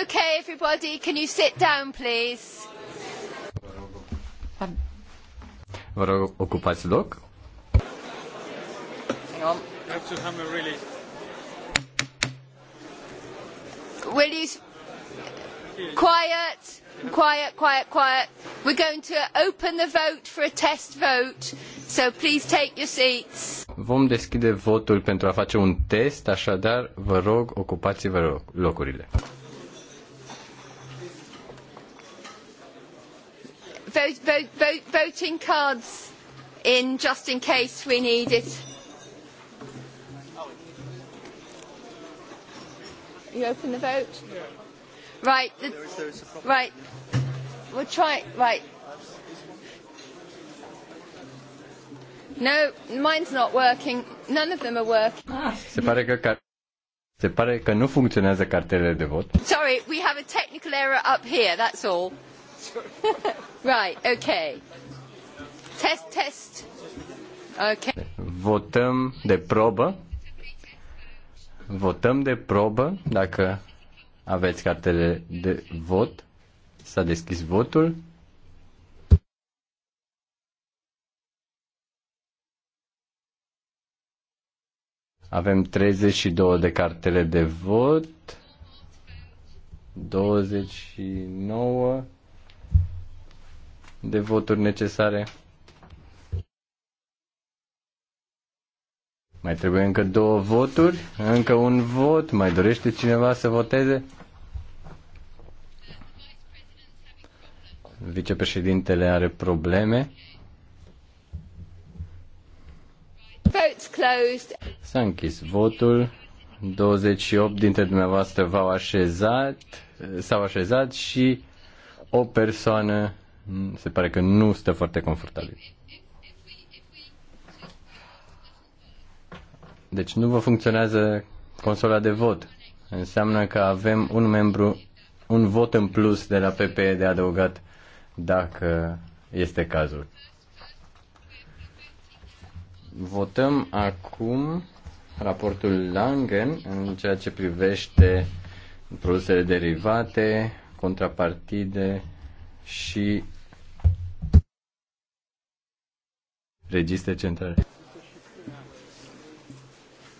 Okay, everybody, can you sit down, please? Vă rog, ocupați loc. Will you... Quiet, quiet, quiet, quiet. We're going to open the vote for a test vote, so please take your seats. Vom deschide votul pentru a face un test, așadar vă rog, ocupați-vă locurile. vote, vote, vote, voting cards in just in case we need it. You open the vote? Yeah. Right. The, there is, there is a right. We'll try. it. Right. No, mine's not working. None of them are working. se pare că se pare că nu funcționează cartelele de vot. Sorry, we have a technical error up here, that's all. right, okay. Test, test. Okay. Votăm de probă. Votăm de probă dacă aveți cartele de vot. S-a deschis votul. Avem 32 de cartele de vot, 29 de voturi necesare. Mai trebuie încă două voturi, încă un vot. Mai dorește cineva să voteze? Vicepreședintele are probleme. S-a închis votul. 28 dintre dumneavoastră v-au așezat, s-au așezat și o persoană se pare că nu stă foarte confortabil. Deci nu vă funcționează consola de vot. Înseamnă că avem un membru, un vot în plus de la PPE de adăugat, dacă este cazul. Votăm acum raportul Langen în ceea ce privește produsele derivate, contrapartide și registre centrale.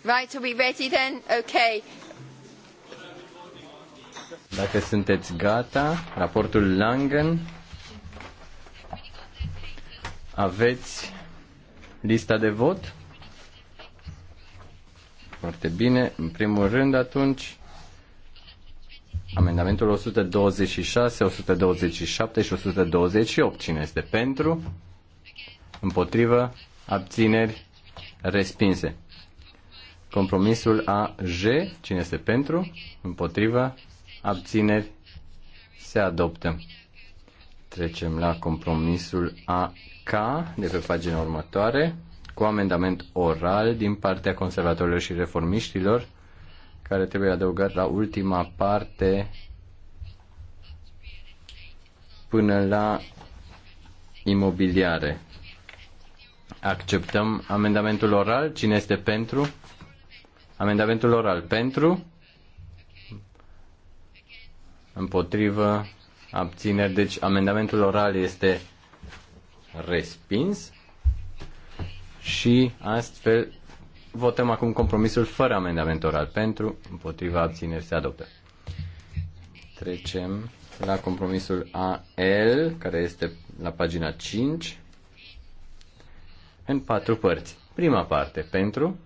Right, are we ready then? Okay. Dacă sunteți gata, raportul Langen. Aveți lista de vot? Foarte bine. În primul rând, atunci, amendamentul 126, 127 și 128. Cine este pentru? împotrivă, abțineri, respinse. Compromisul a J, cine este pentru, împotrivă, abțineri, se adoptă. Trecem la compromisul AK de pe pagina următoare, cu amendament oral din partea conservatorilor și reformiștilor, care trebuie adăugat la ultima parte până la imobiliare. Acceptăm amendamentul oral. Cine este pentru? Amendamentul oral pentru? Împotrivă? Abțineri. Deci amendamentul oral este respins și astfel votăm acum compromisul fără amendament oral pentru, Împotrivă? abțineri se adoptă. Trecem la compromisul AL, care este la pagina 5 în patru părți. Prima parte pentru,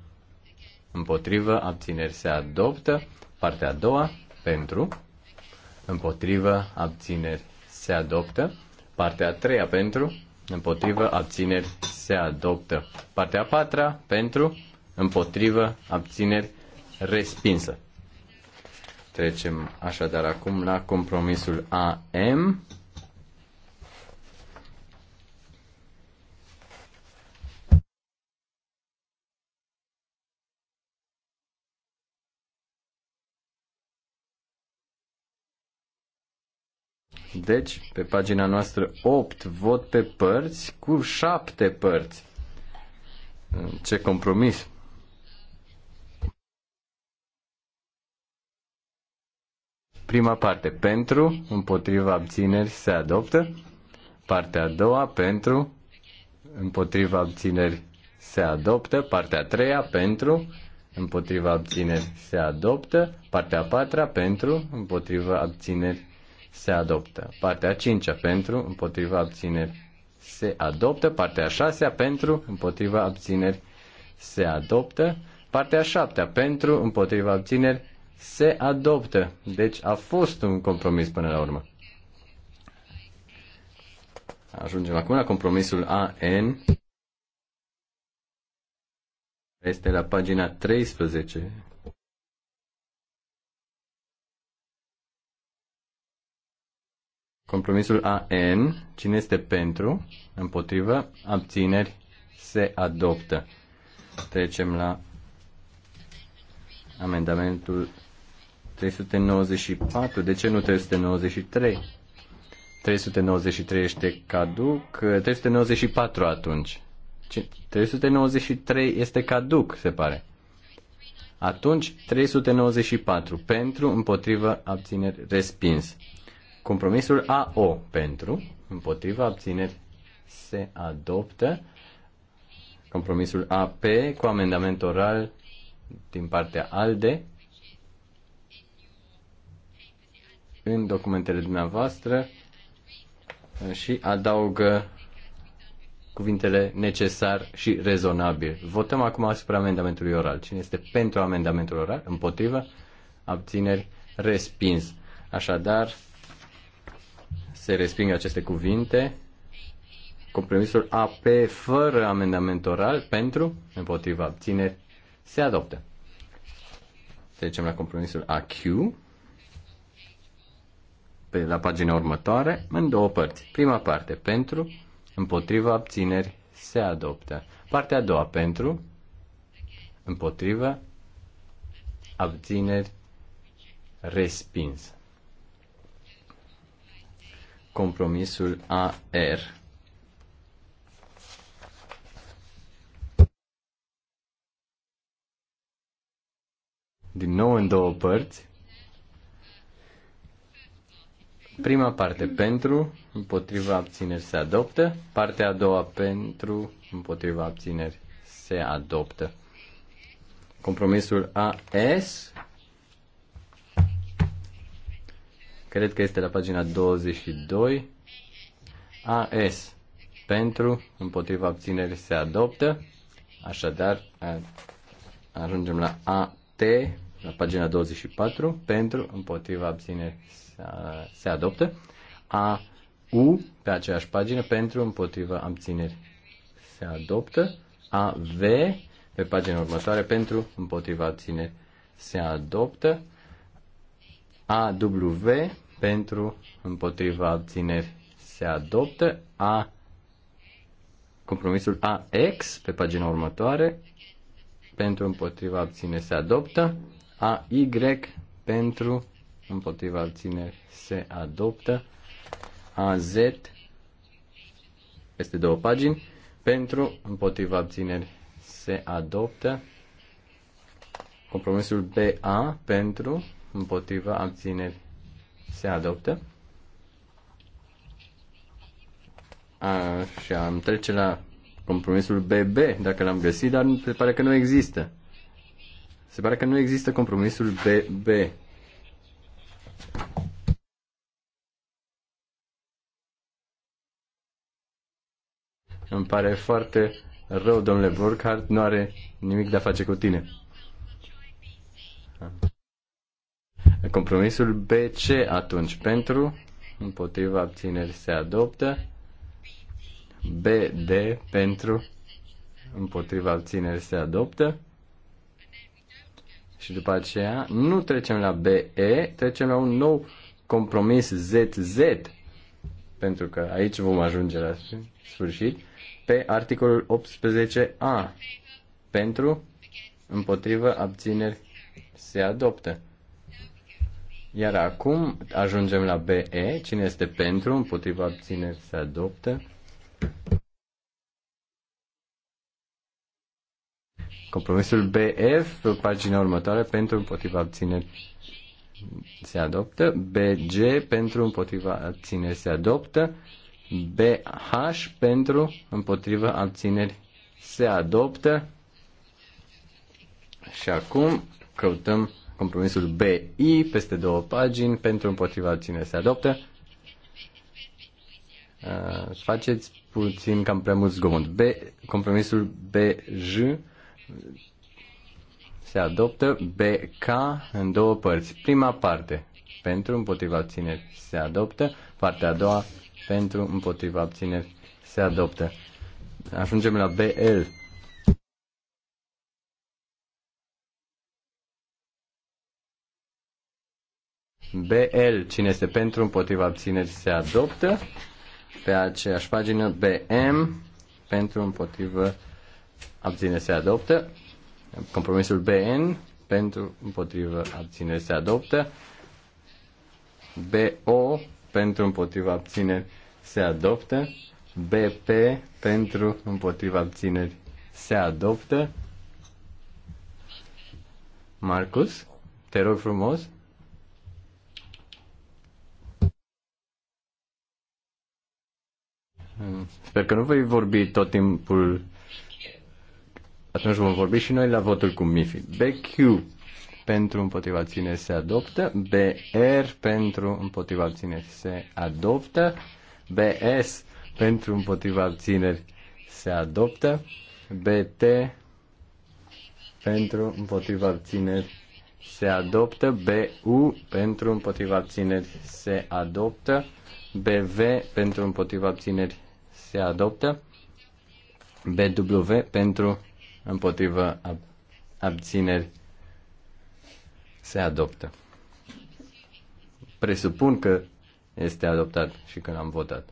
împotrivă, abțineri se adoptă. Partea a doua pentru, împotrivă, abțineri se adoptă. Partea a treia pentru, împotrivă, abțineri se adoptă. Partea a patra pentru, împotrivă, abțineri respinsă. Trecem așadar acum la compromisul AM Deci, pe pagina noastră 8, vot pe părți cu 7 părți. Ce compromis! Prima parte pentru, împotriva abțineri se adoptă. Partea a doua pentru, împotriva abțineri se adoptă. Partea a treia pentru, împotriva abțineri se adoptă. Partea a patra pentru, împotriva abțineri se adoptă. Partea a cincea pentru, împotriva abțineri, se adoptă. Partea a șasea pentru, împotriva abțineri, se adoptă. Partea a șaptea pentru, împotriva abțineri, se adoptă. Deci a fost un compromis până la urmă. Ajungem acum la compromisul AN. Este la pagina 13 Compromisul AN, cine este pentru, împotrivă, abțineri, se adoptă. Trecem la amendamentul 394. De ce nu 393? 393 este caduc, 394 atunci. 393 este caduc, se pare. Atunci, 394 pentru, împotrivă, abțineri, respins. Compromisul AO pentru, împotriva abțineri se adoptă. Compromisul AP cu amendament oral din partea ALDE. În documentele dumneavoastră și adaugă cuvintele necesar și rezonabil. Votăm acum asupra amendamentului oral. Cine este pentru amendamentul oral? Împotrivă? Abțineri? Respins. Așadar, se resping aceste cuvinte. Compromisul AP fără amendament oral pentru, împotriva abțineri, se adoptă. Trecem la compromisul AQ pe la pagina următoare în două părți. Prima parte pentru, împotriva abțineri, se adoptă. Partea a doua pentru, împotriva abțineri, respins compromisul AR. Din nou în două părți. Prima parte pentru, împotriva abțineri se adoptă. Partea a doua pentru, împotriva abțineri se adoptă. Compromisul AS Cred că este la pagina 22. AS. Pentru, împotriva abținerii se adoptă. Așadar, ajungem la AT, la pagina 24. Pentru, împotriva abținerii se adoptă. AU, pe aceeași pagină, pentru, împotriva abținerii se adoptă. AV, pe pagina următoare, pentru, împotriva abținerii se adoptă. AW pentru, împotriva abțineri se adoptă. A, compromisul AX pe pagina următoare, pentru, împotriva abțineri se adoptă. AY pentru, împotriva abțineri se adoptă. AZ peste două pagini pentru, împotriva abțineri se adoptă. Compromisul BA pentru, împotriva abțineri se adoptă. Așa, am trece la compromisul BB, dacă l-am găsit, dar se pare că nu există. Se pare că nu există compromisul BB. Îmi pare foarte rău, domnule Burkhardt, nu are nimic de a face cu tine. Compromisul BC atunci pentru, împotriva abțineri se adoptă. BD pentru, împotriva abțineri se adoptă. Și după aceea nu trecem la BE, trecem la un nou compromis ZZ, pentru că aici vom ajunge la sfârșit, pe articolul 18a. Pentru, împotriva abțineri se adoptă. Iar acum ajungem la BE. Cine este pentru? Împotriva abțineri se adoptă. Compromisul BF, pagina următoare, pentru împotriva abțineri se adoptă. BG pentru împotriva abțineri se adoptă. BH pentru împotriva abțineri se adoptă. Și acum căutăm Compromisul BI, peste două pagini, pentru împotriva cine se adoptă. Uh, faceți puțin cam prea mult zgomot. B, compromisul BJ se adoptă BK în două părți. Prima parte pentru împotriva abțineri se adoptă, partea a doua pentru împotriva abțineri se adoptă. Ajungem la BL BL, cine este pentru, împotriva abțineri se adoptă. Pe aceeași pagină BM, pentru, împotriva abțineri se adoptă. Compromisul BN, pentru, împotriva abțineri se adoptă. BO, pentru, împotriva abțineri se adoptă. BP, pentru, împotriva abțineri se adoptă. Marcus, te rog frumos. Mm. Sper că nu voi vorbi tot timpul. Atunci vom vorbi și noi la votul cu MIFI. BQ pentru împotriva ține se adoptă. BR pentru împotriva ține se adoptă. BS pentru împotriva abțineri se adoptă. BT pentru împotriva abțineri se adoptă. BU pentru împotriva abțineri se adoptă. BV pentru împotriva abțineri se adoptă. BW pentru împotrivă ab- abțineri se adoptă. Presupun că este adoptat și că l am votat.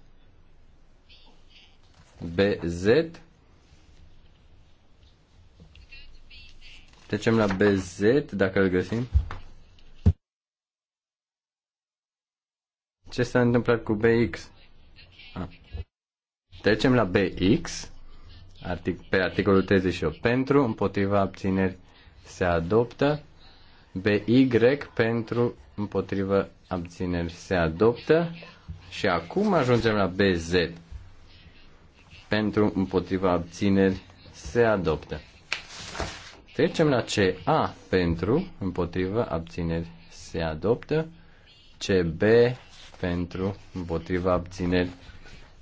BZ Trecem la BZ, dacă îl găsim. Ce s-a întâmplat cu BX? Ah. Trecem la BX, pe articolul 38. Pentru, împotriva abțineri se adoptă. BY pentru, împotriva abțineri se adoptă. Și acum ajungem la BZ. Pentru, împotriva abțineri se adoptă. Trecem la CA pentru, împotriva abțineri se adoptă. CB pentru, împotriva abțineri se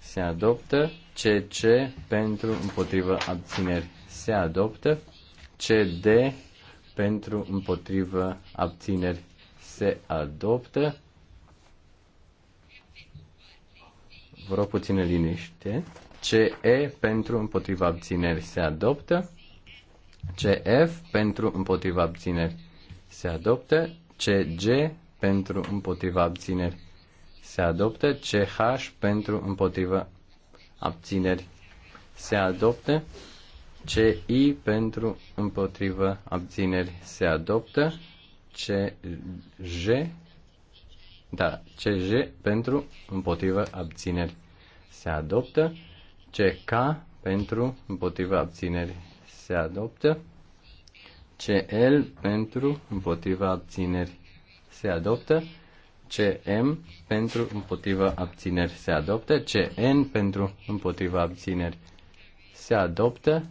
se adoptă, CC pentru împotrivă abțineri se adoptă, CD pentru împotrivă abțineri se adoptă. Vă rog puțină liniște. CE pentru împotriva abțineri se adoptă. CF pentru împotriva abțineri se adoptă. CG pentru împotriva abțineri se adoptă, CH pentru împotrivă abțineri se adoptă, CI pentru împotrivă abțineri se adoptă, CJ da, CJ pentru împotrivă abțineri se adoptă, CK pentru împotrivă abțineri se adoptă, CL pentru împotriva abțineri se adoptă, CM pentru împotriva abțineri se adoptă, CN pentru împotriva abțineri se adoptă,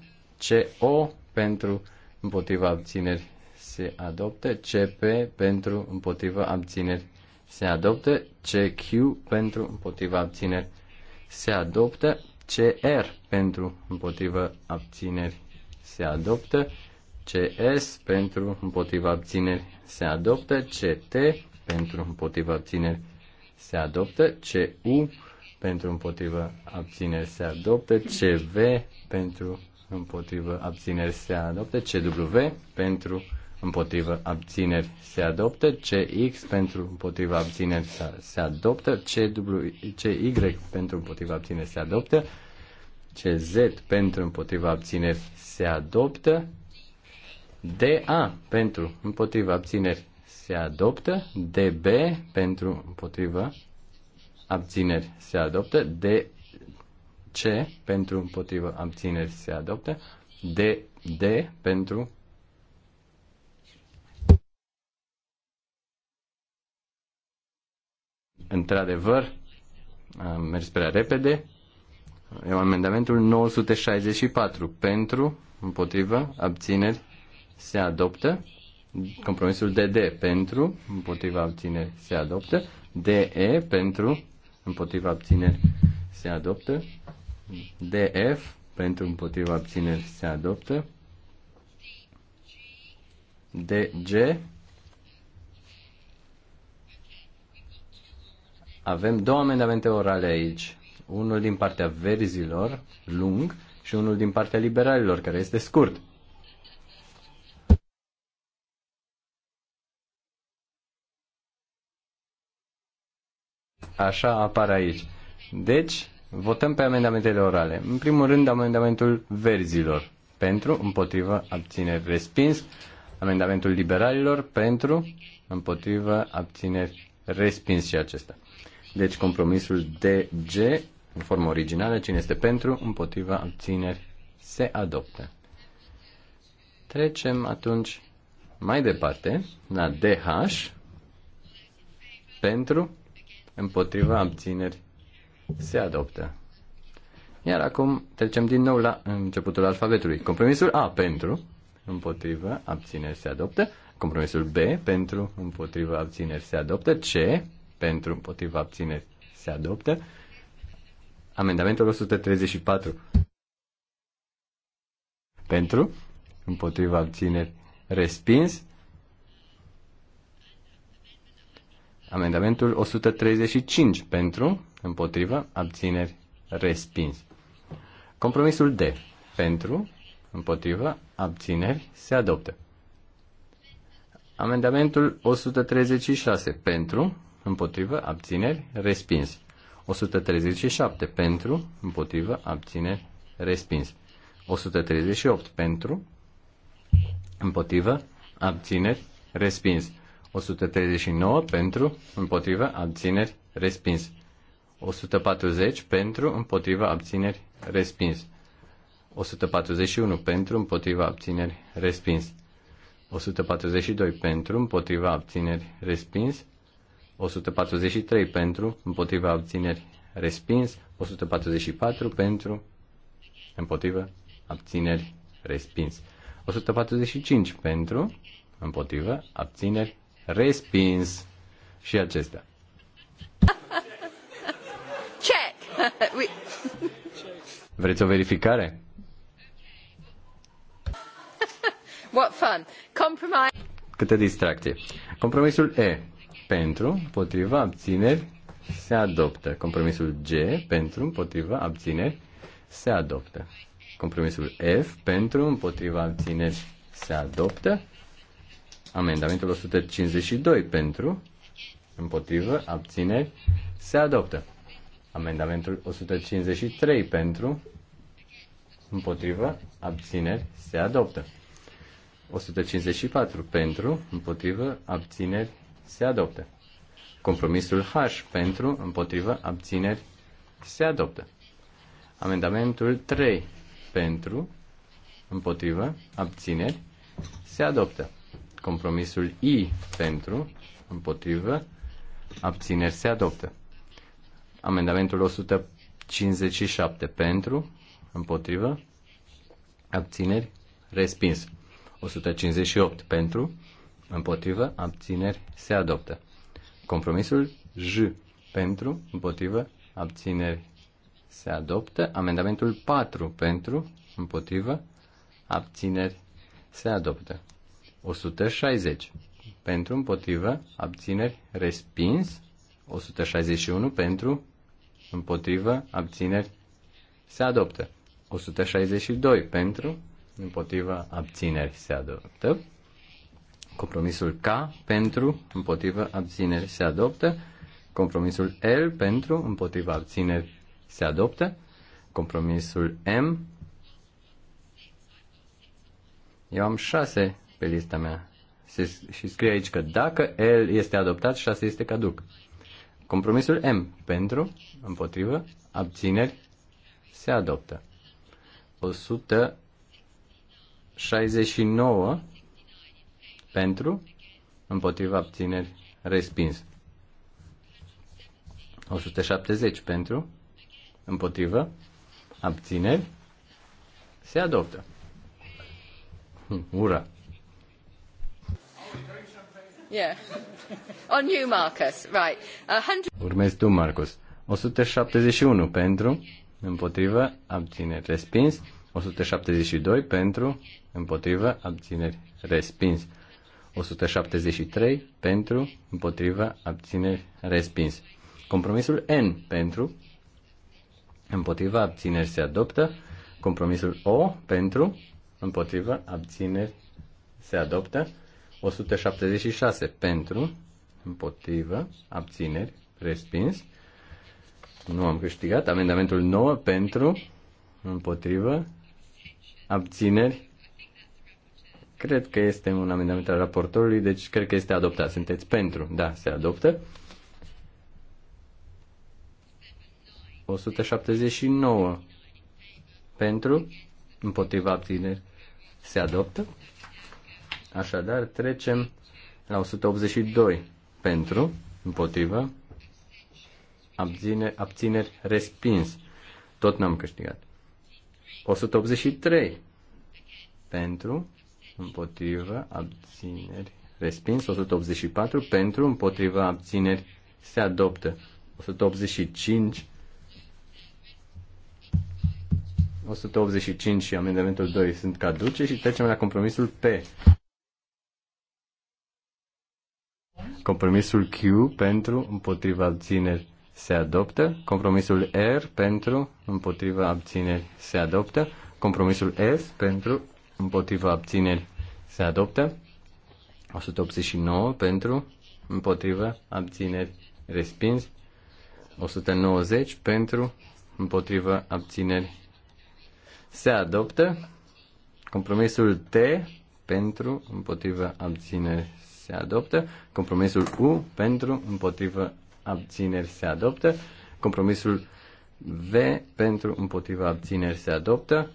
CO pentru împotriva abțineri se adoptă, CP pentru împotriva abțineri se adoptă, CQ pentru împotriva abțineri se adoptă, CR pentru împotriva abțineri se adoptă, CS pentru împotriva abțineri se adoptă, CT pentru împotriva abțineri se adoptă, CU pentru împotriva abțineri se adoptă, CV pentru împotriva abțineri se adoptă, CW pentru împotriva abțineri se adoptă, CX pentru împotriva abțineri se adoptă, CY pentru împotriva abțineri se adoptă, CZ pentru împotriva abțineri se adoptă, DA pentru împotriva abțineri se adoptă, DB pentru împotrivă, abțineri se adoptă, DC pentru împotrivă, abțineri se adoptă, DD pentru Într-adevăr, am mers prea repede. E amendamentul 964 pentru, împotrivă, abțineri, se adoptă. Compromisul DD pentru, împotriva abțineri se adoptă. DE pentru, împotriva abțineri se adoptă. DF pentru, împotriva abțineri se adoptă. DG Avem două amendamente orale aici. Unul din partea verzilor, lung, și unul din partea liberalilor, care este scurt. Așa apare aici. Deci, votăm pe amendamentele orale. În primul rând, amendamentul verzilor. Pentru, împotrivă, abțineri, respins. Amendamentul liberalilor, pentru, împotrivă, abțineri, respins și acesta. Deci, compromisul DG, în formă originală, cine este pentru, împotrivă, abțineri, se adoptă. Trecem atunci mai departe la DH pentru împotriva abțineri, se adoptă. Iar acum trecem din nou la începutul alfabetului. Compromisul A pentru, împotriva, abțineri se adoptă. Compromisul B pentru, împotriva, abțineri se adoptă. C pentru, împotriva, abțineri se adoptă. Amendamentul 134 pentru, împotriva, abțineri respins. Amendamentul 135 pentru, împotrivă, abțineri, respins. Compromisul D pentru, împotrivă, abțineri, se adoptă. Amendamentul 136 pentru, împotrivă, abțineri, respins. 137 pentru, împotrivă, abțineri, respins. 138 pentru, împotrivă, abțineri, respins. 139 pentru, împotrivă, abțineri, respins. 140 pentru, împotrivă, abțineri, respins. 141 pentru, împotriva abțineri, respins. 142 pentru, împotriva abțineri, respins. 143 pentru, împotriva abțineri, respins. 144 pentru, împotriva abțineri, respins. 145 pentru, împotriva abțineri, respins și acestea. Check! Vreți o verificare? What fun! Compromise... Câte distracție! Compromisul E. Pentru, împotriva, abțineri, se adoptă. Compromisul G. Pentru, împotriva, abțineri, se adoptă. Compromisul F. Pentru, împotriva, abțineri, se adoptă. Amendamentul 152 pentru, împotrivă, abțineri, se adoptă. Amendamentul 153 pentru, împotrivă, abțineri, se adoptă. 154 pentru, împotrivă, abțineri, se adoptă. Compromisul H pentru, împotrivă, abțineri, se adoptă. Amendamentul 3 pentru, împotrivă, abțineri, se adoptă. Compromisul I pentru, împotrivă, abțineri se adoptă. Amendamentul 157 pentru, împotrivă, abțineri, respins. 158 pentru, împotrivă, abțineri, se adoptă. Compromisul J pentru, împotrivă, abțineri, se adoptă. Amendamentul 4 pentru, împotrivă, abțineri, se adoptă. 160 pentru, împotrivă, abțineri, respins. 161 pentru, împotrivă, abțineri, se adoptă. 162 pentru, împotrivă, abțineri, se adoptă. Compromisul K pentru, împotrivă, abțineri, se adoptă. Compromisul L pentru, împotrivă abțineri, se adoptă. Compromisul M. Eu am șase pe lista mea. Se, și scrie aici că dacă el este adoptat, 6 este caduc. Compromisul M pentru, împotrivă, abțineri, se adoptă. 169 pentru, împotrivă, abțineri, respins. 170 pentru, împotrivă, abțineri, se adoptă. Hm, ura! Yeah. On you, Marcus. Right. 100... Urmezi tu, Marcus. 171 pentru, împotrivă, abțineri, respins. 172 pentru, împotrivă, abțineri, respins. 173 pentru, împotrivă, abțineri, respins. Compromisul N pentru, împotriva, abțineri se adoptă. Compromisul O pentru, împotriva, abțineri se adoptă. 176 pentru, împotrivă, abțineri, respins. Nu am câștigat. Amendamentul 9 pentru, împotrivă, abțineri. Cred că este un amendament al raportorului, deci cred că este adoptat. Sunteți pentru? Da, se adoptă. 179 pentru, împotriva abțineri, se adoptă. Așadar, trecem la 182 pentru, împotrivă, abține, abțineri, respins. Tot n-am câștigat. 183 pentru, împotrivă, abțineri, respins. 184 pentru, împotrivă, abțineri, se adoptă. 185 185 și amendamentul 2 sunt caduce și trecem la compromisul P. Compromisul Q pentru împotriva abțineri se adoptă. Compromisul R pentru împotriva abțineri se adoptă. Compromisul S pentru împotriva abțineri se adoptă. 189 pentru împotriva abțineri respins. 190 pentru împotriva abțineri se adoptă. Compromisul T pentru împotriva abțineri se adoptă. Compromisul U pentru, împotrivă, abțineri se adoptă. Compromisul V pentru, împotrivă, abțineri se adoptă.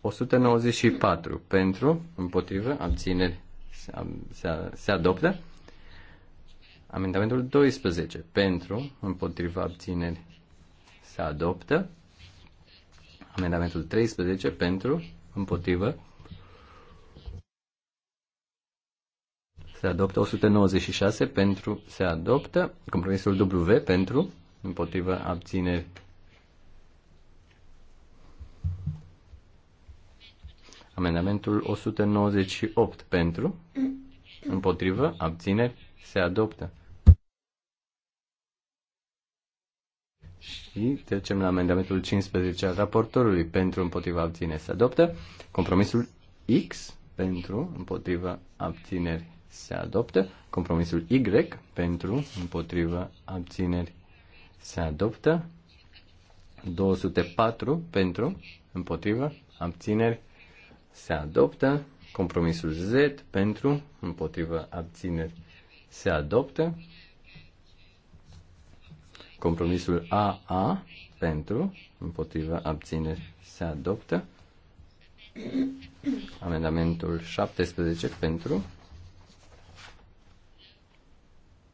194 pentru, împotrivă, abțineri se, se, se adoptă. Amendamentul 12 pentru, împotriva abțineri se adoptă. Amendamentul 13 pentru, împotrivă, se adoptă 196 pentru, se adoptă compromisul W pentru, împotrivă abțineri. Amendamentul 198 pentru, împotrivă abțineri, se adoptă. Și trecem la amendamentul 15 al raportorului pentru împotriva abțineri. Se adoptă compromisul X pentru împotriva abțineri se adoptă. Compromisul Y pentru, împotrivă, abțineri se adoptă. 204 pentru, împotrivă, abțineri se adoptă. Compromisul Z pentru, împotrivă, abțineri se adoptă. Compromisul AA pentru, împotrivă, abțineri se adoptă. Amendamentul 17 pentru,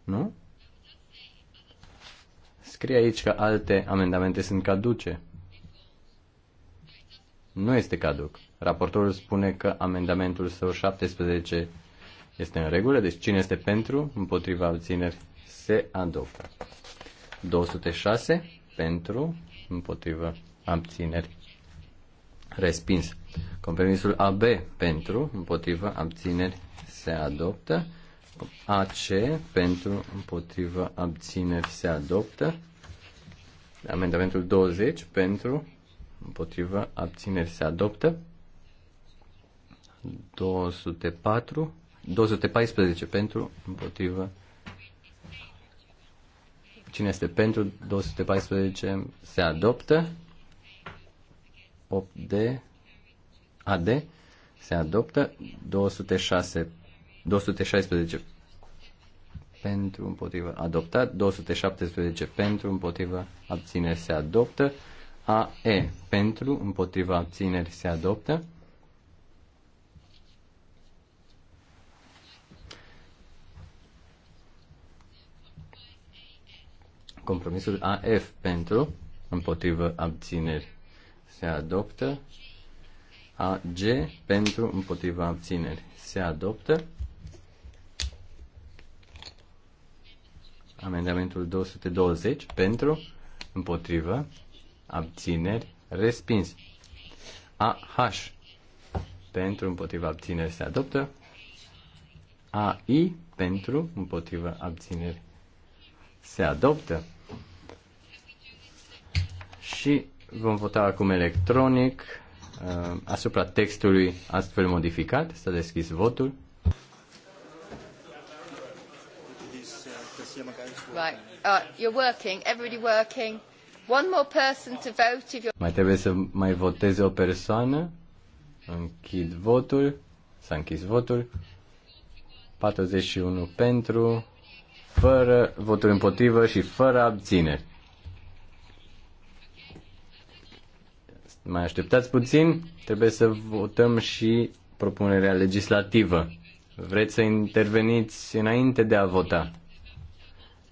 nu? Scrie aici că alte amendamente sunt caduce. Nu este caduc. Raportorul spune că amendamentul său 17 este în regulă, deci cine este pentru, împotriva abțineri, se adoptă. 206 pentru, împotriva abțineri, respins. Compromisul AB pentru, împotriva abțineri, se adoptă. AC pentru împotriva abțineri se adoptă. Amendamentul 20 pentru împotriva abțineri se adoptă. 204 214 pentru împotriva Cine este pentru 214 se adoptă. 8D AD se adoptă. 206 216 pentru împotrivă adoptat, 217 pentru împotrivă abțineri se adoptă, AE pentru împotrivă abțineri se adoptă. Compromisul AF pentru împotrivă abțineri se adoptă. AG pentru împotriva abțineri se adoptă. Amendamentul 220 pentru, împotrivă, abțineri, respins. AH pentru, împotrivă, abțineri se adoptă. AI pentru, împotrivă, abțineri se adoptă. Și vom vota acum electronic uh, asupra textului astfel modificat. S-a deschis votul. Right. Uh, you're working. Everybody working. One more person to vote if you're... Mai trebuie să mai voteze o persoană. Închid votul. S-a închis votul. 41 pentru, fără voturi împotrivă și fără abțineri. Mai așteptați puțin, trebuie să votăm și propunerea legislativă. Vreți să interveniți înainte de a vota?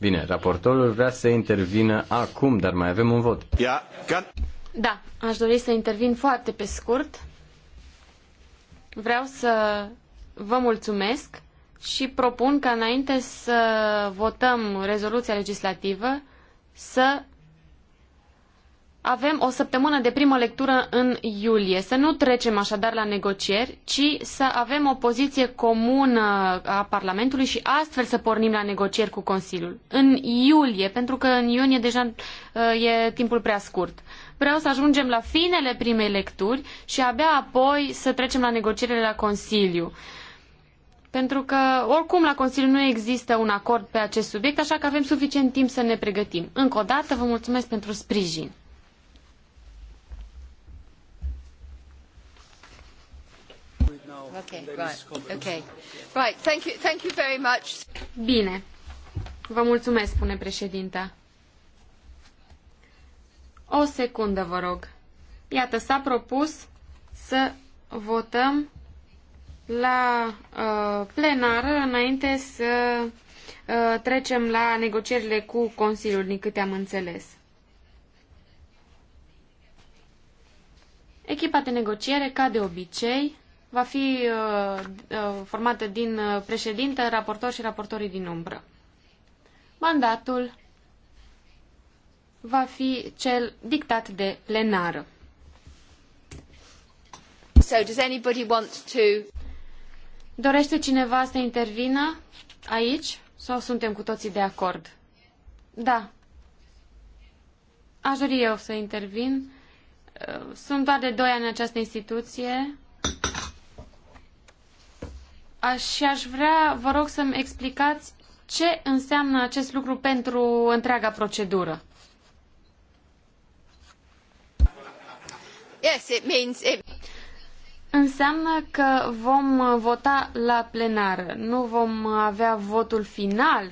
Bine, raportorul vrea să intervină acum, dar mai avem un vot. Da, aș dori să intervin foarte pe scurt. Vreau să vă mulțumesc și propun ca înainte să votăm rezoluția legislativă să avem o săptămână de primă lectură în iulie. Să nu trecem așadar la negocieri, ci să avem o poziție comună a Parlamentului și astfel să pornim la negocieri cu Consiliul. În iulie, pentru că în iunie deja uh, e timpul prea scurt. Vreau să ajungem la finele primei lecturi și abia apoi să trecem la negocierile la Consiliu. Pentru că oricum la Consiliu nu există un acord pe acest subiect, așa că avem suficient timp să ne pregătim. Încă o dată vă mulțumesc pentru sprijin. Okay, right. Okay. Bine. Vă mulțumesc, spune președinta. O secundă, vă rog. Iată, s-a propus să votăm la uh, plenară înainte să uh, trecem la negocierile cu Consiliul, din câte am înțeles. Echipa de negociere, ca de obicei, va fi uh, uh, formată din uh, președinte, raportor și raportorii din umbră. Mandatul va fi cel dictat de plenară. So, does anybody want to... Dorește cineva să intervină aici sau suntem cu toții de acord? Da. Aș dori eu să intervin. Sunt doar de doi ani în această instituție și aș vrea, vă rog, să-mi explicați ce înseamnă acest lucru pentru întreaga procedură. Yes, it means it... Înseamnă că vom vota la plenară. Nu vom avea votul final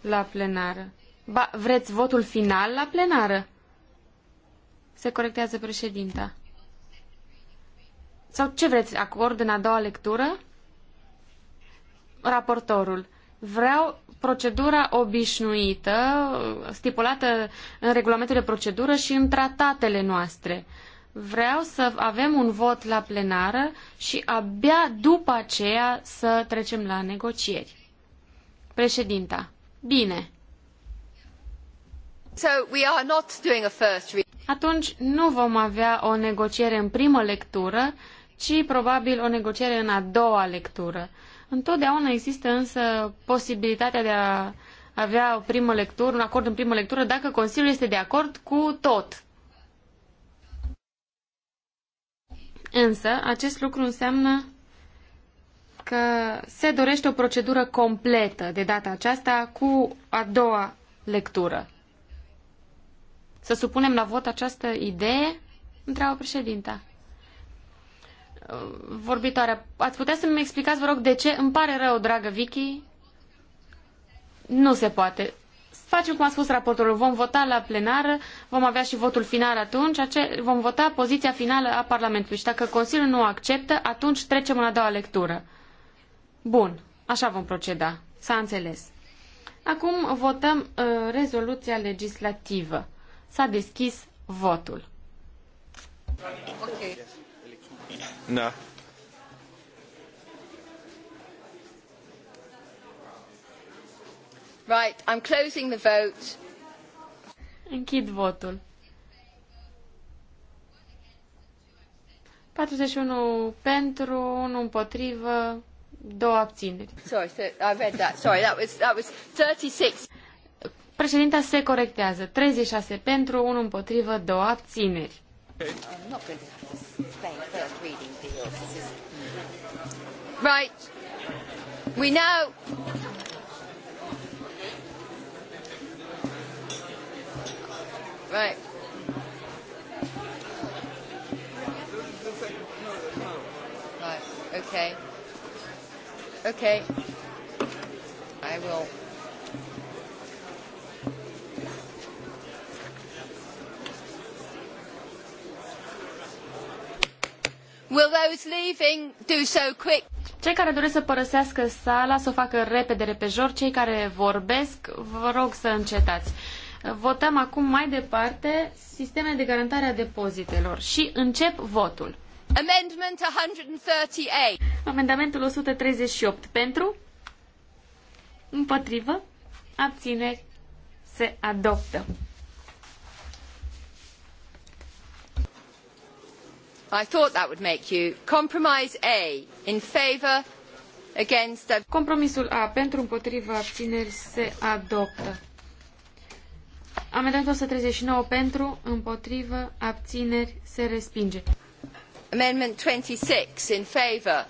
la plenară. Ba, vreți votul final la plenară? Se corectează președinta. Sau ce vreți, acord în a doua lectură? raportorul. Vreau procedura obișnuită, stipulată în regulamentul de procedură și în tratatele noastre. Vreau să avem un vot la plenară și abia după aceea să trecem la negocieri. Președinta. Bine. So we are not doing a first Atunci nu vom avea o negociere în primă lectură, ci probabil o negociere în a doua lectură. Întotdeauna există însă posibilitatea de a avea o primă lectură, un acord în primă lectură, dacă Consiliul este de acord cu tot. Însă, acest lucru înseamnă că se dorește o procedură completă de data aceasta cu a doua lectură. Să supunem la vot această idee? Întreabă președinta vorbitoarea, ați putea să-mi explicați, vă rog, de ce? Îmi pare rău, dragă Vicky. Nu se poate. Facem cum a spus raportorul. Vom vota la plenară, vom avea și votul final atunci, vom vota poziția finală a Parlamentului. Și dacă Consiliul nu acceptă, atunci trecem la a doua lectură. Bun, așa vom proceda. S-a înțeles. Acum votăm uh, rezoluția legislativă. S-a deschis votul. Okay. No. Da. Right, I'm closing the vote. Închid votul. 41 pentru, 1 împotrivă, 2 abțineri. Sorry, I read that. Sorry, that was, that was 36. Președinta se corectează. 36 pentru, 1 împotrivă, 2 abțineri. I'm not going to explain first reading deals. Right. We now. Right. Right. Okay. Okay. Cei care doresc să părăsească sala, să o facă repede, repejor. Cei care vorbesc, vă rog să încetați. Votăm acum mai departe sisteme de garantare a depozitelor și încep votul. Amendment 138. Amendamentul 138. Pentru? Împotrivă? Abțineri? Se adoptă. I thought that would make you. Compromise A. In favor, against... A... Compromisul A. Pentru, împotriva, abțineri, se adoptă. Amendamentul 139 pentru, împotriva abțineri, se respinge. Amendment 26 in favor.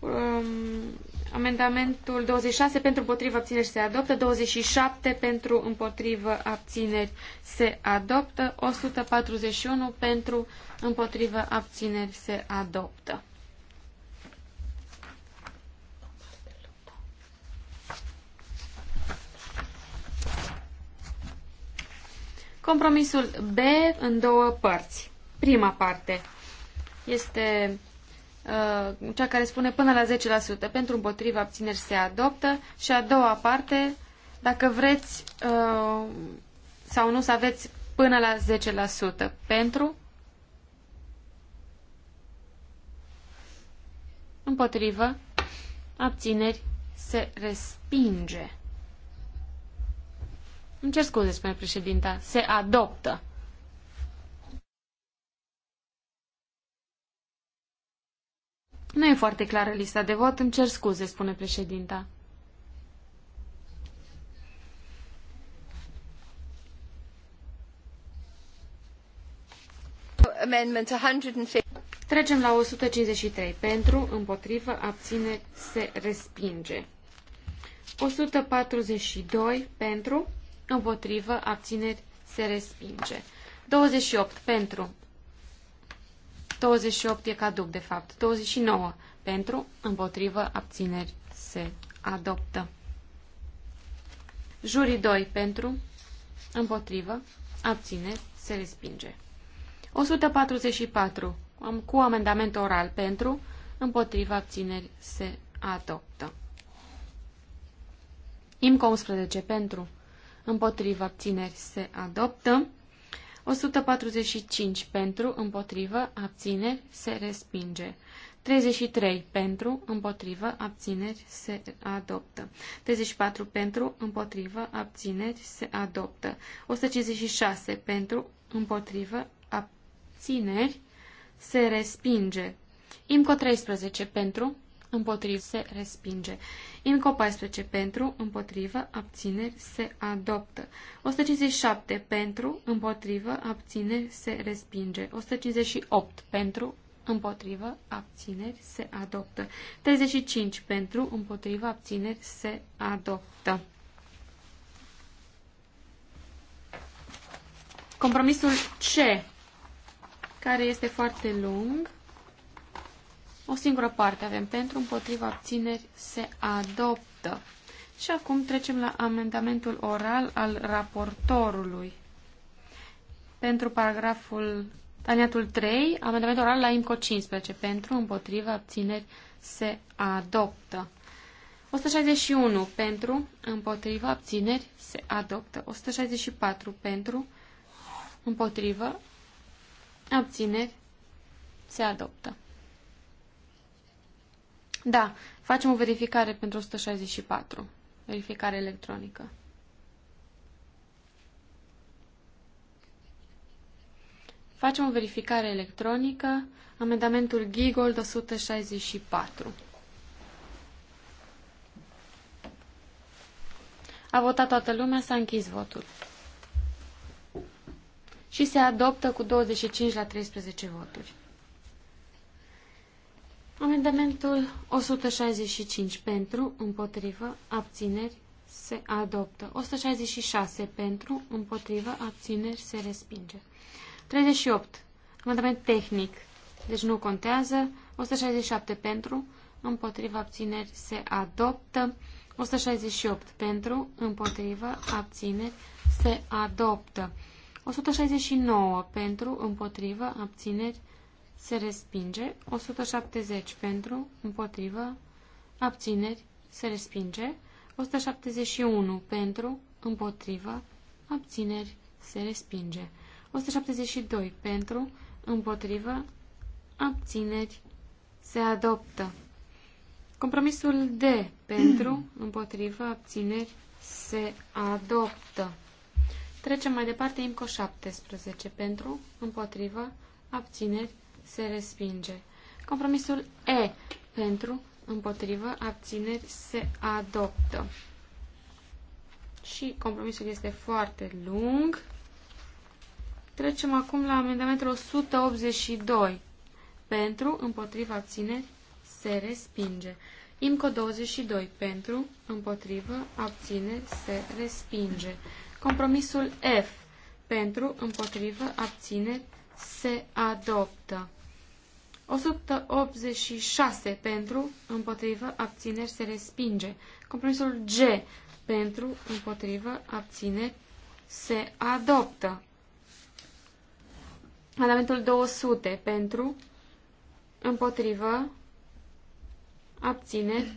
Um, Amendamentul 26 pentru împotrivă abțineri se adoptă, 27 pentru împotrivă abțineri se adoptă, 141 pentru împotrivă abțineri se adoptă. Compromisul B în două părți. Prima parte este Uh, cea care spune până la 10% pentru împotriva abțineri se adoptă și a doua parte, dacă vreți uh, sau nu să aveți până la 10% pentru împotrivă abțineri se respinge. Îmi cer scuze, spune președinta, se adoptă. Nu e foarte clară lista de vot, îmi cer scuze, spune președinta. Amendment 150. Trecem la 153. Pentru, împotrivă, abține, se respinge. 142. Pentru, împotrivă, abține, se respinge. 28. Pentru, 28 e caduc, de fapt. 29 pentru, împotrivă, abțineri, se adoptă. Jurii 2 pentru, împotrivă, abțineri, se respinge. 144 cu amendament oral pentru, împotrivă, abțineri, se adoptă. IMCO 11 pentru, împotrivă, abțineri, se adoptă. 145 pentru, împotrivă, abțineri, se respinge. 33 pentru, împotrivă, abțineri, se adoptă. 34 pentru, împotrivă, abțineri, se adoptă. 156 pentru, împotrivă, abțineri, se respinge. IMCO 13 pentru, împotrivă, se respinge. Inco 14 pentru, împotrivă, abțineri, se adoptă. 157 pentru, împotrivă, abțineri, se respinge. 158 pentru, împotrivă, abțineri, se adoptă. 35 pentru, împotrivă, abțineri, se adoptă. Compromisul C, care este foarte lung, o singură parte avem pentru, împotriva, abțineri, se adoptă. Și acum trecem la amendamentul oral al raportorului. Pentru paragraful Taniatul 3, amendamentul oral la IMCO 15. Pentru, împotriva, abțineri, se adoptă. 161 pentru, împotriva, abțineri, se adoptă. 164 pentru, împotriva, abțineri, se adoptă. Da, facem o verificare pentru 164. Verificare electronică. Facem o verificare electronică. Amendamentul Gigold 164. A votat toată lumea, s-a închis votul. Și se adoptă cu 25 la 13 voturi. Amendamentul 165 pentru, împotrivă, abțineri, se adoptă. 166 pentru, împotrivă, abțineri, se respinge. 38. Amendament tehnic. Deci nu contează. 167 pentru, împotrivă, abțineri, se adoptă. 168 pentru, împotrivă, abțineri, se adoptă. 169 pentru, împotrivă, abțineri, se respinge, 170 pentru, împotrivă, abțineri, se respinge, 171 pentru, împotrivă, abțineri, se respinge, 172 pentru, împotrivă, abțineri, se adoptă. Compromisul D pentru, împotrivă, abțineri, se adoptă. Trecem mai departe, IMCO 17 pentru, împotrivă, abțineri, se respinge. Compromisul E pentru, împotrivă, abțineri se adoptă. Și compromisul este foarte lung. Trecem acum la amendamentul 182. Pentru, împotrivă, abțineri se respinge. IMCO 22. Pentru, împotrivă, abțineri se respinge. Compromisul F. Pentru, împotrivă, abțineri se adoptă. 186 pentru, împotrivă, abțineri, se respinge. Compromisul G pentru, împotrivă, abțineri, se adoptă. Amendamentul 200 pentru, împotrivă, abțineri.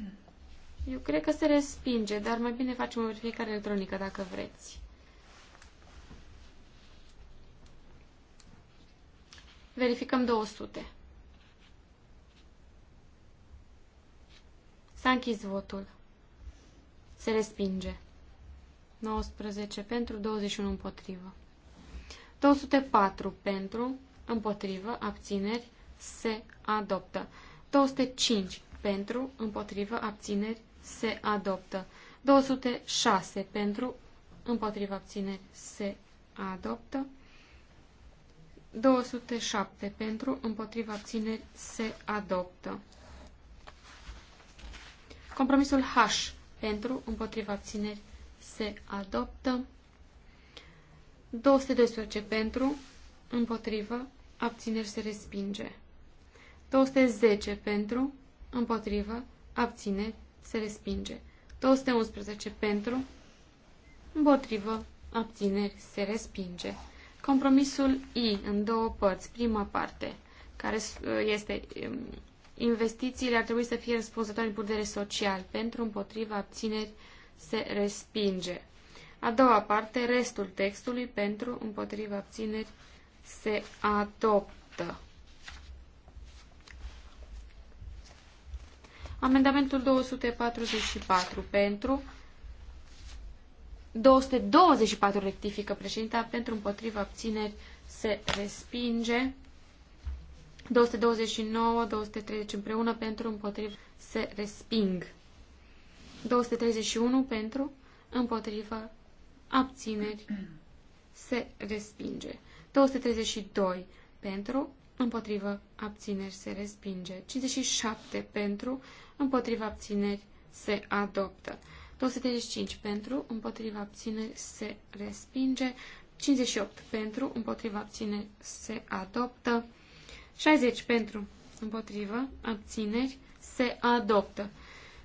Eu cred că se respinge, dar mai bine facem o verificare electronică dacă vreți. Verificăm 200. S-a închis votul. Se respinge. 19 pentru, 21 împotrivă. 204 pentru, împotrivă, abțineri, se adoptă. 205 pentru, împotrivă, abțineri, se adoptă. 206 pentru, împotrivă, abțineri, se adoptă. 207 pentru, împotrivă, abțineri, se adoptă. Compromisul H pentru, împotriva abțineri, se adoptă. 212 pentru, împotrivă, abțineri se respinge. 210 pentru, împotrivă, abțineri se respinge. 211 pentru, împotrivă, abțineri se respinge. Compromisul I în două părți, prima parte, care este um, Investițiile ar trebui să fie răspunzătoare din punct de vedere social. Pentru, împotriva, abțineri se respinge. A doua parte, restul textului pentru, împotriva, abțineri se adoptă. Amendamentul 244 pentru 224 rectifică președinta pentru împotriva abțineri se respinge. 229, 230 împreună pentru împotrivă se resping. 231 pentru împotrivă abțineri se respinge. 232 pentru împotrivă abțineri se respinge. 57 pentru împotrivă abțineri se adoptă. 235 pentru împotriva abțineri se respinge. 58 pentru împotriva abțineri se adoptă. 60 pentru, împotrivă, abțineri, se adoptă.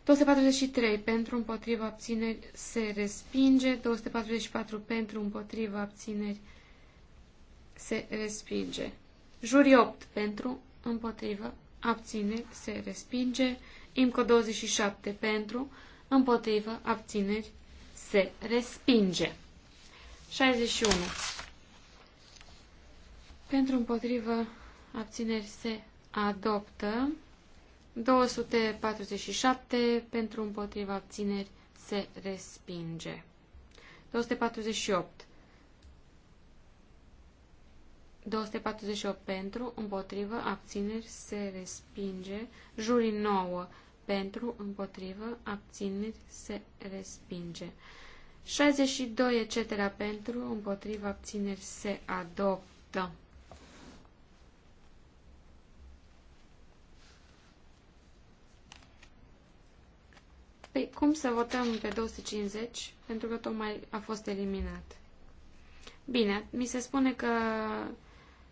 243 pentru, împotrivă, abțineri, se respinge. 244 pentru, împotrivă, abțineri, se respinge. Juri 8 pentru, împotrivă, abțineri, se respinge. Imco 27 pentru, împotrivă, abțineri, se respinge. 61. Pentru împotrivă, abțineri se adoptă. 247 pentru împotriva abțineri se respinge. 248 248 pentru, împotrivă, abțineri, se respinge. Jurii 9 pentru, împotrivă, abțineri, se respinge. 62 etc. pentru, împotrivă, abțineri, se adoptă. Păi, cum să votăm pe 250? Pentru că tocmai a fost eliminat. Bine, mi se spune că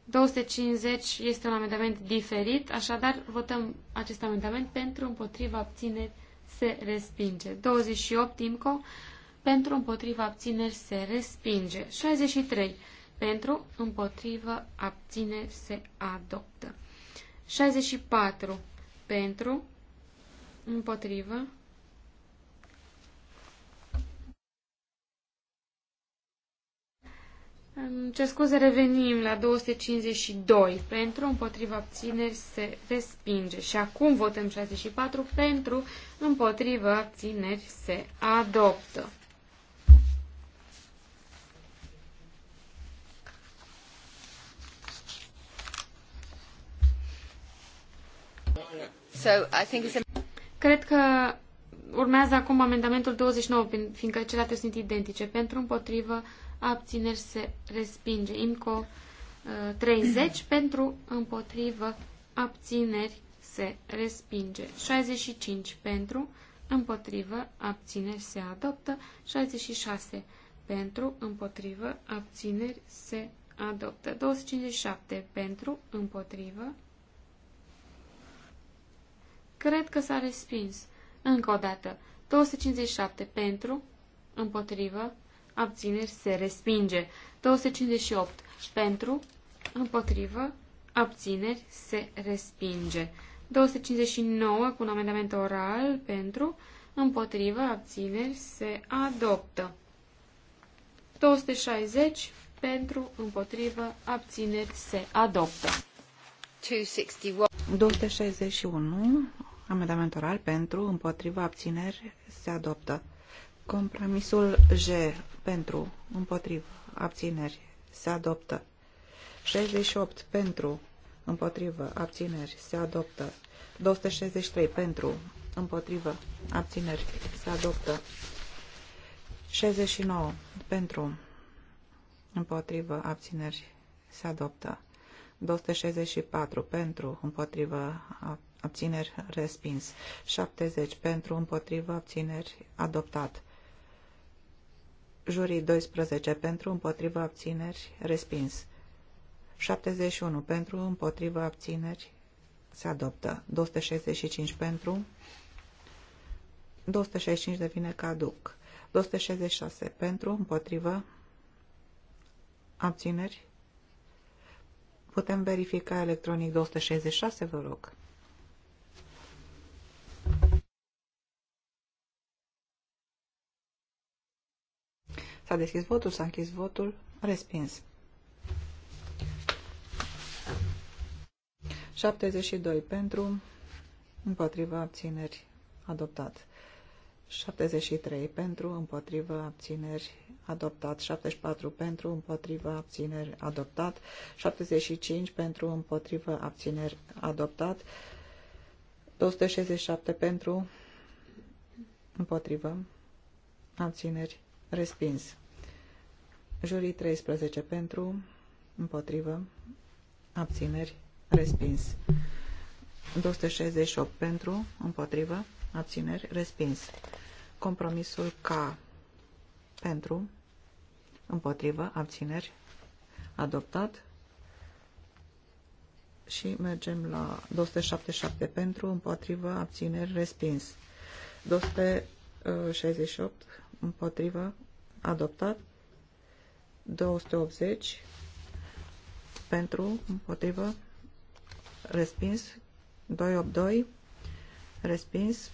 250 este un amendament diferit, așadar votăm acest amendament pentru împotriva abțineri se respinge. 28 Timco, pentru împotriva abțineri se respinge. 63 pentru împotriva abțineri se adoptă. 64 pentru împotriva Ce scuze, revenim la 252. Pentru, împotriva abțineri, se respinge. Și acum votăm 64. Pentru, împotriva abțineri, se adoptă. So, I think it's a... Cred că urmează acum amendamentul 29, fiindcă celelalte sunt identice. Pentru, împotrivă, abțineri se respinge. INCO 30 uh, pentru împotrivă abțineri se respinge. 65 pentru împotrivă abțineri se adoptă. 66 pentru împotrivă abțineri se adoptă. 257 pentru împotrivă. Cred că s-a respins. Încă o dată. 257 pentru împotrivă abțineri se respinge. 258 pentru, împotrivă, abțineri se respinge. 259 cu un amendament oral pentru, împotrivă, abțineri se adoptă. 260 pentru, împotrivă, abțineri se adoptă. 261, amendament oral pentru, împotrivă, abțineri se adoptă. Compromisul J pentru, împotrivă, abțineri, se adoptă. 68 pentru, împotrivă, abțineri, se adoptă. 263 pentru, împotrivă, abțineri, se adoptă. 69 pentru, împotrivă, abțineri, se adoptă. 264 pentru, împotrivă, abțineri, respins. 70 pentru, împotrivă, abțineri, adoptat. Jurii 12 pentru împotriva abțineri respins. 71 pentru împotriva abțineri se adoptă. 265 pentru 265 devine caduc. 266 pentru împotriva abțineri. Putem verifica electronic 266, vă rog. S-a deschis votul, s-a închis votul, respins. 72 pentru, împotriva abțineri, adoptat. 73 pentru, împotriva abțineri, adoptat. 74 pentru, împotriva abțineri, adoptat. 75 pentru, împotriva abțineri, adoptat. 267 pentru, împotriva abțineri, Respins. Jurii 13 pentru, împotrivă, abțineri, respins. 268 pentru, împotrivă, abțineri, respins. Compromisul K pentru, împotrivă, abțineri, adoptat. Și mergem la 277 pentru, împotrivă, abțineri, respins. 268 împotrivă, adoptat. 280 pentru, împotrivă, respins. 282 respins.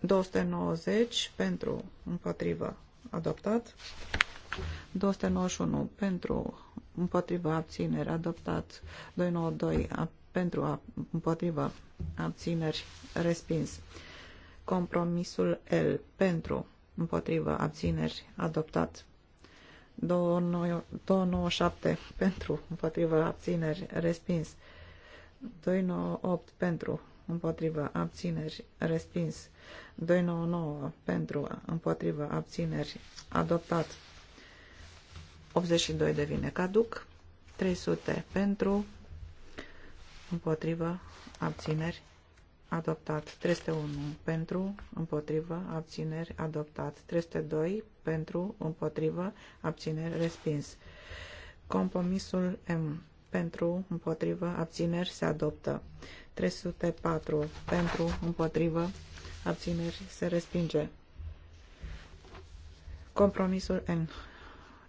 290 pentru, împotrivă, adoptat. 291 pentru, împotrivă, abțineri, adoptat. 292 a, pentru, a, împotrivă, abțineri, respins. Compromisul L pentru, împotrivă, abțineri, adoptat. 297 pentru, împotrivă, abțineri, respins. 298 pentru, împotrivă, abțineri, respins. 299 pentru, împotrivă, abțineri, adoptat. 82 devine caduc. 300 pentru, împotrivă, abțineri, adoptat 301 pentru, împotrivă, abțineri, adoptat 302 pentru, împotrivă, abțineri, respins. Compromisul M pentru, împotrivă, abțineri, se adoptă. 304 pentru, împotrivă, abțineri, se respinge. Compromisul N.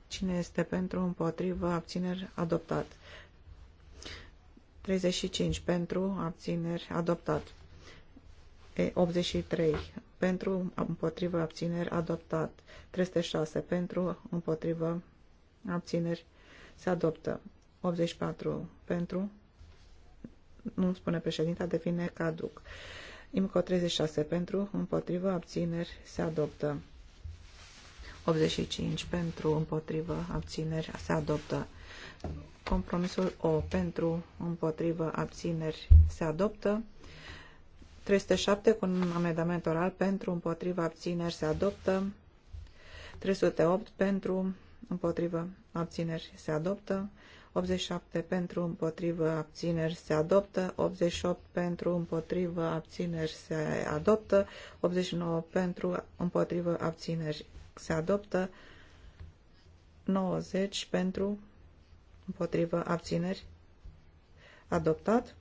Cine este pentru, împotrivă, abțineri, adoptat. 35 pentru, abțineri, adoptat. 83 pentru împotrivă abțineri adoptat. 306 pentru împotrivă abțineri se adoptă. 84 pentru nu spune președinta, devine caduc. IMCO 36 pentru împotrivă abțineri se adoptă. 85 pentru împotrivă abțineri se adoptă. Compromisul O pentru împotrivă abțineri se adoptă. 307 cu un amendament oral pentru, împotriva, abțineri se adoptă. 308 pentru, împotrivă, abțineri se adoptă. 87 pentru, împotrivă, abțineri se adoptă. 88 pentru, împotrivă, abțineri se adoptă. 89 pentru, împotrivă, abțineri se adoptă. 90 pentru, împotrivă, abțineri adoptat.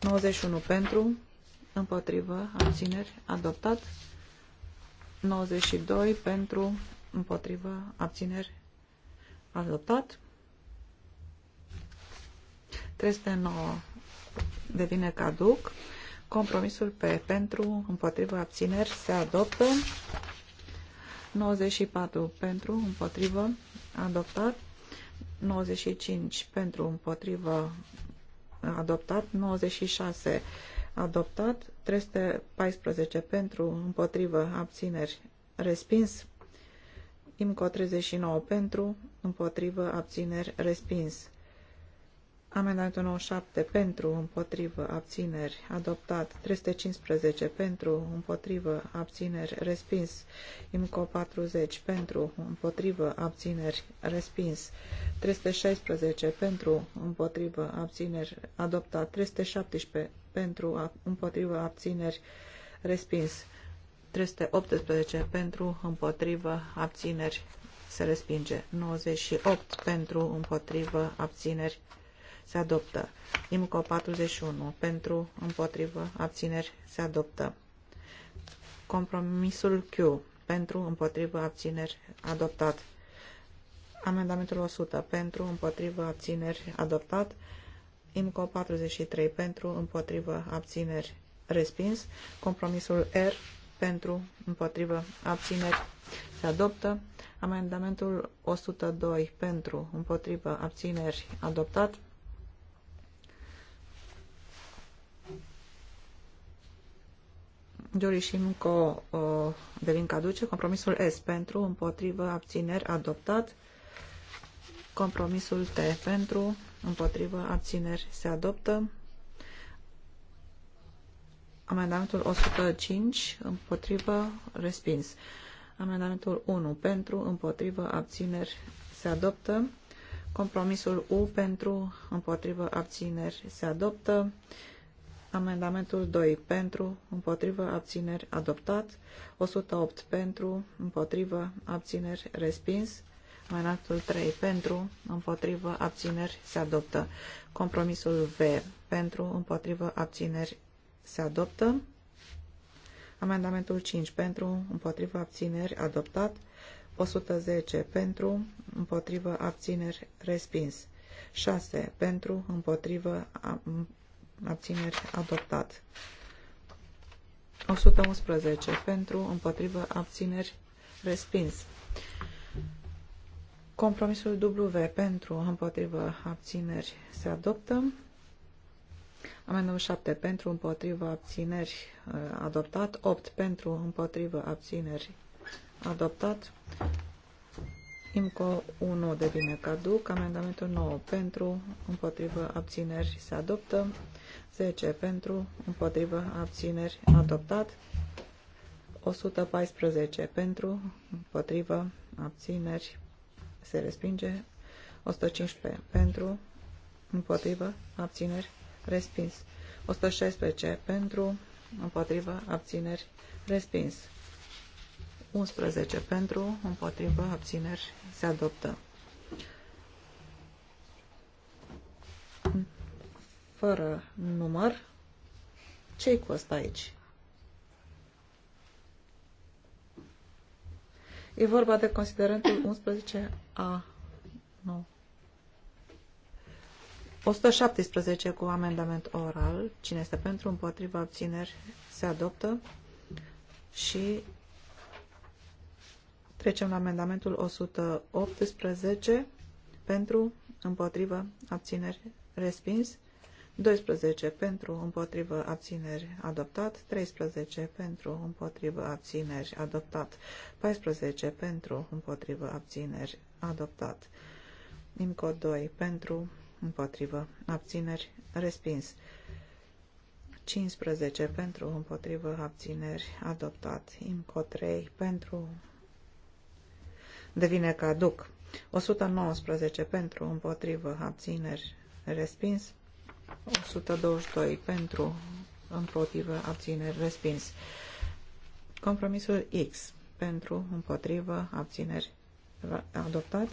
91 pentru, împotrivă, abțineri, adoptat. 92 pentru, împotrivă, abțineri, adoptat. 309 devine caduc. Compromisul pe pentru, împotrivă, abțineri se adoptă. 94 pentru, împotrivă, adoptat. 95 pentru, împotrivă, adoptat, 96 adoptat, 314 pentru, împotrivă, abțineri, respins, IMCO 39 pentru, împotrivă, abțineri, respins. Amendamentul 97 pentru, împotrivă, abțineri, adoptat. 315 pentru, împotrivă, abțineri, respins. IMCO 40 pentru, împotrivă, abțineri, respins. 316 pentru, împotrivă, abțineri, adoptat. 317 pentru, împotrivă, abțineri, respins. 318 pentru, împotrivă, abțineri, se respinge. 98 pentru, împotrivă, abțineri, se adoptă. IMCO 41 pentru, împotrivă, abțineri, se adoptă. Compromisul Q pentru, împotrivă, abțineri, adoptat. Amendamentul 100 pentru, împotrivă, abțineri, adoptat. IMCO 43 pentru, împotrivă, abțineri, respins. Compromisul R pentru, împotrivă, abțineri, se adoptă. Amendamentul 102 pentru, împotrivă, abțineri, adoptat. Juri și Mco devin caduce. Compromisul S pentru, împotrivă, abțineri, adoptat. Compromisul T pentru, împotrivă, abțineri, se adoptă. Amendamentul 105, împotrivă, respins. Amendamentul 1 pentru, împotrivă, abțineri, se adoptă. Compromisul U pentru, împotrivă, abțineri, se adoptă. Amendamentul 2 pentru, împotrivă, abțineri, adoptat. 108 pentru, împotrivă, abțineri, respins. Amendamentul 3 pentru, împotrivă, abțineri, se adoptă. Compromisul V pentru, împotrivă, abțineri, se adoptă. Amendamentul 5 pentru, împotrivă, abțineri, adoptat. 110 pentru, împotrivă, abțineri, respins. 6 pentru, împotrivă, abțineri adoptat. 111 pentru, împotrivă, abțineri respins. Compromisul W pentru, împotrivă, abțineri se adoptă. Amendamentul 7 pentru, împotrivă, abțineri uh, adoptat. 8 pentru, împotrivă, abțineri adoptat. IMCO 1 devine caduc. Amendamentul 9 pentru, împotrivă, abțineri se adoptă. 10 pentru, împotrivă, abțineri, adoptat. 114 pentru, împotrivă, abțineri, se respinge. 115 pentru, împotrivă, abțineri, respins. 116 pentru, împotrivă, abțineri, respins. 11 pentru, împotrivă, abțineri, se adoptă. fără număr. Ce-i cu asta aici? E vorba de considerentul 11A. Nu. 117 cu amendament oral. Cine este pentru, împotriva, abțineri, se adoptă. Și trecem la amendamentul 118 pentru, împotriva, abțineri, respins. 12 pentru împotrivă abțineri adoptat, 13 pentru împotrivă abțineri adoptat, 14 pentru împotrivă abțineri adoptat, IMCO 2 pentru împotrivă abțineri respins, 15 pentru împotrivă abțineri adoptat, IMCO 3 pentru devine caduc, 119 pentru împotrivă abțineri respins, 122 pentru, împotrivă, abțineri, respins. Compromisul X pentru, împotrivă, abțineri, adoptat.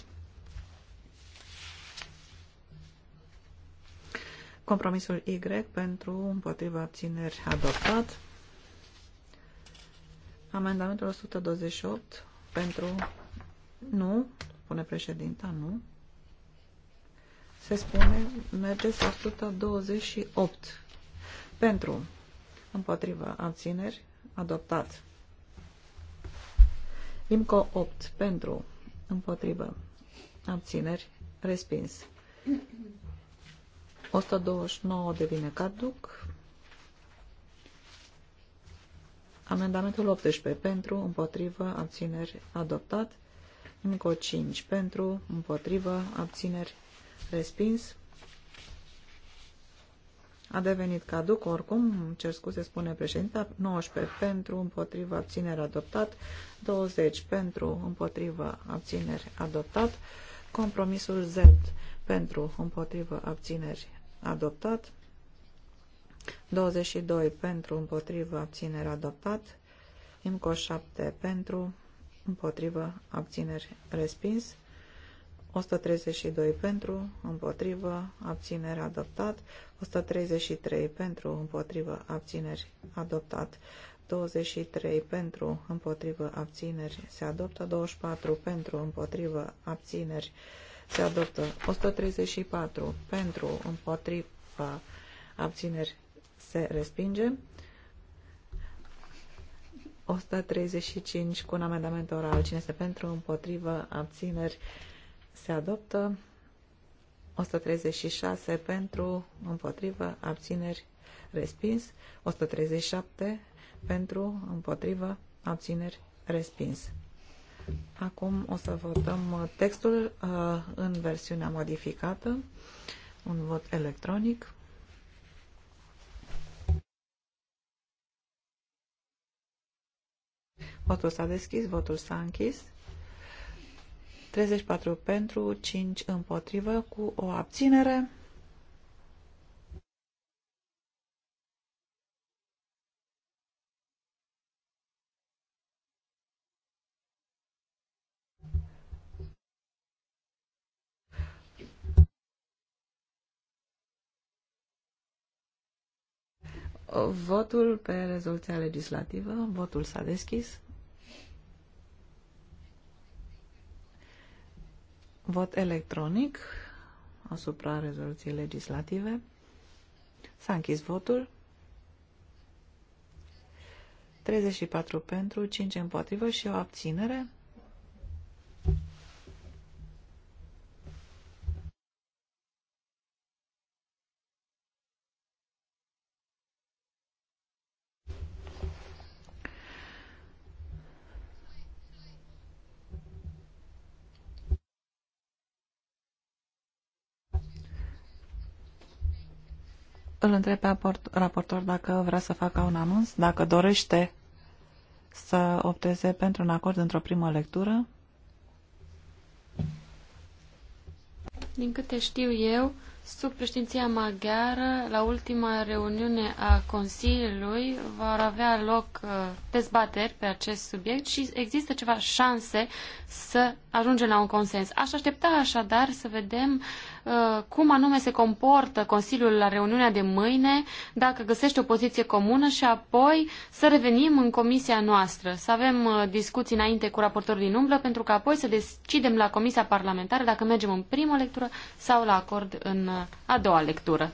Compromisul Y pentru, împotrivă, abțineri, adoptat. Amendamentul 128 pentru, nu, pune președinta, nu se spune mergeți 128 pentru împotriva abțineri adoptat IMCO 8 pentru împotriva abțineri respins 129 devine caduc amendamentul 18 pentru împotriva abțineri adoptat IMCO 5 pentru împotriva abțineri respins. A devenit caduc, oricum, cer scuze, spune președinta, 19 pentru, împotriva, abțineri, adoptat, 20 pentru, împotriva, abțineri, adoptat, compromisul Z pentru, împotriva, abțineri, adoptat, 22 pentru, împotriva, abțineri, adoptat, IMCO 7 pentru, împotriva, abțineri, respins, 132 pentru, împotrivă, abțineri adoptat, 133 pentru, împotrivă, abțineri adoptat, 23 pentru, împotrivă, abțineri se adoptă, 24 pentru, împotrivă, abțineri se adoptă, 134 pentru, împotrivă, abțineri se respinge, 135 cu un amendament oral, cine este pentru, împotrivă, abțineri se se adoptă 136 pentru, împotrivă, abțineri, respins, 137 pentru, împotrivă, abțineri, respins. Acum o să votăm uh, textul uh, în versiunea modificată, un vot electronic. Votul s-a deschis, votul s-a închis. 34 pentru, 5 împotrivă, cu o abținere. Votul pe rezoluția legislativă, votul s-a deschis. Vot electronic asupra rezoluției legislative. S-a închis votul. 34 pentru, 5 împotrivă și o abținere. îl întreb pe raportor dacă vrea să facă un anunț, dacă dorește să opteze pentru un acord într-o primă lectură. Din câte știu eu, sub președinția maghiară, la ultima reuniune a Consiliului, vor avea loc uh, dezbateri pe acest subiect și există ceva șanse să ajungem la un consens. Aș aștepta așadar să vedem uh, Uh, cum anume se comportă Consiliul la reuniunea de mâine, dacă găsește o poziție comună și apoi să revenim în comisia noastră, să avem uh, discuții înainte cu raportorul din umbră, pentru că apoi să decidem la comisia parlamentară dacă mergem în primă lectură sau la acord în uh, a doua lectură.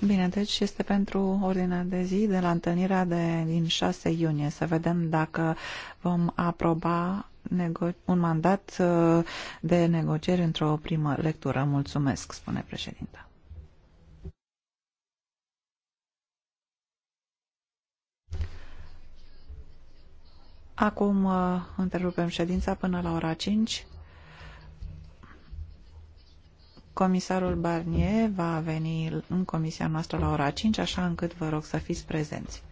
Bine, deci este pentru ordinea de zi de la întâlnirea de, din 6 iunie să vedem dacă vom aproba un mandat uh, de negocieri într-o primă lectură. Mulțumesc, spune președinta. Acum uh, întrerupem ședința până la ora 5. Comisarul Barnier va veni în comisia noastră la ora 5, așa încât vă rog să fiți prezenți.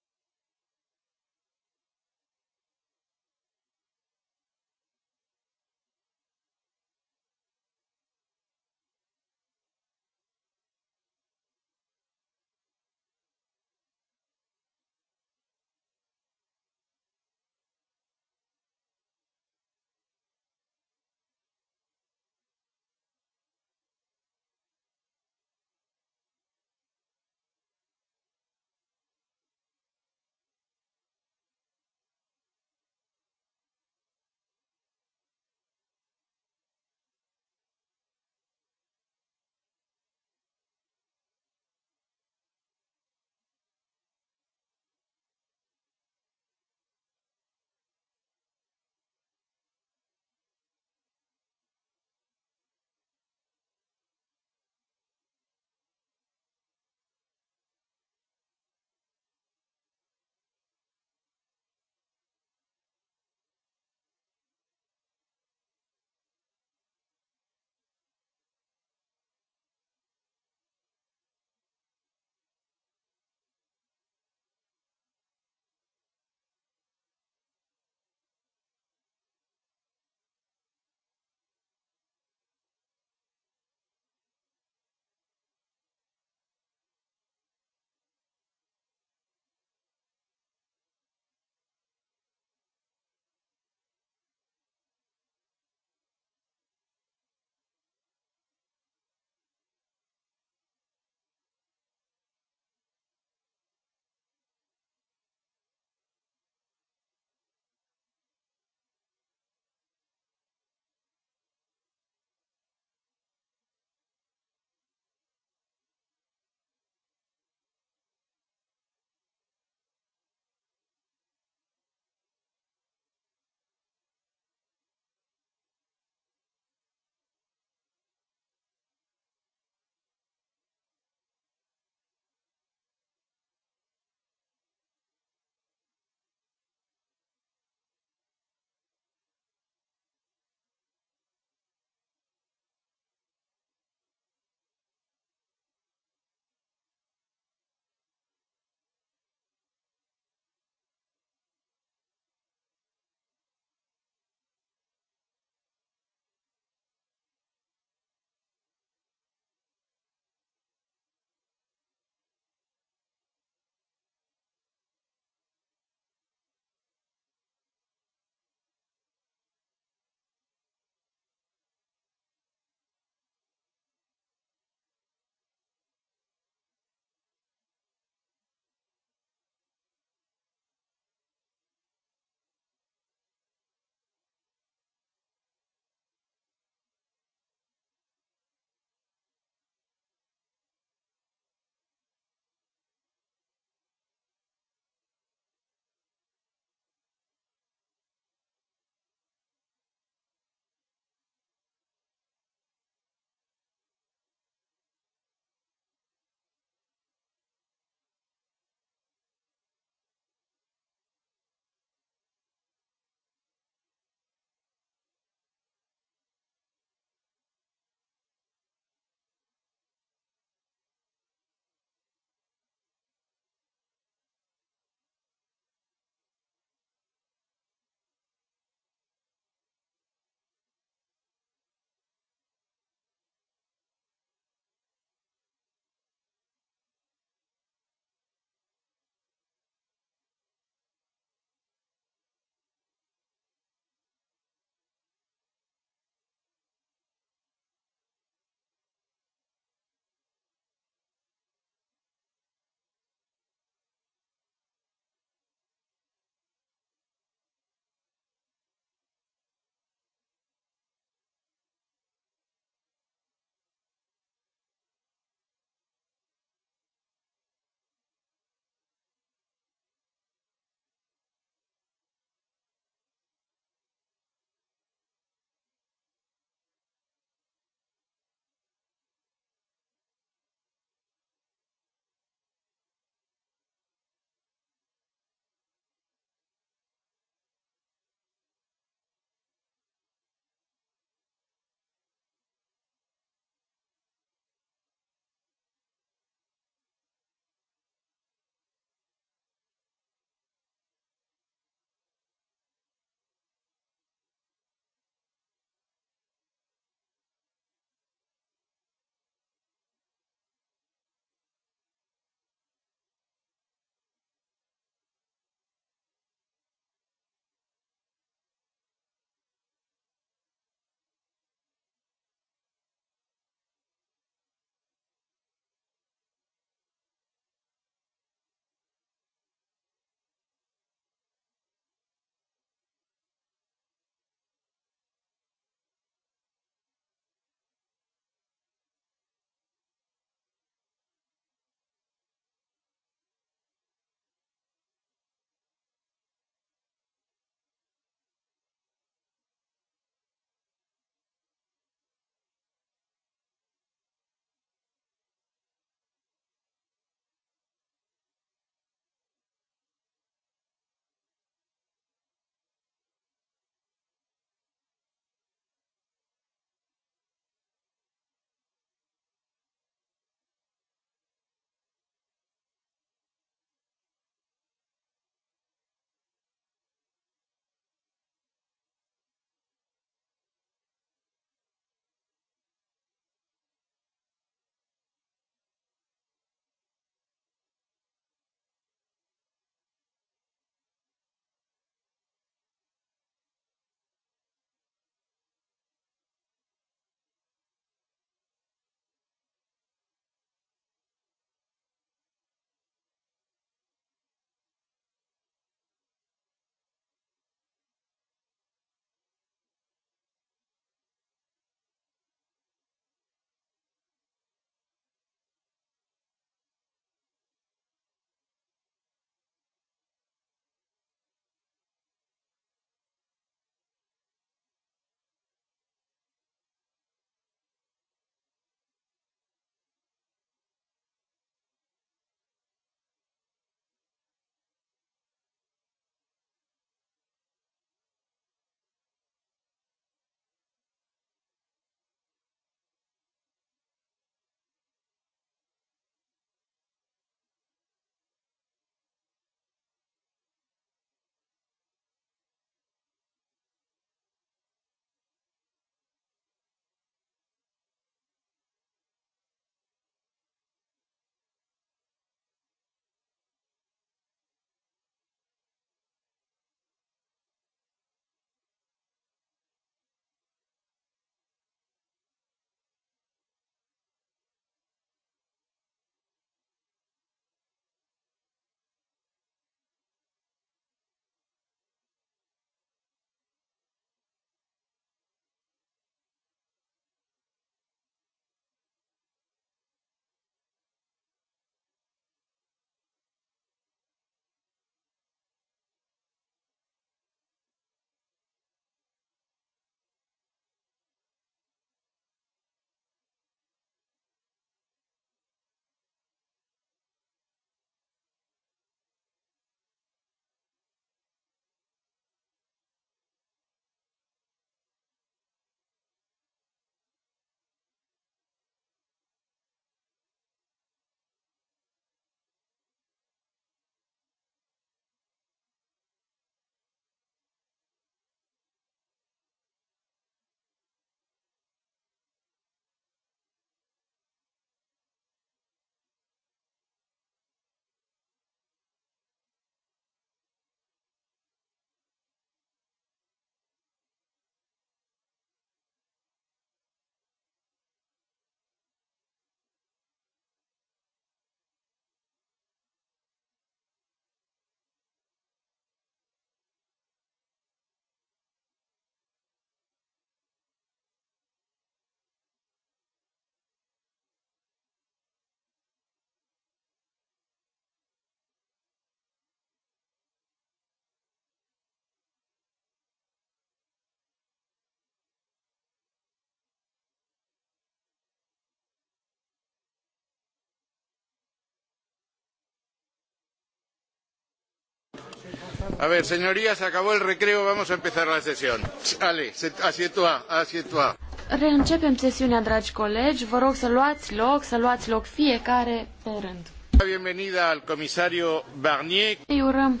A ver, señorías, se acabó el recreo, vamos a empezar la sesión. Ale, asietua, asietua. Reîncepem sesiunea, dragi colegi. Vă rog să luați loc, să luați loc fiecare pe rând. Bienvenida al comisario Barnier. Îi urăm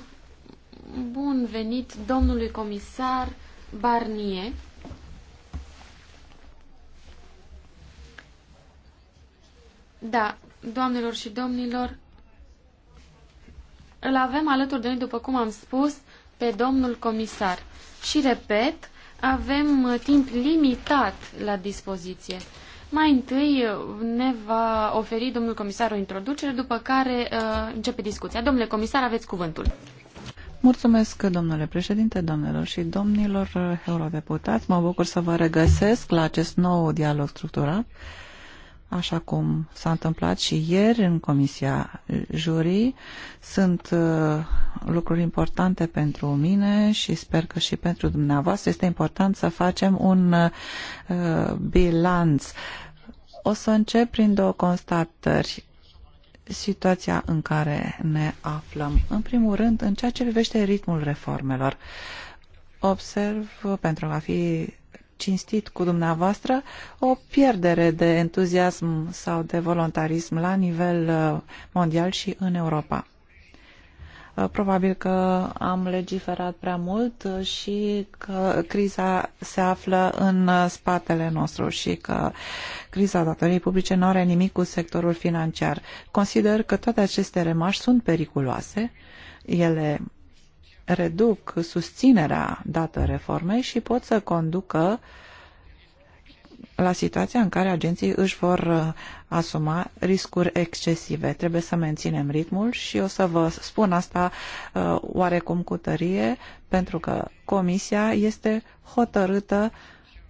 bun venit domnului comisar Barnier. Da, doamnelor și domnilor, îl avem alături de noi, după cum am spus, pe domnul comisar. Și repet, avem uh, timp limitat la dispoziție. Mai întâi uh, ne va oferi domnul comisar o introducere, după care uh, începe discuția. Domnule comisar, aveți cuvântul. Mulțumesc, domnule președinte, domnilor și domnilor uh, eurodeputați. Mă bucur să vă regăsesc la acest nou dialog structurat. Uh, așa cum s-a întâmplat și ieri în Comisia Jurii. Sunt uh, lucruri importante pentru mine și sper că și pentru dumneavoastră este important să facem un uh, bilanț. O să încep prin două constatări situația în care ne aflăm. În primul rând, în ceea ce privește ritmul reformelor. Observ, pentru a fi cinstit cu dumneavoastră, o pierdere de entuziasm sau de voluntarism la nivel uh, mondial și în Europa. Uh, probabil că am legiferat prea mult uh, și că criza se află în spatele nostru și că criza datoriei publice nu are nimic cu sectorul financiar. Consider că toate aceste remași sunt periculoase. Ele reduc susținerea dată reformei și pot să conducă la situația în care agenții își vor uh, asuma riscuri excesive. Trebuie să menținem ritmul și o să vă spun asta uh, oarecum cu tărie, pentru că Comisia este hotărâtă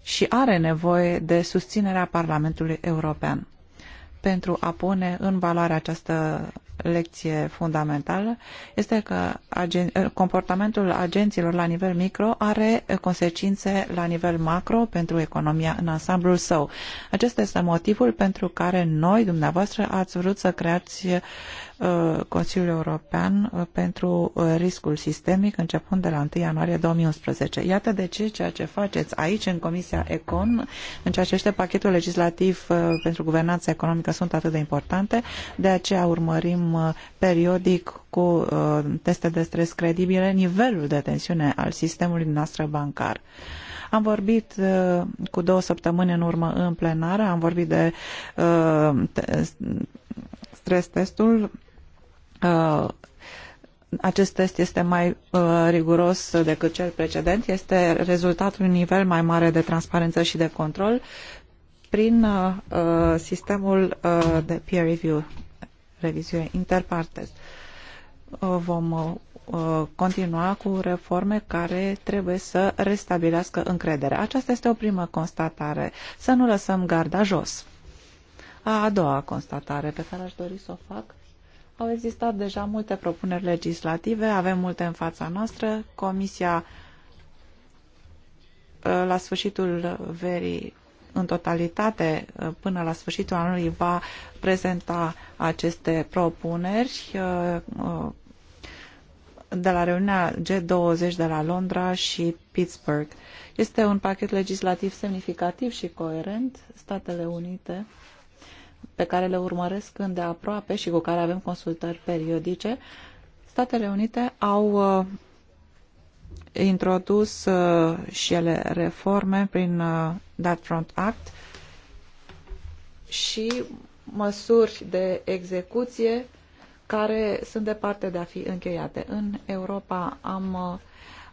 și are nevoie de susținerea Parlamentului European pentru a pune în valoare această lecție fundamentală este că agen comportamentul agenților la nivel micro are consecințe la nivel macro pentru economia în ansamblul său. Acesta este motivul pentru care noi, dumneavoastră, ați vrut să creați uh, Consiliul European uh, pentru uh, riscul sistemic începând de la 1 ianuarie 2011. Iată de ce ceea ce faceți aici în Comisia Econ, în ceea ce este pachetul legislativ pentru guvernanța economică sunt atât de importante, de aceea urmărim Uh, periodic cu uh, teste de stres credibile nivelul de tensiune al sistemului noastră bancar. Am vorbit uh, cu două săptămâni în urmă în plenară, am vorbit de stres testul acest test este mai uh, riguros decât cel precedent, este rezultatul unui nivel mai mare de transparență și de control prin uh, sistemul uh, de peer review revizuire interpartes. Uh, vom uh, uh, continua cu reforme care trebuie să restabilească încrederea. Aceasta este o primă constatare. Să nu lăsăm garda jos. A, a doua constatare pe care aș dori să o fac. Au existat deja multe propuneri legislative, avem multe în fața noastră. Comisia la sfârșitul verii în totalitate uh, până la sfârșitul anului va prezenta aceste propuneri uh, uh, de la reuniunea G20 de la Londra și Pittsburgh. Este un pachet legislativ semnificativ și coerent. Statele Unite pe care le urmăresc îndeaproape și cu care avem consultări periodice, Statele Unite au introdus uh, și ele reforme prin Dat uh, Front Act și măsuri de execuție care sunt departe de a fi încheiate. În Europa am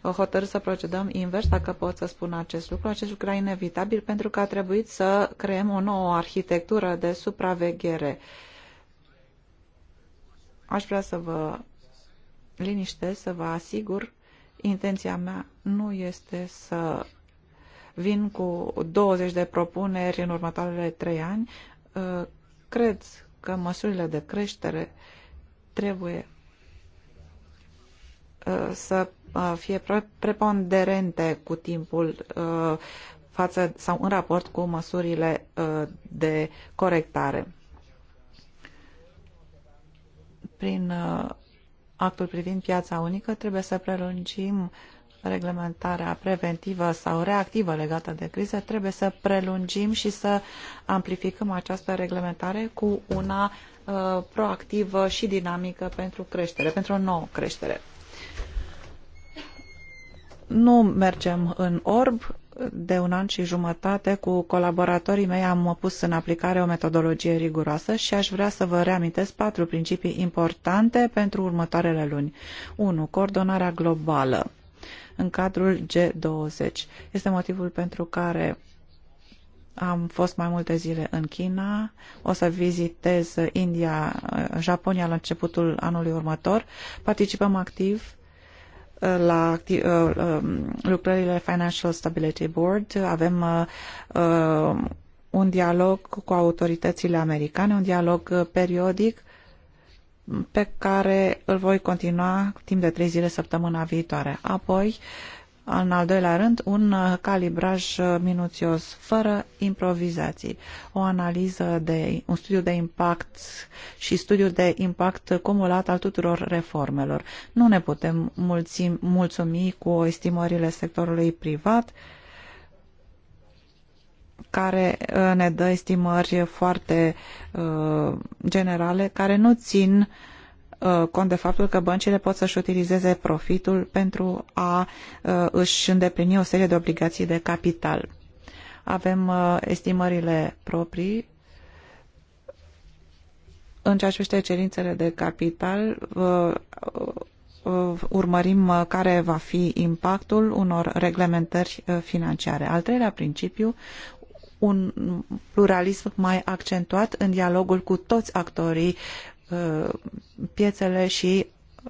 uh, hotărât să procedăm invers, dacă pot să spun acest lucru. Acest lucru era inevitabil pentru că a trebuit să creăm o nouă arhitectură de supraveghere. Aș vrea să vă liniștesc, să vă asigur Intenția mea nu este să vin cu 20 de propuneri în următoarele trei ani. Uh, cred că măsurile de creștere trebuie uh, să uh, fie preponderente cu timpul față sau în raport cu măsurile de corectare. Prin actul privind piața unică, trebuie să prelungim reglementarea preventivă sau reactivă legată de criză, trebuie să prelungim și să amplificăm această reglementare cu una uh, proactivă și dinamică pentru creștere, pentru o nouă creștere. Nu mergem în orb, de un an și jumătate cu colaboratorii mei am pus în aplicare o metodologie riguroasă și aș vrea să vă reamintesc patru principii importante pentru următoarele luni. 1. Coordonarea globală în cadrul G20. Este motivul pentru care am fost mai multe zile în China, o să vizitez India, Japonia la începutul anului următor. Participăm activ la uh, um, lucrările Financial Stability Board, avem uh, uh, un dialog cu autoritățile americane, un dialog periodic pe care îl voi continua timp de trei zile săptămâna viitoare. Apoi, uh, în al doilea rând, un uh, calibraj uh, minuțios, fără improvizații, o analiză de un studiu de impact și studiu de impact cumulat al tuturor reformelor. Nu ne putem mulți mulțumi cu estimările sectorului privat, care uh, ne dă estimări foarte uh, generale, care nu țin uh, Uh, cont de faptul că băncile pot să-și utilizeze profitul pentru a uh, își îndeplini o serie de obligații de capital. Avem uh, estimările proprii în ceea ce privește cerințele de capital, urmărim care va fi impactul unor reglementări financiare. Al treilea principiu, un pluralism mai accentuat în dialogul cu toți actorii Uh, piețele și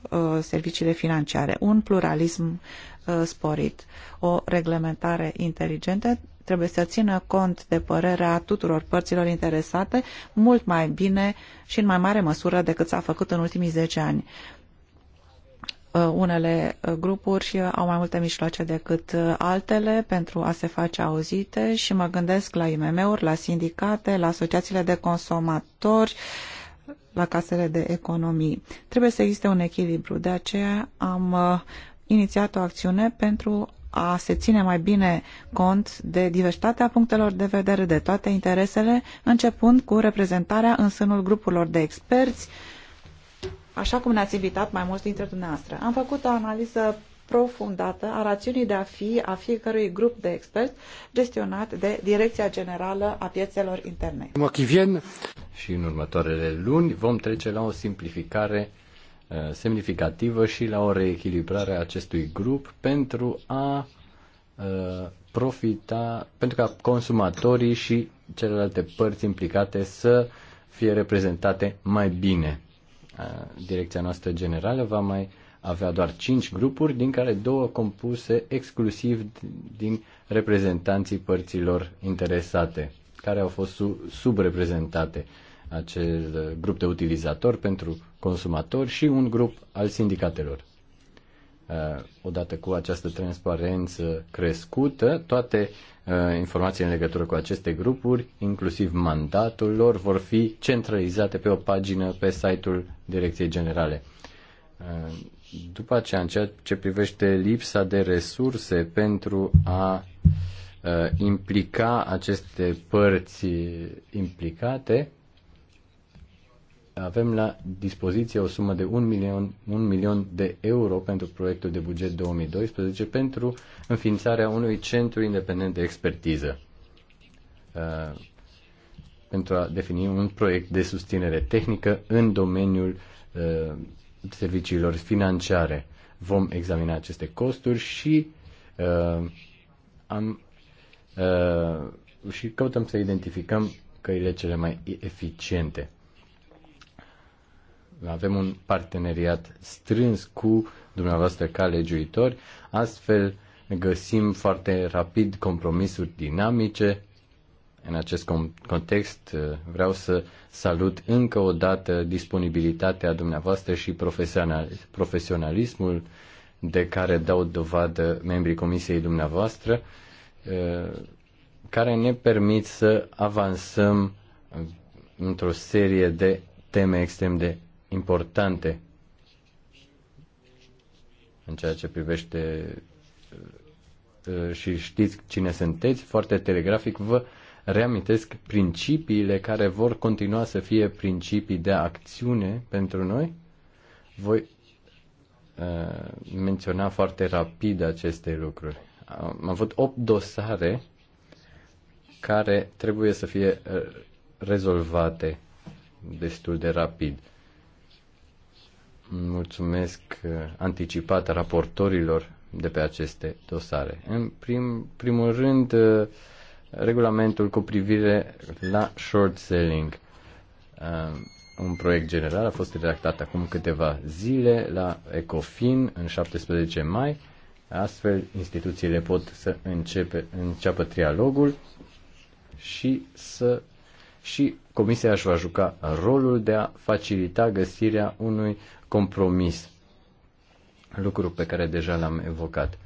uh, serviciile financiare. Un pluralism uh, sporit, o reglementare inteligentă trebuie să țină cont de părerea tuturor părților interesate mult mai bine și în mai mare măsură decât s-a făcut în ultimii 10 ani. Unele grupuri au mai multe mijloace decât altele pentru a se face auzite și mă gândesc la IMM-uri, la sindicate, la asociațiile de consumatori, uh, la casele de economii. Trebuie să existe un echilibru, de aceea am uh, inițiat o acțiune pentru a se ține mai bine cont de diversitatea punctelor de vedere de toate interesele, începând cu reprezentarea în sânul grupurilor de experți, așa cum ne-ați invitat mai mulți dintre dumneavoastră. Am făcut o analiză profundată a rațiunii de a fi a fiecărui grup de experți gestionat de Direcția Generală a Piețelor Interne. Și în următoarele luni vom trece la o simplificare uh, semnificativă și la o reechilibrare a acestui grup pentru a uh, profita, pentru ca consumatorii și celelalte părți implicate să fie reprezentate mai bine. Uh, Direcția noastră generală va mai avea doar cinci grupuri, din care două compuse exclusiv din reprezentanții părților interesate, care au fost subreprezentate. Acel grup de utilizatori pentru consumatori și un grup al sindicatelor. Uh, odată cu această transparență crescută, toate uh, informații în legătură cu aceste grupuri, inclusiv mandatul lor, vor fi centralizate pe o pagină pe site-ul Direcției Generale uh, după aceea, în ceea ce privește lipsa de resurse pentru a uh, implica aceste părți implicate, avem la dispoziție o sumă de 1 milion, 1 milion de euro pentru proiectul de buget 2012 pentru înființarea unui centru independent de expertiză uh, pentru a defini un proiect de susținere tehnică în domeniul uh, serviciilor financiare. Vom examina aceste costuri și uh, am uh, și căutăm să identificăm căile cele mai eficiente. Avem un parteneriat strâns cu dumneavoastră ca legiuitori, astfel găsim foarte rapid compromisuri dinamice în acest context uh, vreau să salut încă o dată disponibilitatea dumneavoastră și profesionalismul de care dau dovadă membrii comisiei dumneavoastră, uh, care ne permit să avansăm într-o serie de teme extrem de importante în ceea ce privește uh, și știți cine sunteți, foarte telegrafic vă reamintesc principiile care vor continua să fie principii de acțiune pentru noi. Voi uh, menționa foarte rapid aceste lucruri. Am avut 8 dosare care trebuie să fie uh, rezolvate destul de rapid. Mulțumesc uh, anticipat raportorilor de pe aceste dosare. În prim, primul rând, uh, regulamentul cu privire la short selling. Um, un proiect general a fost redactat acum câteva zile la Ecofin în 17 mai. Astfel, instituțiile pot să începe, înceapă trialogul și să și Comisia își va juca rolul de a facilita găsirea unui compromis, lucru pe care deja l-am evocat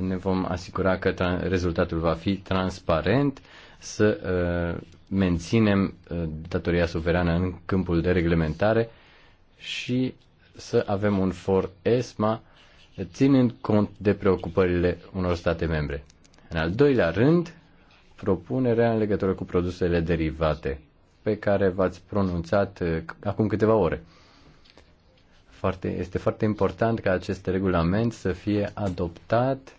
ne vom asigura că rezultatul va fi transparent, să uh, menținem uh, datoria suverană în câmpul de reglementare și să avem un for ESMA ținând cont de preocupările unor state membre. În al doilea rând, propunerea în legătură cu produsele derivate pe care v-ați pronunțat uh, acum câteva ore. Foarte, este foarte important ca acest regulament să fie adoptat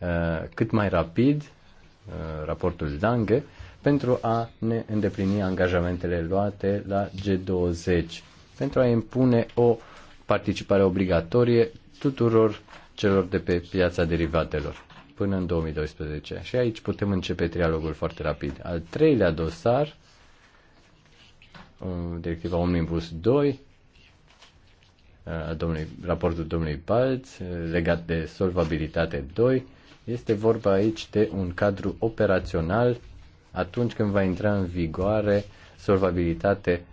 Uh, cât mai rapid uh, raportul Dange pentru a ne îndeplini angajamentele luate la G20, pentru a impune o participare obligatorie tuturor celor de pe piața derivatelor până în 2012. Și aici putem începe trialogul foarte rapid. Al treilea dosar, uh, directiva Omnibus 2, a domnului, raportul domnului Palț legat de solvabilitate 2, este vorba aici de un cadru operațional atunci când va intra în vigoare solvabilitate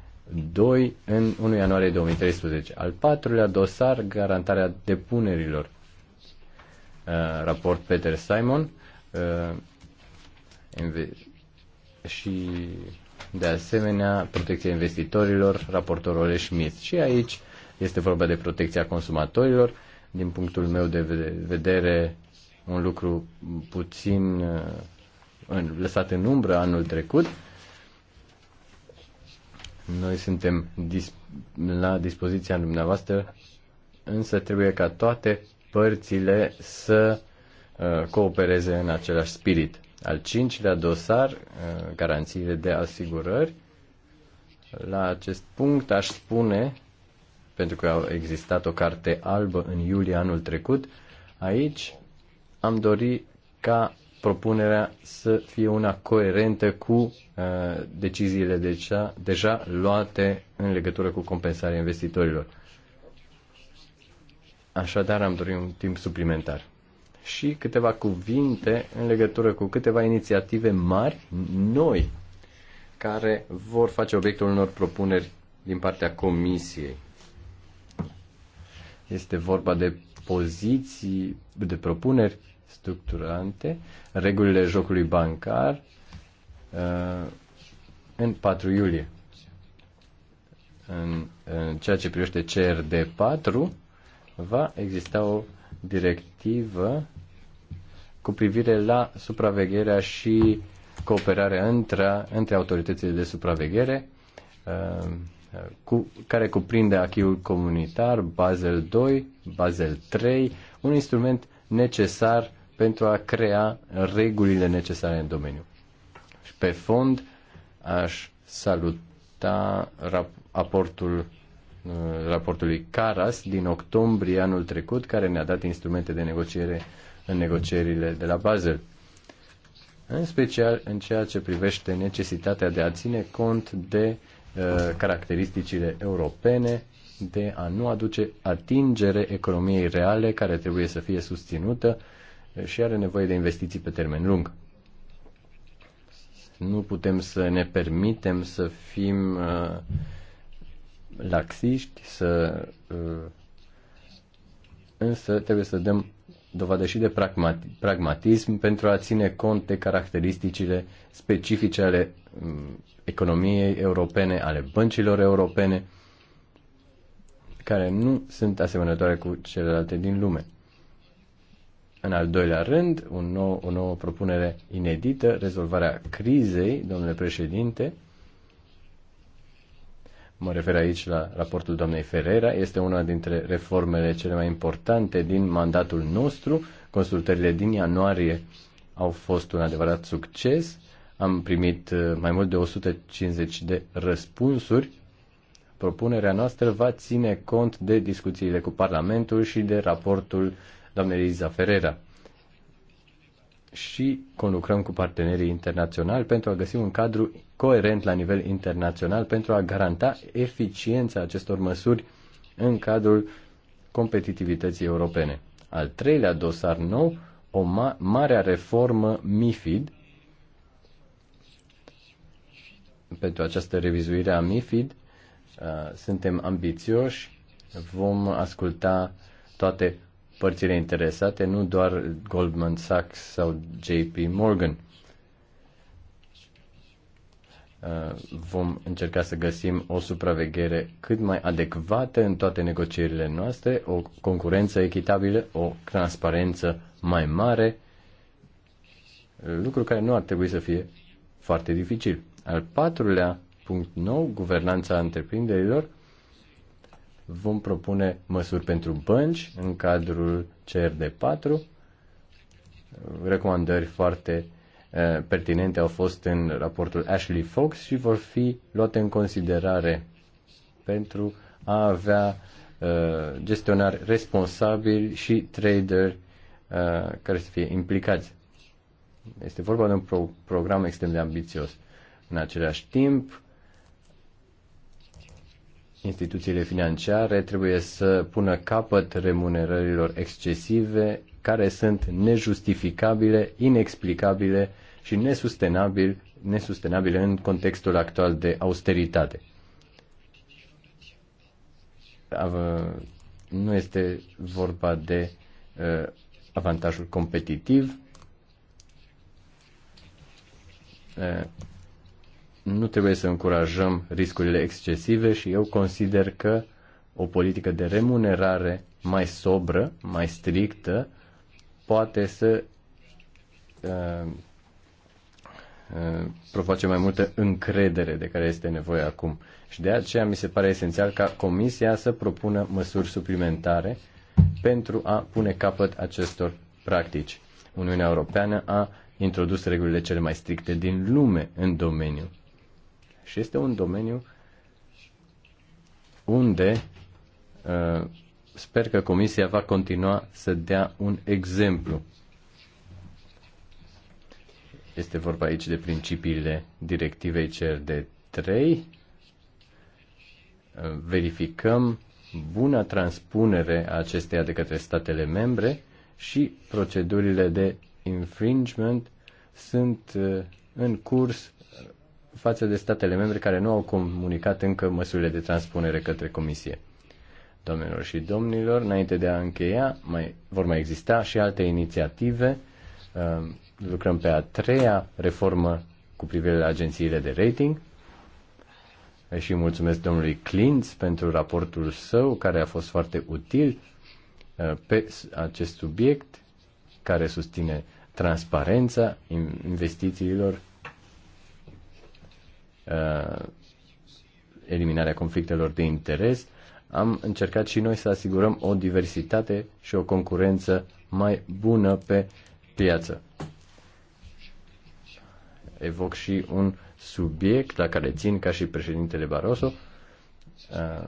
2 în 1 ianuarie 2013. Al patrulea dosar, garantarea depunerilor. Uh, raport Peter Simon uh, și de asemenea protecția investitorilor, raportorul Ole Smith. Și aici este vorba de protecția consumatorilor. Din punctul meu de vedere, un lucru puțin uh, lăsat în umbră anul trecut. Noi suntem dis- la dispoziția dumneavoastră, însă trebuie ca toate părțile să uh, coopereze în același spirit. Al cincilea dosar, uh, garanțiile de asigurări, la acest punct aș spune, pentru că a existat o carte albă în iulie anul trecut, aici am dori ca propunerea să fie una coerentă cu uh, deciziile deja, deja luate în legătură cu compensarea investitorilor. Așadar, am dorit un timp suplimentar. Și câteva cuvinte în legătură cu câteva inițiative mari, noi, care vor face obiectul unor propuneri din partea Comisiei. Este vorba de poziții, de propuneri structurante, regulile jocului bancar uh, în 4 iulie. În, în ceea ce privește CRD4, va exista o directivă cu privire la supravegherea și cooperarea între, între autoritățile de supraveghere uh, cu, care cuprinde achiul comunitar, Basel 2, Basel 3, un instrument necesar pentru a crea regulile necesare în domeniu. Și pe fond aș saluta rap, aportul uh, raportului Caras din octombrie anul trecut, care ne-a dat instrumente de negociere în negocierile de la Basel. În special în ceea ce privește necesitatea de a ține cont de uh, Uh, caracteristicile europene de a nu aduce atingere economiei reale care trebuie să fie susținută uh, și are nevoie de investiții pe termen lung. Nu putem să ne permitem să fim uh, laxiști, să, însă trebuie să dăm dovadă și de pragmatism pentru a ține cont de caracteristicile specifice ale um, economiei europene, ale băncilor europene, care nu sunt asemănătoare cu celelalte din lume. În al doilea rând, un nou, o nouă propunere inedită, rezolvarea crizei, domnule președinte. Mă refer aici la raportul doamnei Ferreira. Este una dintre reformele cele mai importante din mandatul nostru. Consultările din ianuarie au fost un adevărat succes. Am primit uh, mai mult de 150 de răspunsuri. Propunerea noastră va ține cont de discuțiile cu Parlamentul și de raportul doamnei Liza Ferreira. Și conlucrăm cu partenerii internaționali pentru a găsi un cadru coerent la nivel internațional pentru a garanta eficiența acestor măsuri în cadrul competitivității europene. Al treilea dosar nou, o ma- marea reformă MIFID, pentru această revizuire a MIFID. Uh, suntem ambițioși, vom asculta toate părțile interesate, nu doar Goldman Sachs sau JP Morgan. Uh, vom încerca să găsim o supraveghere cât mai adecvată în toate negocierile noastre, o concurență echitabilă, o transparență mai mare, lucru care nu ar trebui să fie foarte dificil. Al patrulea punct nou, guvernanța întreprinderilor, vom propune măsuri pentru bănci în cadrul CRD4. Recomandări foarte eh, pertinente au fost în raportul Ashley Fox și vor fi luate în considerare pentru a avea eh, gestionari responsabili și trader eh, care să fie implicați. Este vorba de un pro- program extrem de ambițios. În același timp, instituțiile financiare trebuie să pună capăt remunerărilor excesive care sunt nejustificabile, inexplicabile și nesustenabile, nesustenabile în contextul actual de austeritate. Nu este vorba de uh, avantajul competitiv. Uh, nu trebuie să încurajăm riscurile excesive și eu consider că o politică de remunerare mai sobră, mai strictă, poate să uh, uh, provoace mai multă încredere de care este nevoie acum. Și de aceea mi se pare esențial ca Comisia să propună măsuri suplimentare pentru a pune capăt acestor practici. Uniunea Europeană a introdus regulile cele mai stricte din lume în domeniu și este un domeniu unde uh, sper că Comisia va continua să dea un exemplu. Este vorba aici de principiile directivei CRD 3. Uh, verificăm buna transpunere a acesteia de către statele membre și procedurile de infringement sunt uh, în curs față de statele membre care nu au comunicat încă măsurile de transpunere către Comisie. Domnilor și domnilor, înainte de a încheia, mai, vor mai exista și alte inițiative. Uh, lucrăm pe a treia reformă cu privire la agențiile de rating și mulțumesc domnului Clintz pentru raportul său, care a fost foarte util uh, pe acest subiect, care susține transparența investițiilor Uh, eliminarea conflictelor de interes, am încercat și noi să asigurăm o diversitate și o concurență mai bună pe piață. Evoc și un subiect la care țin ca și președintele Barroso, uh,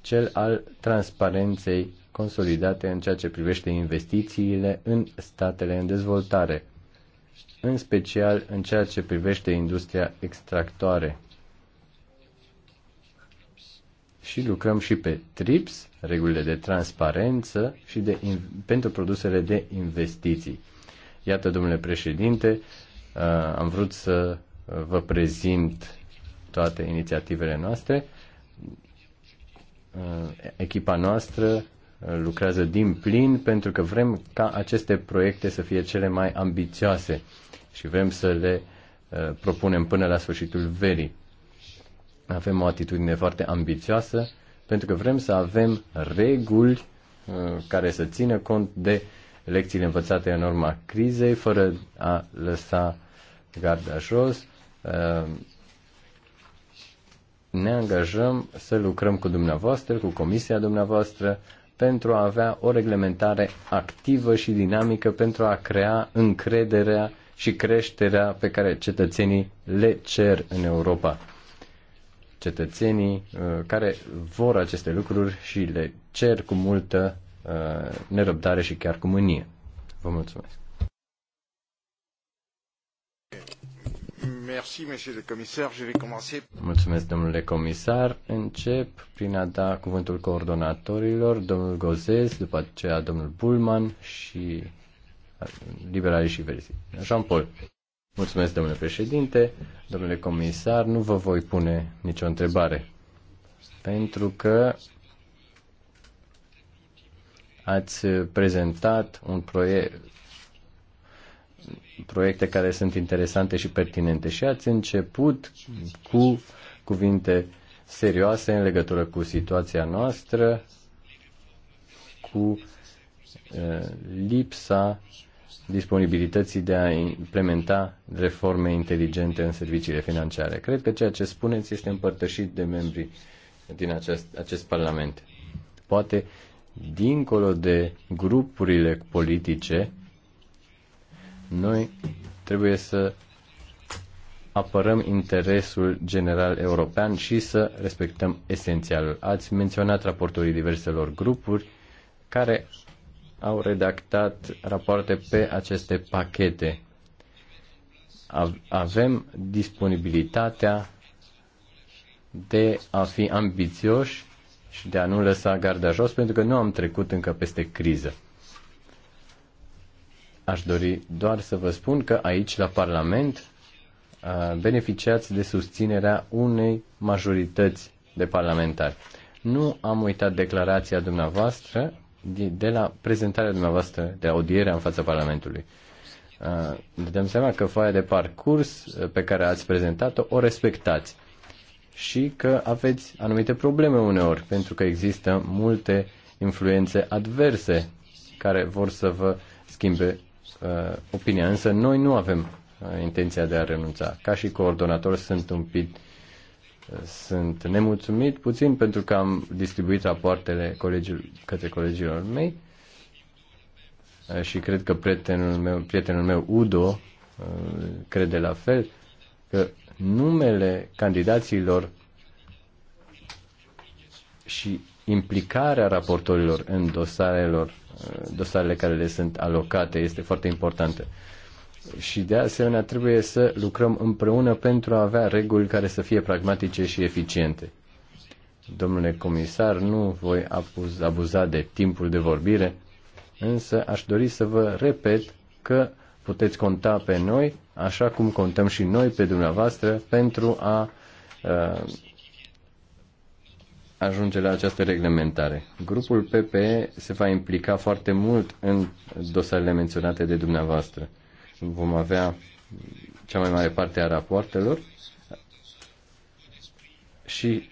cel al transparenței consolidate în ceea ce privește investițiile în statele în dezvoltare în special în ceea ce privește industria extractoare. Și lucrăm și pe TRIPS, regulile de transparență și de, pentru produsele de investiții. Iată, domnule președinte, uh, am vrut să uh, vă prezint toate inițiativele noastre. Uh, echipa noastră lucrează din plin pentru că vrem ca aceste proiecte să fie cele mai ambițioase și vrem să le uh, propunem până la sfârșitul verii. Avem o atitudine foarte ambițioasă pentru că vrem să avem reguli uh, care să țină cont de lecțiile învățate în urma crizei, fără a lăsa garda jos. Uh, ne angajăm să lucrăm cu dumneavoastră, cu comisia dumneavoastră, pentru a avea o reglementare activă și dinamică pentru a crea încrederea și creșterea pe care cetățenii le cer în Europa. Cetățenii uh, care vor aceste lucruri și le cer cu multă uh, nerăbdare și chiar cu mânie. Vă mulțumesc. Merci, monsieur le commissaire. Je vais commencer. Mulțumesc, domnule comisar. Încep prin a da cuvântul coordonatorilor, domnul Gozes, după aceea domnul Bulman și liberalii și verzi. Jean-Paul. Mulțumesc, domnule președinte, domnule comisar, nu vă voi pune nicio întrebare, pentru că ați prezentat un proiect, proiecte care sunt interesante și pertinente și ați început cu cuvinte serioase în legătură cu situația noastră, cu lipsa disponibilității de a implementa reforme inteligente în serviciile financiare. Cred că ceea ce spuneți este împărtășit de membrii din acest, acest Parlament. Poate, dincolo de grupurile politice, noi trebuie să apărăm interesul general european și să respectăm esențialul. Ați menționat raportorii diverselor grupuri care au redactat rapoarte pe aceste pachete. Avem disponibilitatea de a fi ambițioși și de a nu lăsa garda jos, pentru că nu am trecut încă peste criză. Aș dori doar să vă spun că aici, la Parlament, beneficiați de susținerea unei majorități de parlamentari. Nu am uitat declarația dumneavoastră de la prezentarea dumneavoastră de audiere în fața Parlamentului. Ne dăm seama că foaia de parcurs pe care ați prezentat-o o respectați și că aveți anumite probleme uneori, pentru că există multe influențe adverse care vor să vă schimbe uh, opinia, însă noi nu avem uh, intenția de a renunța. Ca și coordonator sunt un pic uh, sunt nemulțumit puțin pentru că am distribuit rapoartele colegii, către colegilor mei uh, și cred că prietenul meu, prietenul meu Udo uh, crede la fel că numele candidaților și implicarea raportorilor în dosarelor dosarele care le sunt alocate este foarte importantă. Și de asemenea trebuie să lucrăm împreună pentru a avea reguli care să fie pragmatice și eficiente. Domnule comisar, nu voi abuza de timpul de vorbire, însă aș dori să vă repet că puteți conta pe noi, așa cum contăm și noi pe dumneavoastră, pentru a uh, ajunge la această reglementare. Grupul PPE se va implica foarte mult în dosarele menționate de dumneavoastră. Vom avea cea mai mare parte a rapoartelor și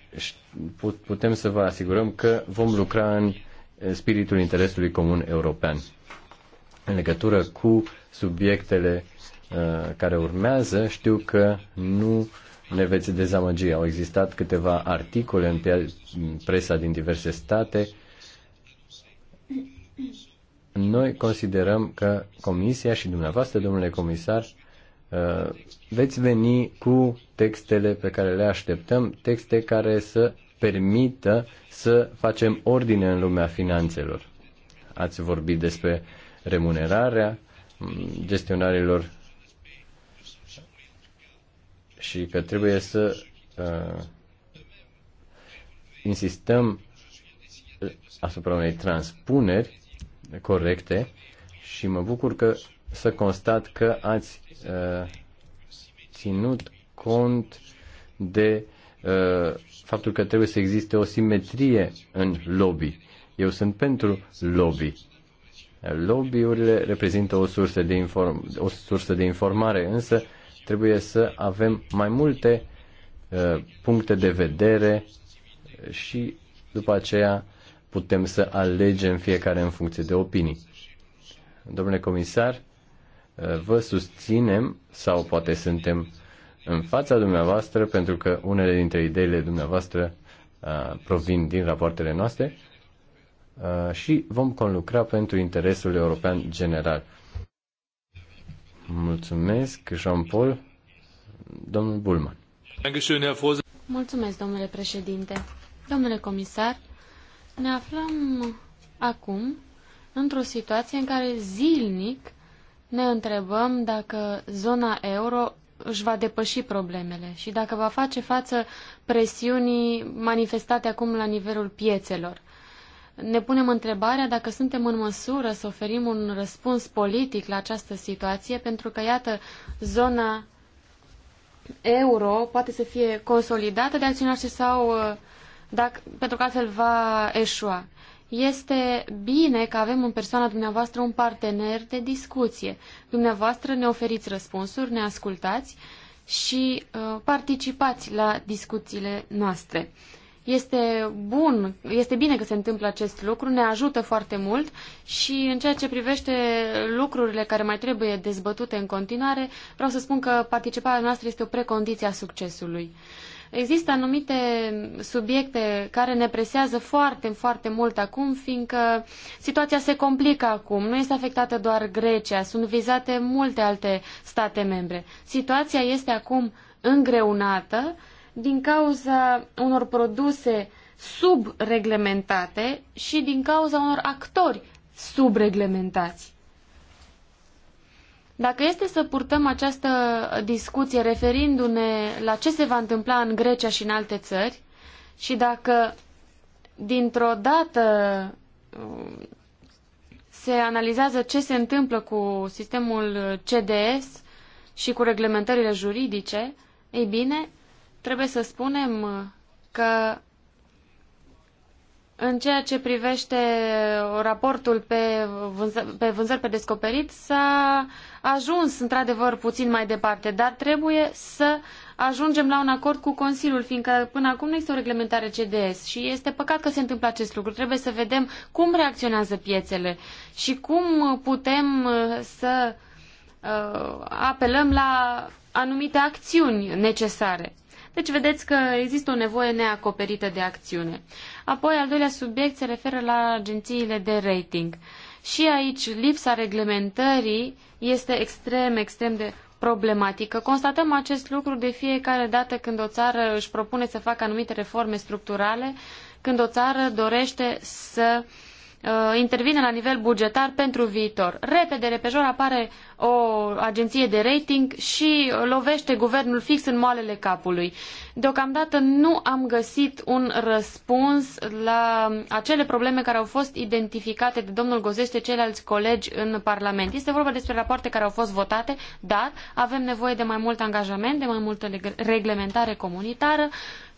putem să vă asigurăm că vom lucra în spiritul interesului comun european. În legătură cu subiectele uh, care urmează, știu că nu ne veți dezamăgi. Au existat câteva articole în presa din diverse state. Noi considerăm că Comisia și dumneavoastră, domnule comisar, uh, veți veni cu textele pe care le așteptăm, texte care să permită să facem ordine în lumea finanțelor. Ați vorbit despre remunerarea mm, gestionarilor și că trebuie să uh, insistăm asupra unei transpuneri corecte și mă bucur că să constat că ați uh, ținut cont de uh, faptul că trebuie să existe o simetrie în lobby. Eu sunt pentru lobby. Lobbyurile reprezintă o sursă de, inform- o sursă de informare, însă uh, Trebuie să avem mai multe uh, puncte de vedere și după aceea putem să alegem fiecare în funcție de opinii. Domnule comisar, uh, vă susținem sau poate suntem în fața dumneavoastră pentru că unele dintre ideile dumneavoastră uh, provin din rapoartele noastre uh, și vom conlucra pentru interesul european general. Mulțumesc, Jean-Paul. Domnul Bulman. Mulțumesc, domnule președinte. Domnule comisar, ne aflăm acum într-o situație în care zilnic ne întrebăm dacă zona euro își va depăși problemele și dacă va face față presiunii manifestate acum la nivelul piețelor ne punem întrebarea dacă suntem în măsură să oferim un răspuns politic la această situație, pentru că, iată, zona euro poate să fie consolidată de ce sau uh, dacă, pentru că altfel va eșua. Este bine că avem în persoana dumneavoastră un partener de discuție. Dumneavoastră ne oferiți răspunsuri, ne ascultați și uh, participați la discuțiile noastre. Uh, este bun, este bine că se întâmplă acest lucru, ne ajută foarte mult și în ceea ce privește lucrurile care mai trebuie dezbătute în continuare, vreau să spun că participarea noastră este o precondiție a succesului. Există anumite subiecte care ne presează foarte, foarte mult acum, fiindcă situația se complică acum. Nu este afectată doar Grecia, sunt vizate multe alte state membre. Situația este acum îngreunată din cauza unor produse subreglementate și din cauza unor actori subreglementați. Dacă este să purtăm această discuție referindu-ne la ce se va întâmpla în Grecia și în alte țări și dacă dintr-o dată um, se analizează ce se întâmplă cu sistemul CDS și cu reglementările juridice, ei bine, trebuie să spunem că în ceea ce privește raportul pe, vânză, pe vânzări pe descoperit, s-a ajuns într-adevăr puțin mai departe, dar trebuie să ajungem la un acord cu Consiliul, fiindcă până acum nu este o reglementare CDS și este păcat că se întâmplă acest lucru. Trebuie să vedem cum reacționează piețele și cum putem uh, să uh, apelăm la anumite acțiuni necesare. Deci vedeți că există o nevoie neacoperită de acțiune. Apoi, al doilea subiect se referă la agențiile de rating. Și aici lipsa reglementării este extrem, extrem de problematică. Constatăm acest lucru de fiecare dată când o țară își propune să facă anumite reforme structurale, când o țară dorește să uh, Uh, intervine la nivel bugetar pentru viitor. Repede, repejor, apare o agenție de rating și lovește guvernul fix în moalele capului. Deocamdată nu am găsit un răspuns la acele probleme care au fost identificate de domnul Gozes de ceilalți colegi în Parlament. Este vorba despre rapoarte care au fost votate, dar avem nevoie de mai mult angajament, de mai multă reglementare comunitară,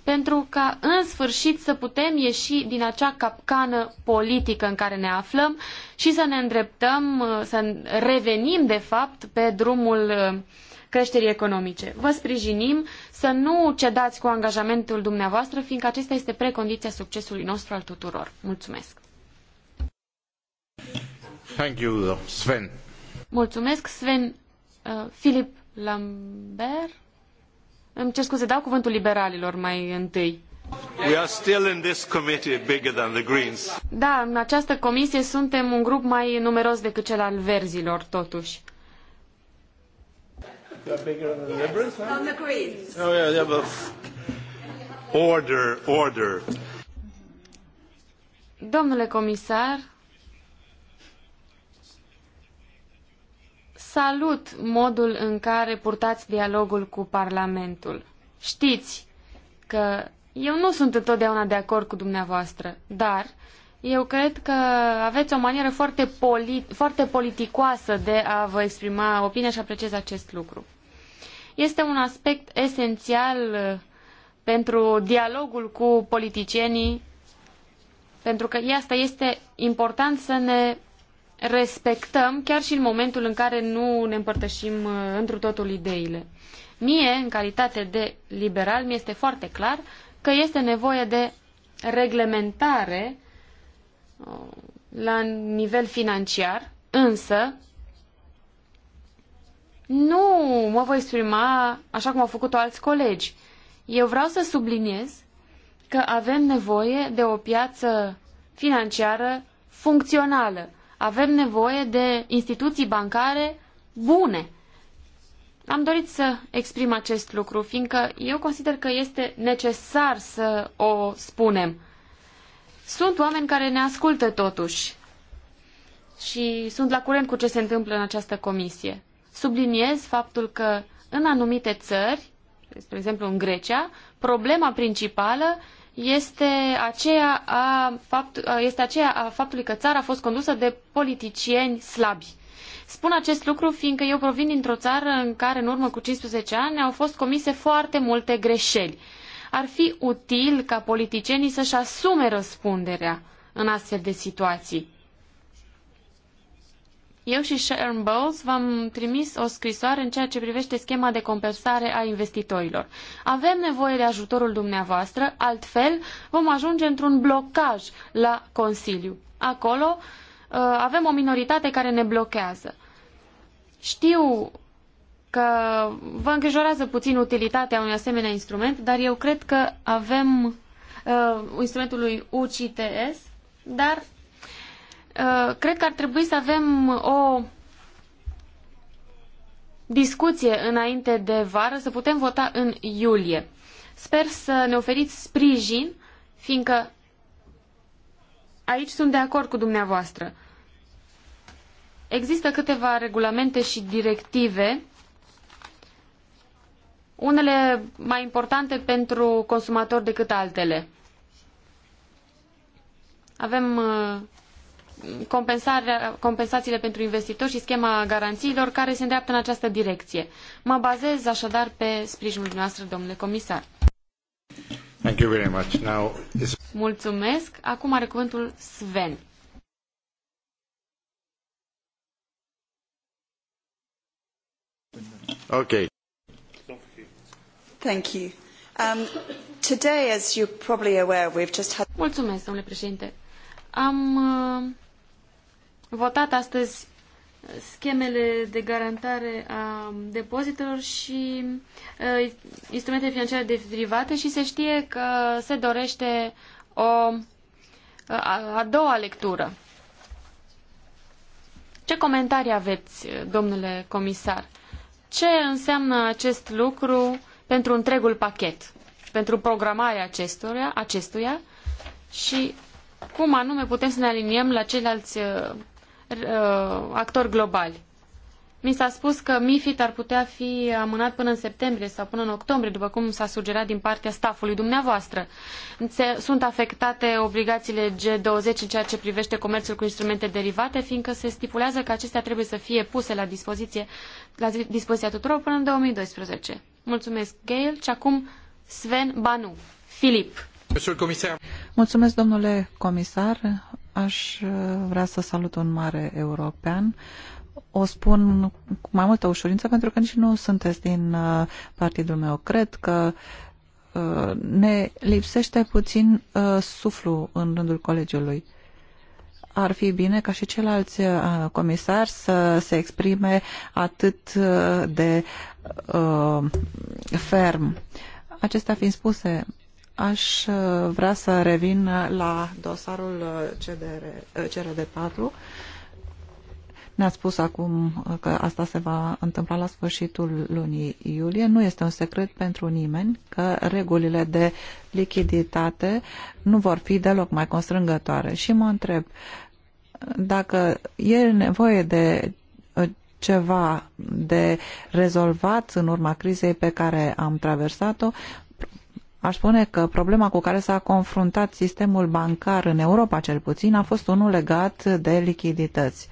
pentru ca în sfârșit să putem ieși din acea capcană politică în care ne aflăm și să ne îndreptăm, să revenim de fapt pe drumul uh, creșterii economice. Vă sprijinim să nu cedați cu angajamentul dumneavoastră, fiindcă acesta este precondiția succesului nostru al tuturor. Mulțumesc! Thank you, Sven. Mulțumesc, Sven. Filip uh, Lambert. Îmi cer scuze, dau cuvântul liberalilor mai întâi. We are still in this committee bigger than the Greens. Da, în această comisie suntem un grup mai numeros decât cel al verzilor, totuși. Order, order. Domnule comisar, Salut modul în care purtați dialogul cu Parlamentul. Știți că eu nu sunt întotdeauna de acord cu dumneavoastră, dar eu cred că aveți o manieră foarte, polit, foarte politicoasă de a vă exprima opinia și apreciez acest lucru. Este un aspect esențial uh, pentru dialogul cu politicienii, pentru că asta este important să ne respectăm chiar și în momentul în care nu ne împărtășim uh, întru totul ideile. Mie, în calitate de liberal, mi este foarte clar că este nevoie de reglementare uh, la nivel financiar, însă nu mă voi exprima așa cum au făcut-o alți colegi. Eu vreau să subliniez că avem nevoie de o piață financiară funcțională, avem nevoie de instituții bancare bune. Am dorit să exprim acest lucru, fiindcă eu consider că este necesar să o spunem. Sunt oameni care ne ascultă totuși și sunt la curent cu ce se întâmplă în această comisie. Subliniez faptul că în anumite țări, spre exemplu în Grecia, problema principală este aceea, a fapt, este aceea a faptului că țara a fost condusă de politicieni slabi. Spun acest lucru fiindcă eu provin dintr-o țară în care în urmă cu 15 ani au fost comise foarte multe greșeli. Ar fi util ca politicienii să-și asume răspunderea în astfel de situații. Eu și Sharon Bowles v-am trimis o scrisoare în ceea ce privește schema de compensare a investitorilor. Avem nevoie de ajutorul dumneavoastră, altfel vom ajunge într-un blocaj la Consiliu. Acolo uh, avem o minoritate care ne blochează. Știu că vă îngrijorează puțin utilitatea unui asemenea instrument, dar eu cred că avem uh, instrumentul lui UCITS, dar Uh, cred că ar trebui să avem o discuție înainte de vară, să putem vota în iulie. Sper să ne oferiți sprijin, fiindcă aici sunt de acord cu dumneavoastră. Există câteva regulamente și directive, unele mai importante pentru consumatori decât altele. Avem uh, compensațiile pentru investitori și schema garanțiilor care se îndreaptă în această direcție. Mă bazez așadar pe sprijinul noastră, domnule comisar. Thank you very much. Now, is... Mulțumesc. Acum are cuvântul Sven. Okay. Thank you. Um, today, as you're probably aware, we've just had... Mulțumesc, domnule președinte. Am uh votat astăzi schemele de garantare a depozitelor și uh, instrumente financiare derivate și se știe că se dorește o uh, a, a doua lectură. Ce comentarii aveți, domnule comisar? Ce înseamnă acest lucru pentru întregul pachet, pentru programarea acestuia, acestuia și cum anume putem să ne aliniem la ceilalți uh, Uh, actori globali. Mi s-a spus că MIFID ar putea fi amânat până în septembrie sau până în octombrie, după cum s-a sugerat din partea staffului dumneavoastră. Sunt afectate obligațiile G20 în ceea ce privește comerțul cu instrumente derivate, fiindcă se stipulează că acestea trebuie să fie puse la dispoziție, la dispoziția tuturor până în 2012. Mulțumesc, Gail. Și acum Sven Banu. Filip. Mulțumesc, domnule comisar. Aș uh, vrea să salut un mare european. O spun cu mai multă ușurință pentru că nici nu sunteți din uh, partidul meu. Cred că uh, ne lipsește puțin suflu în rândul colegiului ar fi bine ca și ceilalți comisari să se exprime atât de uh, ferm. Acestea fiind spuse, Aș uh, vrea să revin la dosarul uh, CDR, uh, CRD4. Ne-a spus acum că asta se va întâmpla la sfârșitul lunii iulie. Nu este un secret pentru nimeni că regulile de lichiditate nu vor fi deloc mai constrângătoare. Și mă întreb dacă e nevoie de ceva de rezolvat în urma crizei pe care am traversat-o, Aș spune că problema cu care s-a confruntat sistemul bancar în Europa, cel puțin, a fost unul legat de lichidități.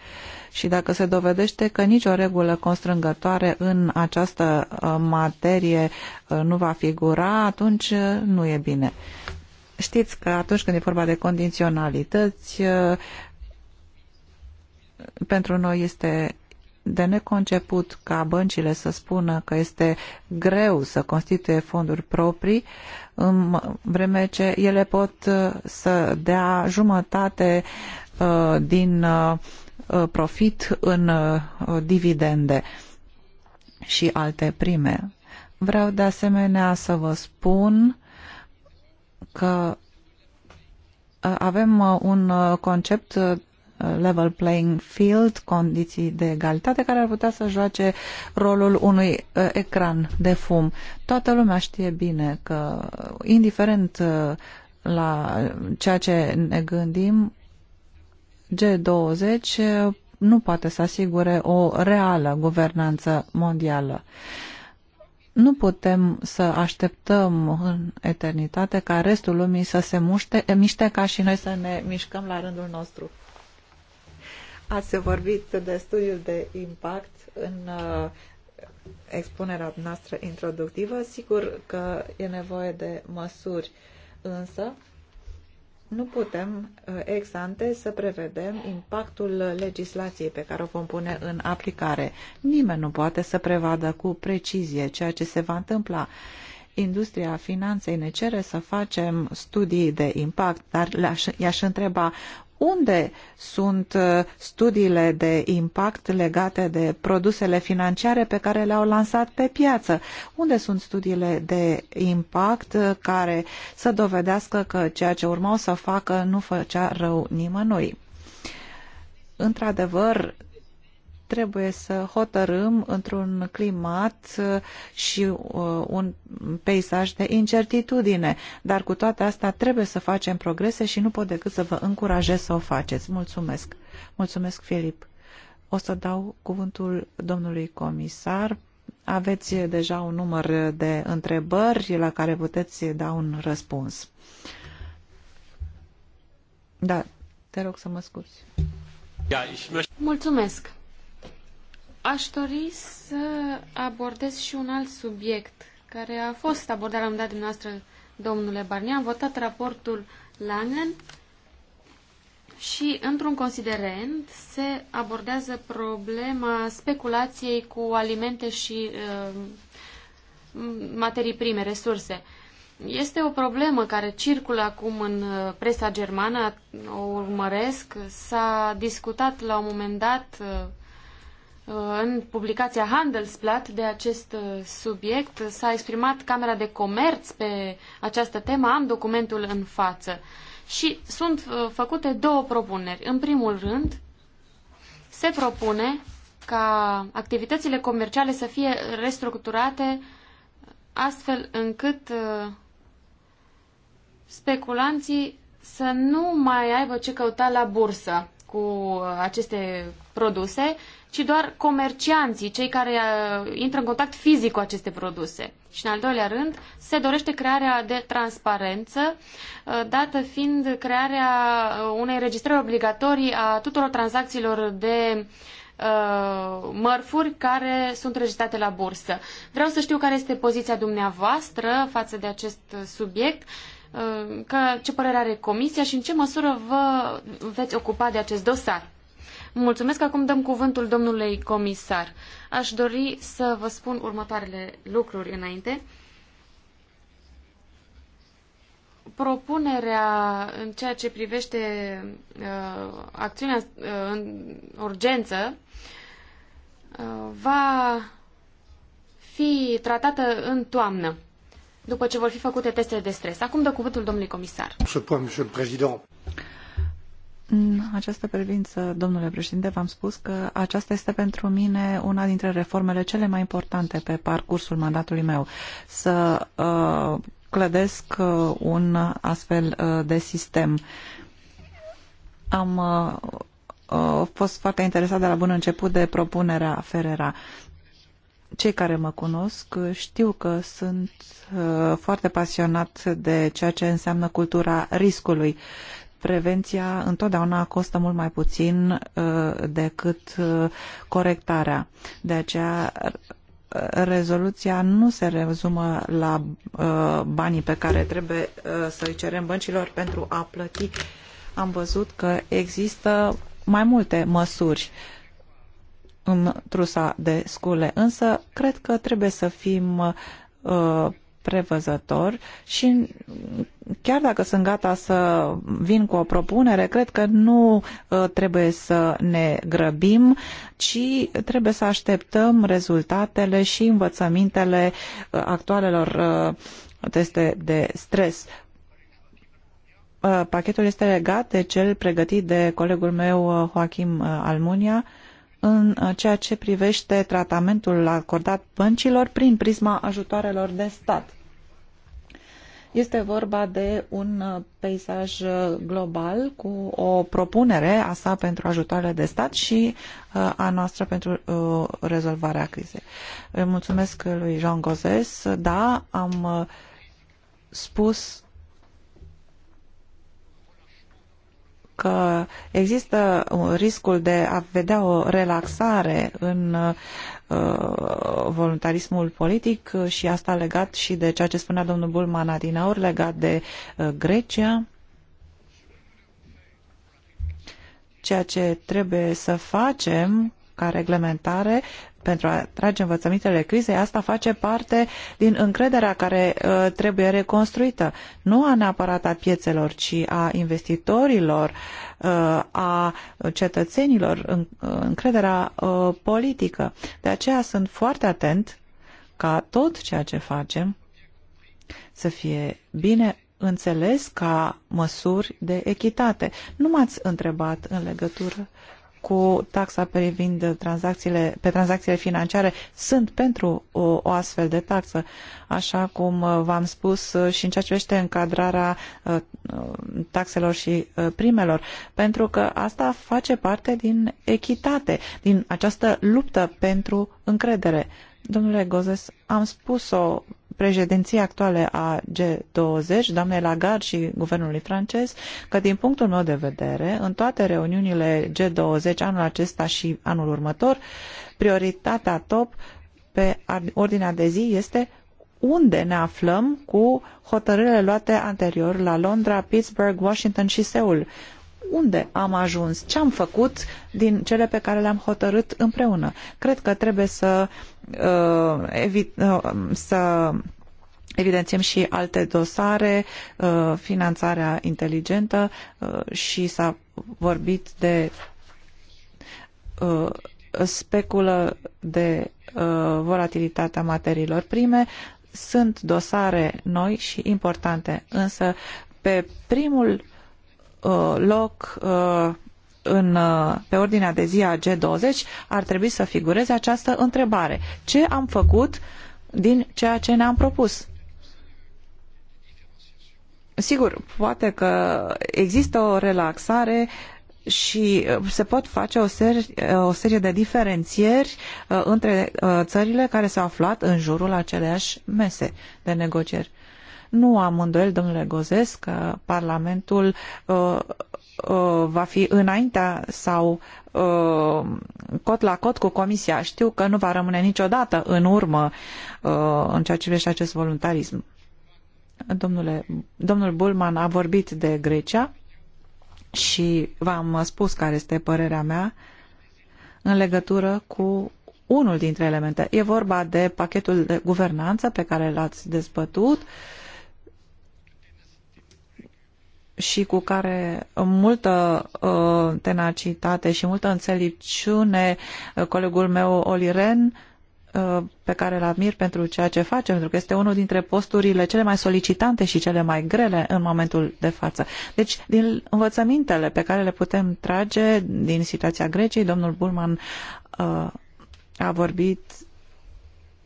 Și dacă se dovedește că nicio regulă constrângătoare în această uh, materie uh, nu va figura, atunci uh, nu e bine. Știți că atunci când e vorba de condiționalități, pentru noi este de neconceput ca băncile să spună că este greu să constituie fonduri proprii, în vreme ce ele pot uh, să dea jumătate uh, din uh, profit în dividende și alte prime. Vreau de asemenea să vă spun că avem un concept level playing field, condiții de egalitate, care ar putea să joace rolul unui uh, ecran de fum. Toată lumea știe bine că, uh, indiferent uh, la ceea ce ne gândim, G20 nu poate să asigure o reală guvernanță mondială. Nu putem să așteptăm în eternitate ca restul lumii să se muște, miște ca și noi să ne mișcăm la rândul nostru. Ați vorbit de studiul de impact în uh, expunerea noastră introductivă. Sigur că e nevoie de măsuri, însă nu putem uh, ex ante să prevedem impactul legislației pe care o vom pune în aplicare. Nimeni nu poate să prevadă cu precizie ceea ce se va întâmpla. Industria finanței ne cere să facem studii de impact, dar i-aș întreba unde sunt uh, studiile de impact legate de produsele financiare pe care le-au lansat pe piață? Unde sunt studiile de impact uh, care să dovedească că ceea ce urmau să facă nu făcea rău nimănui? Într-adevăr, trebuie să hotărâm într-un climat uh, și uh, un peisaj de incertitudine. Dar cu toate astea trebuie să facem progrese și nu pot decât să vă încurajez să o faceți. Mulțumesc. Mulțumesc, Filip. O să dau cuvântul domnului comisar. Aveți deja un număr de întrebări la care puteți da un răspuns. Da, te rog să mă scuzi. Mulțumesc. Aș dori să abordez și un alt subiect care a fost abordat la un dat dumneavoastră, domnule Barnier. Am votat raportul Langen și, într-un considerent, se abordează problema speculației cu alimente și uh, materii prime, resurse. Este o problemă care circulă acum în uh, presa germană, o urmăresc. S-a discutat la un moment dat uh, Uh, în publicația Handelsblatt de acest uh, subiect s-a exprimat Camera de Comerț pe această temă, am documentul în față. Și sunt uh, făcute două propuneri. În primul rând, se propune ca activitățile comerciale să fie restructurate astfel încât speculanții să nu mai aibă ce căuta la bursă cu aceste produse ci doar comercianții, cei care uh, intră în contact fizic cu aceste produse. Și în al doilea rând, se dorește crearea de transparență, uh, dată fiind crearea uh, unei registrări obligatorii a tuturor tranzacțiilor de mărfuri care sunt registrate la bursă. Vreau să știu care este poziția dumneavoastră față de acest subiect, că, ce părere are Comisia și în ce măsură vă veți ocupa de acest dosar. Mulțumesc. Acum dăm cuvântul domnului comisar. Aș dori să vă spun următoarele lucruri înainte. Propunerea în ceea ce privește uh, acțiunea uh, în urgență uh, va fi tratată în toamnă, după ce vor fi făcute teste de stres. Acum dă cuvântul domnului comisar. În această privință, domnule președinte, v-am spus că aceasta este pentru mine una dintre reformele cele mai importante pe parcursul mandatului meu. Să uh, clădesc uh, un astfel uh, de sistem. Am uh, uh fost foarte interesat de la bun început de propunerea Ferrera. Cei care mă cunosc știu că sunt uh, foarte pasionat de ceea ce înseamnă cultura riscului prevenția întotdeauna costă mult mai puțin uh, decât uh, corectarea. De aceea rezoluția nu se rezumă la uh, banii pe care trebuie să-i cerem băncilor pentru a plăti. Am văzut că există mai multe măsuri în trusa de scule, însă cred că trebuie să fim prevăzător și chiar dacă sunt gata să vin cu o propunere, cred că nu uh, trebuie să ne grăbim, ci trebuie să așteptăm rezultatele și învățămintele uh, actualelor uh, teste de stres. Pachetul este legat de cel pregătit de colegul meu Joachim Almunia, în uh, ceea ce privește tratamentul acordat băncilor prin prisma ajutoarelor de stat. Este vorba de un uh, peisaj uh, global cu o propunere a sa pentru ajutoarele de stat și a noastră pentru rezolvarea crizei. Mulțumesc lui Jean Gozes. Da, am spus că există riscul de a vedea o relaxare în uh, voluntarismul politic și asta legat și de ceea ce spunea domnul Bulman adinaur legat de uh, Grecia. Ceea ce trebuie să facem ca reglementare pentru a trage învățămintele crizei, asta face parte din încrederea care uh, trebuie reconstruită, nu a neapărat a piețelor, ci a investitorilor, uh, a cetățenilor, în, uh, încrederea uh, politică. De aceea sunt foarte atent ca tot ceea ce facem să fie bine înțeles ca măsuri de echitate. Nu m-ați întrebat în legătură cu taxa privind tranzacțiile, pe tranzacțiile financiare sunt pentru o, uh, o astfel de taxă, așa cum uh, v-am spus uh, și în ceea ce vește încadrarea taxelor și primelor, pentru că asta face parte din echitate, din această luptă pentru încredere. Domnule Gozes, am spus-o președinția actuale a G20, doamnei Lagarde și guvernului francez, că din punctul meu de vedere, în toate reuniunile G20 anul acesta și anul următor, prioritatea top pe ordinea de zi este unde ne aflăm cu hotărârile luate anterior la Londra, Pittsburgh, Washington și Seul. Unde am ajuns? Ce am făcut din cele pe care le-am hotărât împreună? Cred că trebuie să Uh, uh, să evidențiem și alte dosare, uh, finanțarea inteligentă și s-a vorbit de speculă de volatilitatea materiilor prime. Sunt dosare noi și importante, însă pe primul loc în, uh, pe ordinea de zi a G20 ar trebui să figureze această întrebare. Ce am făcut din ceea ce ne-am propus? Sigur, poate că există o relaxare și uh, se pot face o, uh, o serie de diferențieri între țările care s-au aflat în jurul aceleași mese de negocieri. Nu am domnule Gozes, că Parlamentul uh, Uh, va fi înaintea sau uh, cot la cot cu Comisia. Știu că nu va rămâne niciodată în urmă uh, în ceea ce privește acest voluntarism. Domnule, domnul Bulman a vorbit de Grecia și v-am spus care este părerea mea în legătură cu unul dintre elemente. E vorba de pachetul de guvernanță pe care l-ați dezbătut uh, și cu care uh, multă uh, tenacitate și multă înțelepciune uh, colegul meu Oliren pe care îl admir pentru ceea ce face, pentru că este unul dintre posturile cele mai solicitante și cele mai grele în momentul de față. Deci, din învățămintele pe care le putem trage din situația Greciei, domnul Burman a vorbit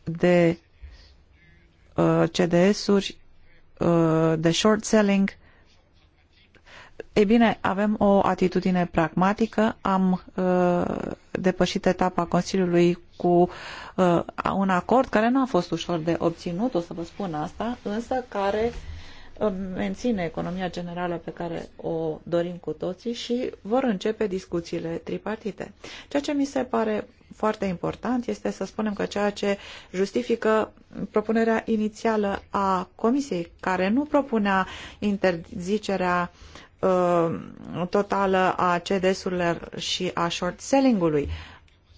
de CDS-uri, de short selling, ei bine, avem o atitudine pragmatică, am uh, depășit etapa Consiliului cu uh, un acord care nu a fost ușor de obținut, o să vă spun asta, însă care uh, menține economia generală pe care o dorim cu toții și vor începe discuțiile tripartite. Ceea ce mi se pare foarte important este să spunem că ceea ce justifică propunerea inițială a Comisiei, care nu propunea interzicerea Uh, totală a CDS-urilor și a short selling-ului.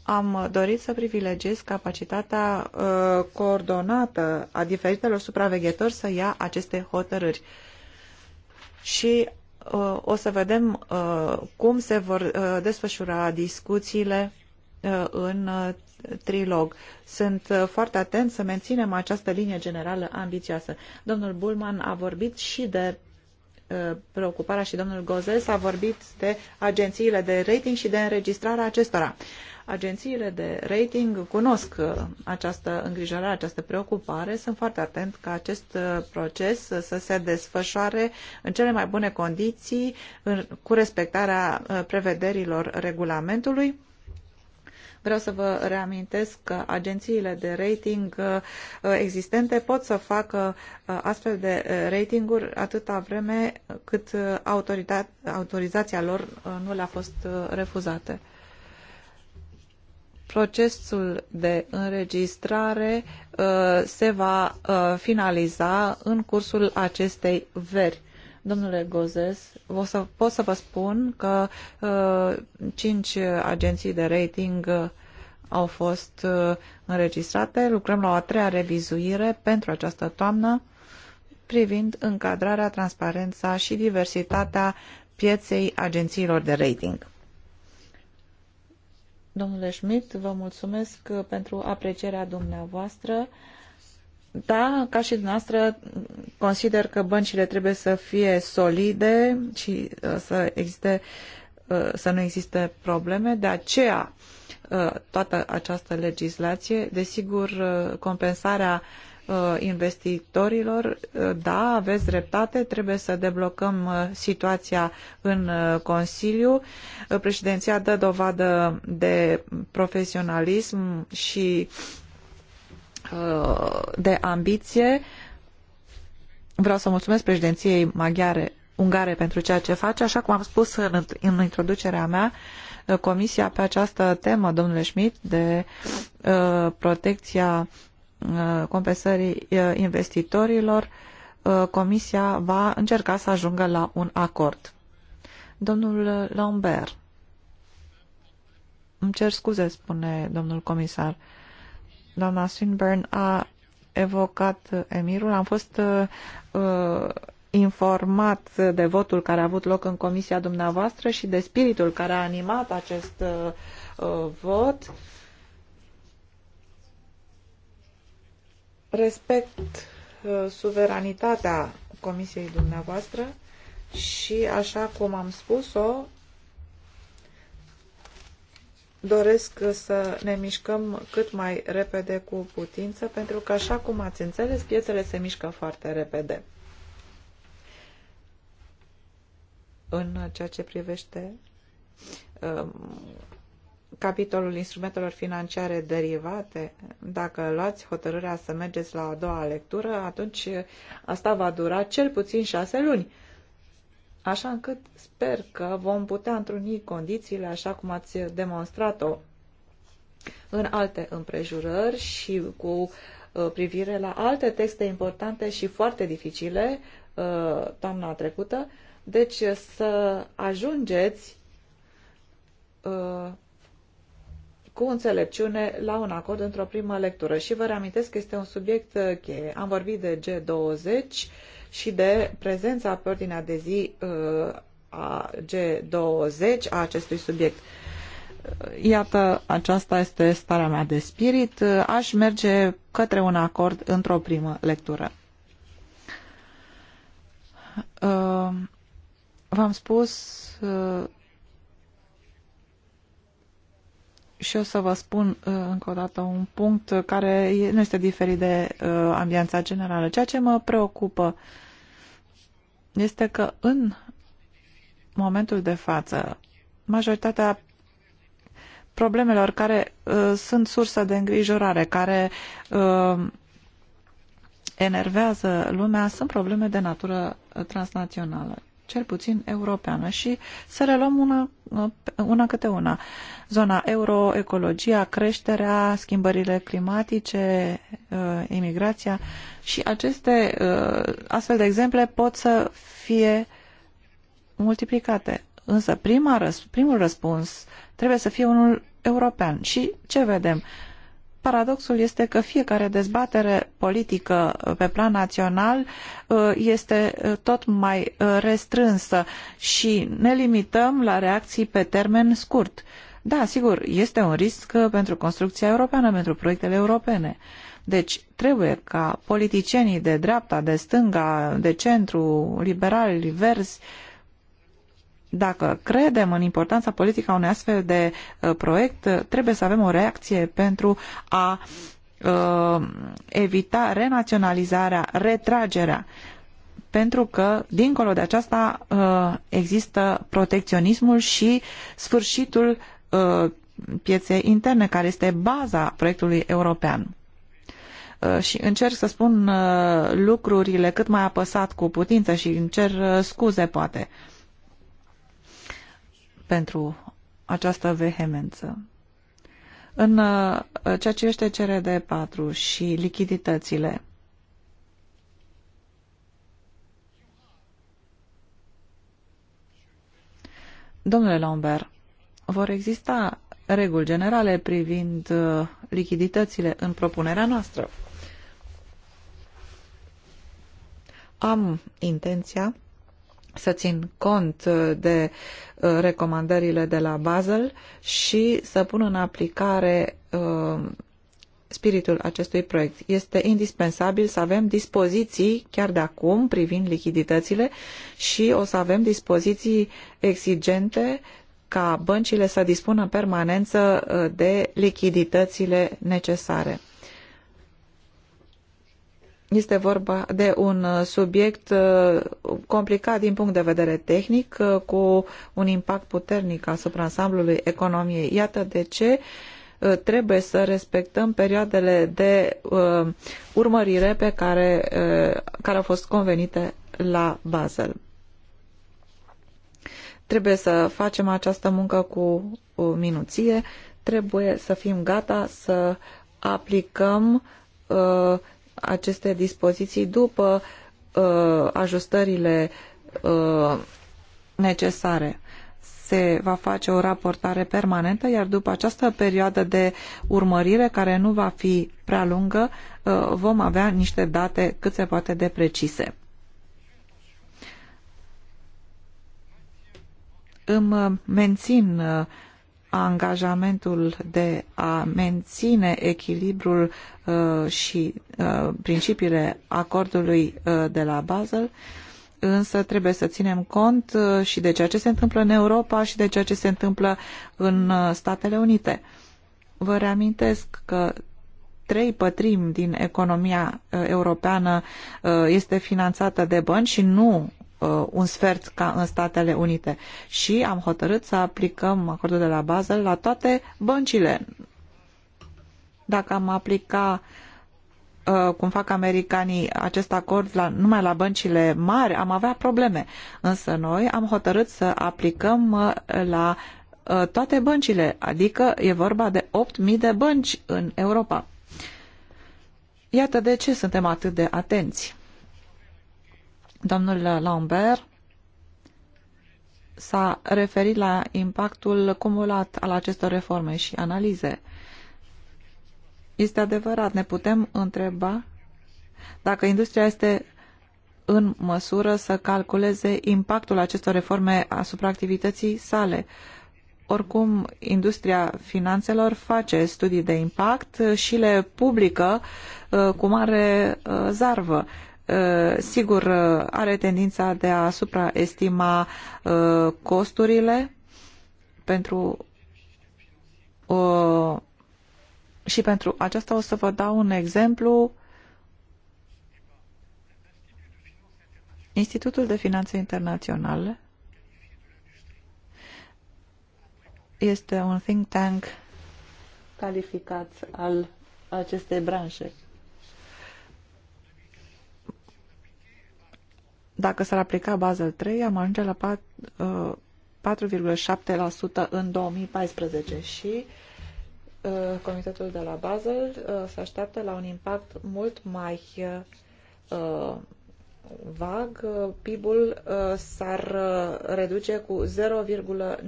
Am dorit să privilegiez capacitatea uh, coordonată a diferitelor supraveghetori să ia aceste hotărâri. Și uh, o să vedem cum se vor desfășura discuțiile în trilog. Sunt foarte atent să menținem această linie generală ambițioasă. Domnul Bulman a vorbit și de Uh, preocuparea și domnul s a vorbit de agențiile de rating și de înregistrarea acestora. Agențiile de rating cunosc uh, această îngrijorare, această preocupare, sunt foarte atent ca acest uh, proces să se desfășoare în cele mai bune condiții, cu respectarea prevederilor regulamentului Vreau să vă reamintesc că agențiile de rating uh, existente pot să facă uh, astfel de uh, ratinguri atâta vreme cât autorizația lor nu le-a fost refuzată procesul de înregistrare se va finaliza în cursul acestei veri. Domnule Gozes, o să, pot să vă spun că uh, cinci agenții de rating uh, au fost uh, înregistrate. Lucrăm la o a treia revizuire pentru această toamnă privind încadrarea, transparența și diversitatea pieței agențiilor de rating. Domnule Schmidt, vă mulțumesc pentru aprecierea dumneavoastră. Da, ca și dumneavoastră, consider că băncile trebuie să fie solide și uh, să existe uh, să nu existe probleme, de aceea uh, toată această legislație, desigur compensarea investitorilor, da, aveți dreptate, trebuie să deblocăm situația în Consiliu. Președinția dă dovadă de profesionalism și uh, Uh, de ambiție. Vreau să mulțumesc președinției maghiare ungare pentru ceea ce face. Așa cum am spus în, în introducerea mea, uh, Comisia pe această temă, domnule Schmidt, de uh, protecția uh, compensării uh, investitorilor, uh, Comisia va încerca să ajungă la un acord. Domnul Lambert, îmi cer scuze, spune domnul comisar, uh, Doamna Swinburne a evocat uh, emirul. Am fost uh, uh, informat de votul care a avut loc în comisia dumneavoastră și de spiritul care a animat acest uh, uh vot. Respect uh, suveranitatea comisiei dumneavoastră și, așa cum am spus-o, doresc să ne mișcăm cât mai repede cu putință, pentru că, așa cum ați înțeles, piețele se mișcă foarte repede. În ceea ce privește um, capitolul instrumentelor financiare derivate, dacă luați hotărârea să mergeți la a doua lectură, atunci asta va dura cel puțin șase luni așa încât sper că vom putea întruni condițiile așa cum ați demonstrat-o în alte împrejurări și cu uh, privire la alte texte importante și foarte dificile uh, toamna trecută. Deci uh, să ajungeți cu înțelepciune la un acord într-o primă lectură. Și vă reamintesc că este un subiect cheie. Am vorbit de G20 și de prezența pe ordinea de zi uh, a G20 a acestui subiect. Uh, iată, aceasta este starea mea de spirit. Uh, aș merge către un acord într-o primă lectură. V-am spus și o să vă spun încă o dată un punct care nu este diferit de ambianța generală. Ceea ce mă preocupă uh, este că în momentul de față, majoritatea problemelor care uh, sunt sursă de îngrijorare, care uh, enervează lumea, sunt probleme de natură uh, transnațională cel puțin europeană și să reluăm una, una câte una. Zona euro, ecologia, creșterea, schimbările climatice, uh, imigrația și aceste uh, astfel de exemple pot să fie multiplicate. Însă prima, primul răspuns trebuie să fie unul european. Și ce vedem? Paradoxul este că fiecare dezbatere politică pe plan național uh, este uh, tot mai uh, restrânsă și ne limităm la reacții pe termen scurt. Da, sigur, este un risc pentru construcția europeană, pentru proiectele europene. Deci trebuie ca politicienii de dreapta, de stânga, de centru, liberali, verzi, uh, dacă credem în importanța politică a unui astfel de uh, proiect, trebuie să avem o reacție pentru a uh, evita renaționalizarea, retragerea pentru că, dincolo de aceasta, uh, există protecționismul și sfârșitul pieței interne, care este baza proiectului european. Și încerc să spun lucrurile cât mai apăsat cu putință și încerc scuze, poate. Uh, pentru această vehemență. În uh, ceea ce este CRD4 și lichiditățile, Domnule Lambert, vor exista reguli generale privind uh, lichiditățile în propunerea noastră. Am intenția să țin cont uh, de uh, recomandările de la Basel și să pun în aplicare uh, spiritul acestui proiect. Este indispensabil să avem dispoziții chiar de acum privind lichiditățile și o să avem dispoziții exigente ca băncile să dispună în permanență de lichiditățile necesare. Este vorba de un uh, subiect uh, complicat din punct de vedere tehnic, uh, cu un impact puternic asupra ansamblului economiei. Iată de ce trebuie să respectăm perioadele de urmărire pe care, care au fost convenite la Basel trebuie să facem această muncă cu minuție, trebuie să fim gata să aplicăm uh, aceste dispoziții după uh, ajustările uh, necesare. Se va face o raportare permanentă, iar după această perioadă de urmărire, care nu va fi prea lungă, uh, vom avea niște date cât se poate de precise. Îmi uh, mențin uh, angajamentul de a menține echilibrul uh, și uh, principiile acordului uh, de la Basel, însă trebuie să ținem cont uh, și de ceea ce se întâmplă în Europa și de ceea ce se întâmplă în uh, Statele Unite. Vă reamintesc că trei pătrimi din economia uh, europeană uh, este finanțată de bănci și nu Uh, un sfert ca în Statele Unite. Și am hotărât să aplicăm acordul de la Basel la toate băncile. Dacă am aplica uh, cum fac americanii acest acord la, numai la băncile mari, am avea probleme. Însă noi am hotărât să aplicăm uh, la toate băncile, adică e vorba de 8.000 de bănci în Europa. Iată de ce suntem atât de atenți. Domnul Lambert s-a referit la impactul cumulat al acestor reforme și analize. Este adevărat, ne putem întreba dacă industria este în măsură să calculeze impactul acestor reforme asupra activității sale. Oricum, industria finanțelor face studii de impact și le publică uh, cu mare uh, zarvă. Eh, sigur, eh, are tendința de a supraestima eh, costurile pentru și pentru aceasta o să vă dau un exemplu. Institutul de Finanțe Internaționale este un think tank calificat al acestei branșe. Dacă s-ar aplica Basel 3, am ajunge la 4,7% uh, în 2014 și uh, Comitetul de la Basel uh, se așteaptă la un impact mult mai vag, PIB-ul s-ar reduce cu 0,19%.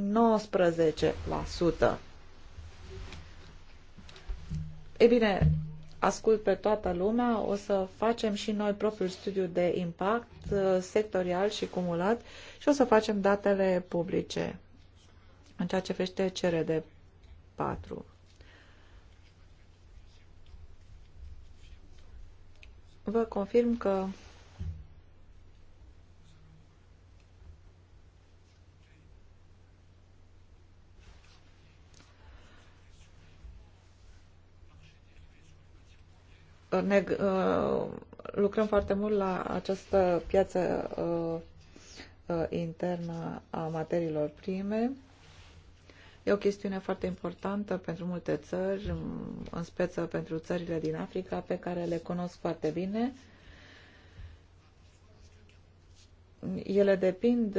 E bine, ascult pe toată lumea, o să facem și noi propriul studiu de impact uh, sectorial și cumulat și o să facem datele publice în ceea ce privește CRD 4. Vă confirm că ne, uh, lucrăm foarte mult la această piață uh, uh, internă a materiilor prime. E o chestiune foarte importantă pentru multe țări, în speță pentru țările din Africa, pe care le cunosc foarte bine. Ele depind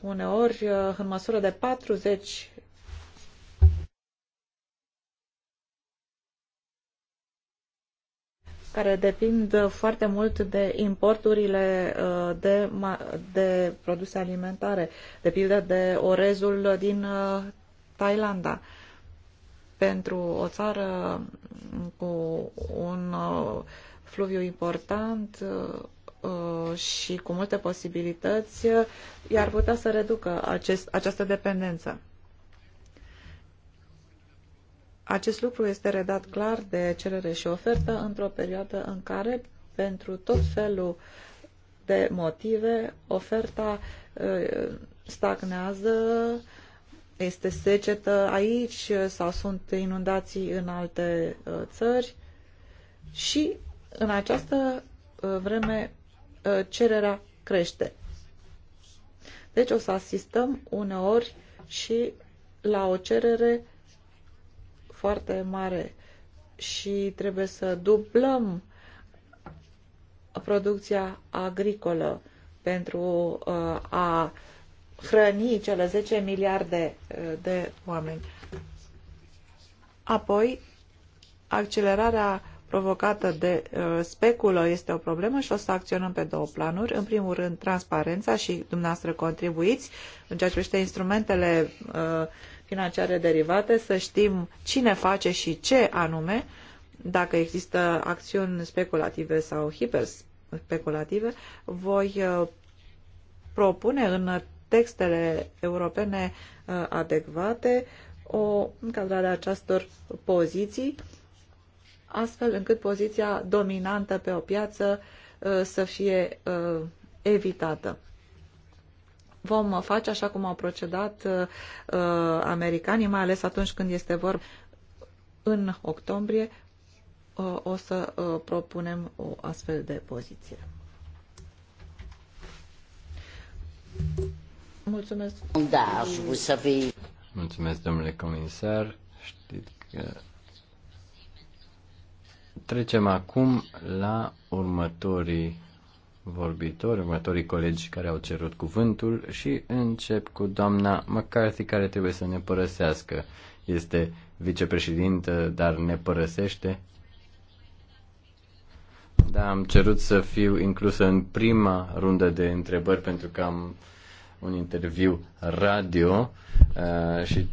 uneori în măsură de 40 care depind foarte mult de importurile uh, de, de produse alimentare, de pildă de orezul din uh, Thailanda. Pentru o țară cu un uh, fluviu important și cu multe posibilități, i-ar putea să reducă acest, această dependență. Acest lucru este redat clar de cerere și ofertă într-o perioadă în care, pentru tot felul de motive, oferta stagnează, este secetă aici sau sunt inundații în alte țări și în această vreme cererea crește. Deci o să asistăm uneori și la o cerere foarte mare și trebuie să dublăm producția agricolă pentru uh, a hrăni cele 10 miliarde uh, de oameni. Apoi, accelerarea provocată de uh, speculă este o problemă și o să acționăm pe două planuri. În primul rând, transparența și dumneavoastră contribuiți în ceea ce privește instrumentele uh, financiare derivate, să știm cine face și ce anume, dacă există acțiuni speculative sau hiperspeculative, voi uh, propune în textele europene uh, adecvate o încadrare a acestor poziții, astfel încât poziția dominantă pe o piață uh, să fie evitată vom face așa cum au procedat uh, uh, americanii, mai ales atunci când este vorba în octombrie, uh, o să uh, propunem o astfel de poziție. Mulțumesc. Da, să fi... Mulțumesc, domnule comisar. Știți că trecem acum la următorii vorbitori, următorii colegi care au cerut cuvântul și încep cu doamna McCarthy care trebuie să ne părăsească. Este vicepreședintă, dar ne părăsește. Da, am cerut să fiu inclusă în prima rundă de întrebări pentru că am un interviu radio uh, și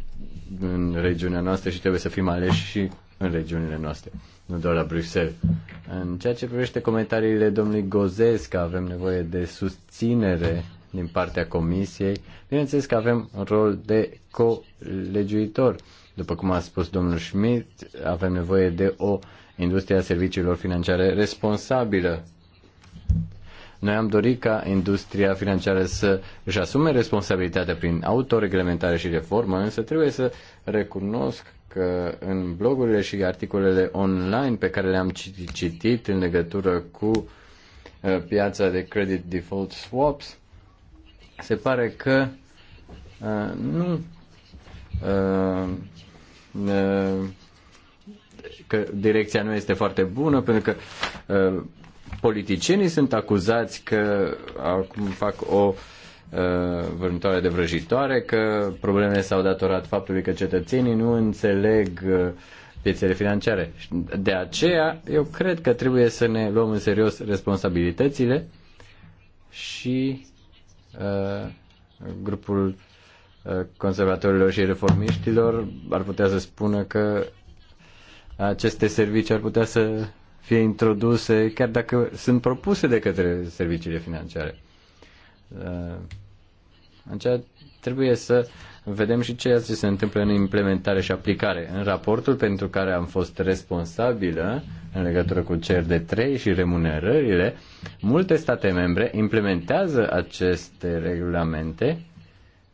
în regiunea noastră și trebuie să fim aleși și în regiunile noastre, nu doar la Bruxelles. În ceea ce privește comentariile domnului Gozes că avem nevoie de susținere din partea Comisiei, bineînțeles că avem un rol de colegiuitor. După cum a spus domnul Schmidt, avem nevoie de o industrie a serviciilor financiare responsabilă. Noi am dorit ca industria financiară să își asume responsabilitatea prin autoreglementare și reformă, însă trebuie să recunosc că în blogurile și articolele online pe care le-am citit în legătură cu uh, piața de credit default swaps, se pare că uh, nu uh, uh, că direcția nu este foarte bună pentru că uh, politicienii sunt acuzați că acum fac o Uh, vârmitoare de vrăjitoare, că problemele s-au datorat faptului că cetățenii nu înțeleg uh, piețele financiare. De aceea, eu cred că trebuie să ne luăm în serios responsabilitățile și uh, grupul uh, conservatorilor și reformiștilor ar putea să spună că aceste servicii ar putea să fie introduse, chiar dacă sunt propuse de către serviciile financiare. Aceea trebuie să vedem și ceea ce se întâmplă în implementare și aplicare. În raportul pentru care am fost responsabilă în legătură cu cer de 3 și remunerările, multe state membre implementează aceste regulamente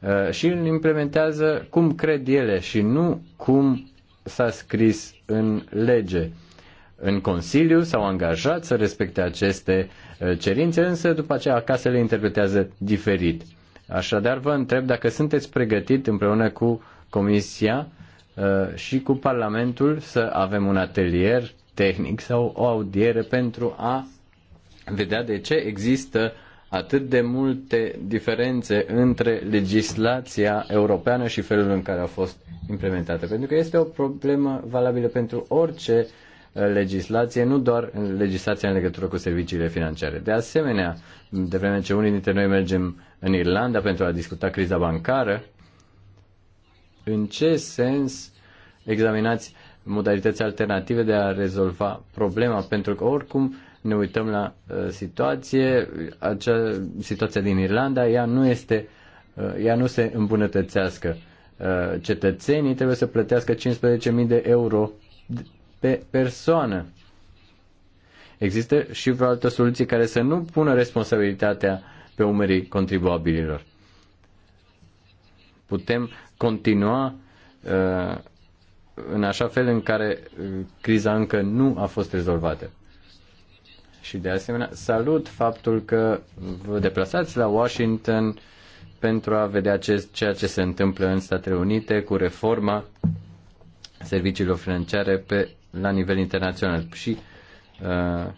uh, și îl implementează cum cred ele și nu cum s-a scris în lege în Consiliu s-au angajat să respecte aceste uh, cerințe, însă după aceea acasă le interpretează diferit. Așadar, vă întreb dacă sunteți pregătit împreună cu Comisia uh, și cu Parlamentul să avem un atelier tehnic sau o audiere pentru a vedea de ce există atât de multe diferențe între legislația europeană și felul în care a fost implementată. Pentru că este o problemă valabilă pentru orice uh, legislație, nu doar legislația în legătură cu serviciile financiare. De asemenea, de vreme ce unii dintre noi mergem în Irlanda pentru a discuta criza bancară, în ce sens examinați modalități alternative de a rezolva problema? Pentru că oricum ne uităm la uh, situație, acea situația din Irlanda, ea nu este, uh, ea nu se îmbunătățească. Uh, cetățenii trebuie să plătească 15.000 de euro pe persoană. Există și vreo altă soluție care să nu pună responsabilitatea pe umerii contribuabililor. Putem continua uh, în așa fel în care uh, criza încă nu a fost rezolvată. Și de asemenea, salut faptul că vă deplasați la Washington pentru a vedea ce, ceea ce se întâmplă în Statele Unite cu reforma serviciilor financiare pe la nivel internațional. Și uh,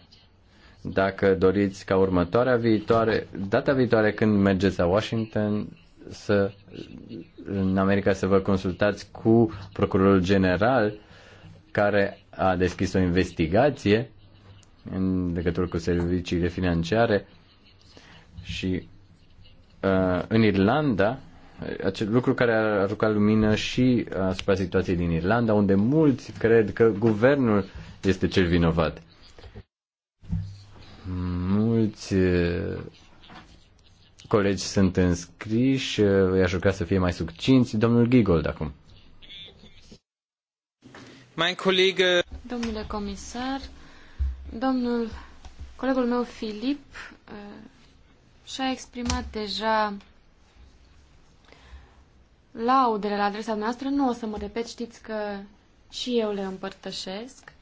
dacă doriți ca următoarea viitoare, data viitoare când mergeți la Washington, să, în America să vă consultați cu procurorul general care a deschis o investigație în legătură cu serviciile financiare și uh, în Irlanda acel lucru care a aruncat lumină și asupra situației din Irlanda, unde mulți cred că guvernul este cel vinovat. Mulți colegi sunt înscriși, îi aș ruga să fie mai succinți. Domnul Gigold acum. Mein Kollege... Domnule comisar, domnul colegul meu Filip și-a exprimat deja laudele la adresa noastră, nu o să mă repet, știți că și eu le împărtășesc,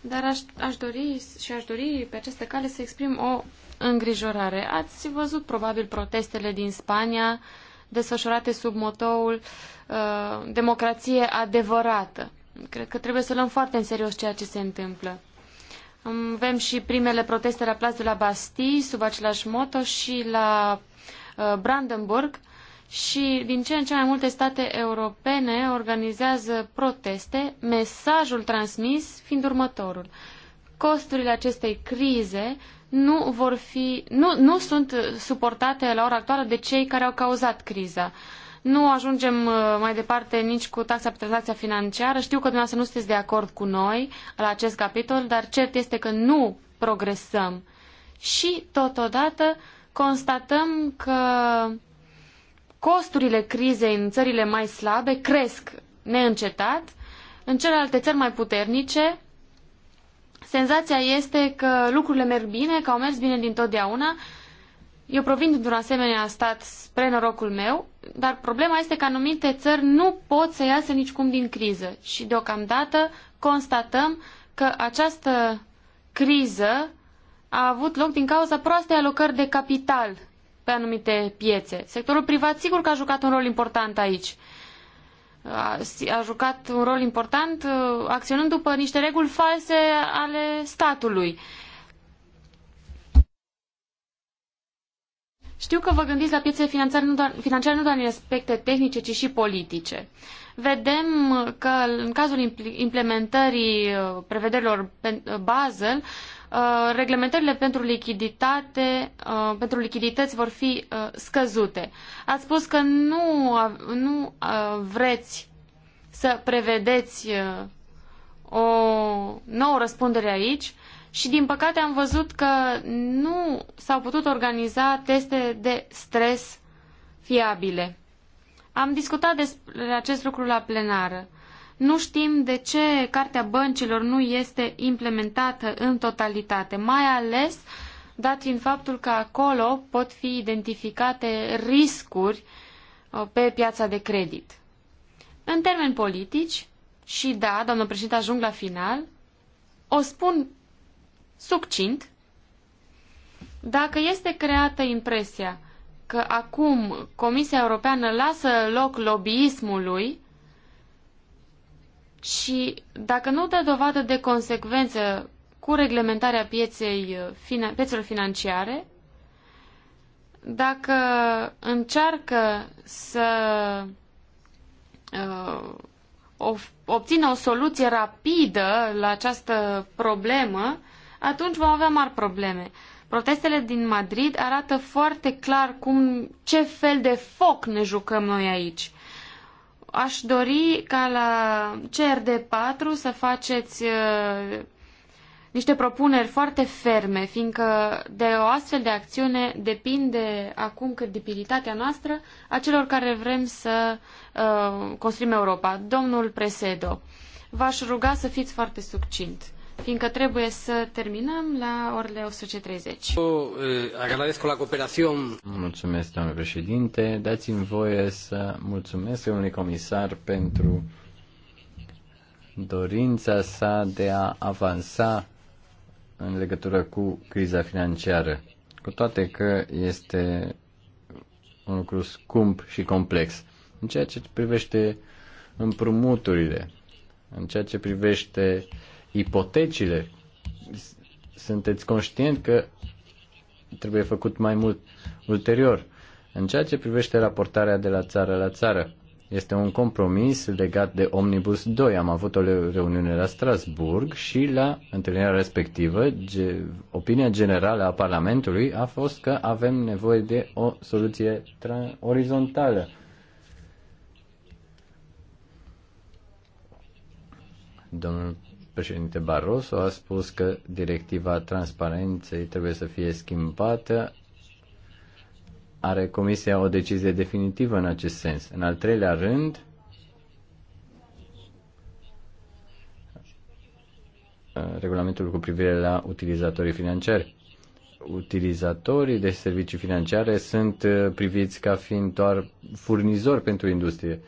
dar aș, aș dori și aș dori pe această cale să exprim o îngrijorare. Ați văzut probabil protestele din Spania desfășurate sub motoul uh, democrație adevărată. Cred că trebuie să luăm foarte în serios ceea ce se întâmplă. Avem și primele proteste la Place de la Bastille sub același moto și la uh, Brandenburg și din ce în ce mai multe state europene organizează proteste, mesajul transmis fiind următorul. Costurile acestei crize nu, vor fi, nu, nu sunt suportate la ora actuală de cei care au cauzat criza. Nu ajungem uh, mai departe nici cu taxa pe tranzacția financiară. Știu că dumneavoastră nu sunteți de acord cu noi la acest capitol, dar cert este că nu progresăm. Și totodată constatăm că costurile crizei în țările mai slabe cresc neîncetat, în celelalte țări mai puternice senzația este că lucrurile merg bine, că au mers bine din Eu provin dintr-un asemenea stat spre norocul meu, dar problema este că anumite țări nu pot să iasă nicicum din criză și deocamdată constatăm că această criză a avut loc din cauza proastei alocări de capital pe anumite piețe. Sectorul privat sigur că a jucat un rol important aici. A, a jucat un rol important uh, acționând după niște reguli false ale statului. Știu că vă gândiți la piețe financiare nu doar, financiare nu doar în aspecte tehnice, ci și politice. Vedem că în cazul implementării uh, prevederilor uh, Basel, Uh, reglementările pentru lichiditate, uh, pentru lichidități vor fi uh, scăzute. Ați spus că nu, nu vreți să prevedeți o nouă răspundere aici și din păcate am văzut că nu s-au putut organiza teste de stres fiabile. Am discutat despre acest lucru la plenară. Nu știm de ce Cartea Băncilor nu este implementată în totalitate, mai ales dat fiind faptul că acolo pot fi identificate riscuri uh, pe piața de credit. În termeni politici, și da, doamnă președinte, ajung la final, o spun succint, dacă este creată impresia că acum Comisia Europeană lasă loc lobbyismului, și dacă nu dă dovadă de consecvență cu reglementarea pieței, uh, piețelor financiare, dacă încearcă să uh, obțină o soluție rapidă la această problemă, atunci vom avea mari probleme. Protestele din Madrid arată foarte clar cum, ce fel de foc ne jucăm noi aici aș dori ca la CRD4 să faceți uh, niște propuneri foarte ferme, fiindcă de o astfel de acțiune depinde acum credibilitatea noastră a celor care vrem să uh, construim Europa. Domnul Presedo, v-aș ruga să fiți foarte succint fiindcă trebuie să terminăm la orele 130. Eh, agradezco la cooperación. Mulțumesc, doamnă președinte. Dați-mi voie să mulțumesc domnului comisar pentru dorința sa de a avansa în legătură cu criza financiară, cu toate că este un lucru scump și complex. În ceea ce privește împrumuturile, în ceea ce privește uh, ipotecile. Sunteți conștient că trebuie făcut mai mult ulterior. În ceea ce privește raportarea de la țară la țară, este un compromis legat de Omnibus 2. Am avut o reuniune la Strasburg și la întâlnirea respectivă, ge, opinia generală a Parlamentului a fost că avem nevoie de o soluție orizontală. Domnul președinte Barroso a spus că directiva transparenței trebuie să fie schimbată. Are Comisia o decizie definitivă în acest sens. În al treilea rând, regulamentul cu privire la utilizatorii financiari. Utilizatorii de servicii financiare sunt uh, priviți ca fiind doar furnizori pentru industrie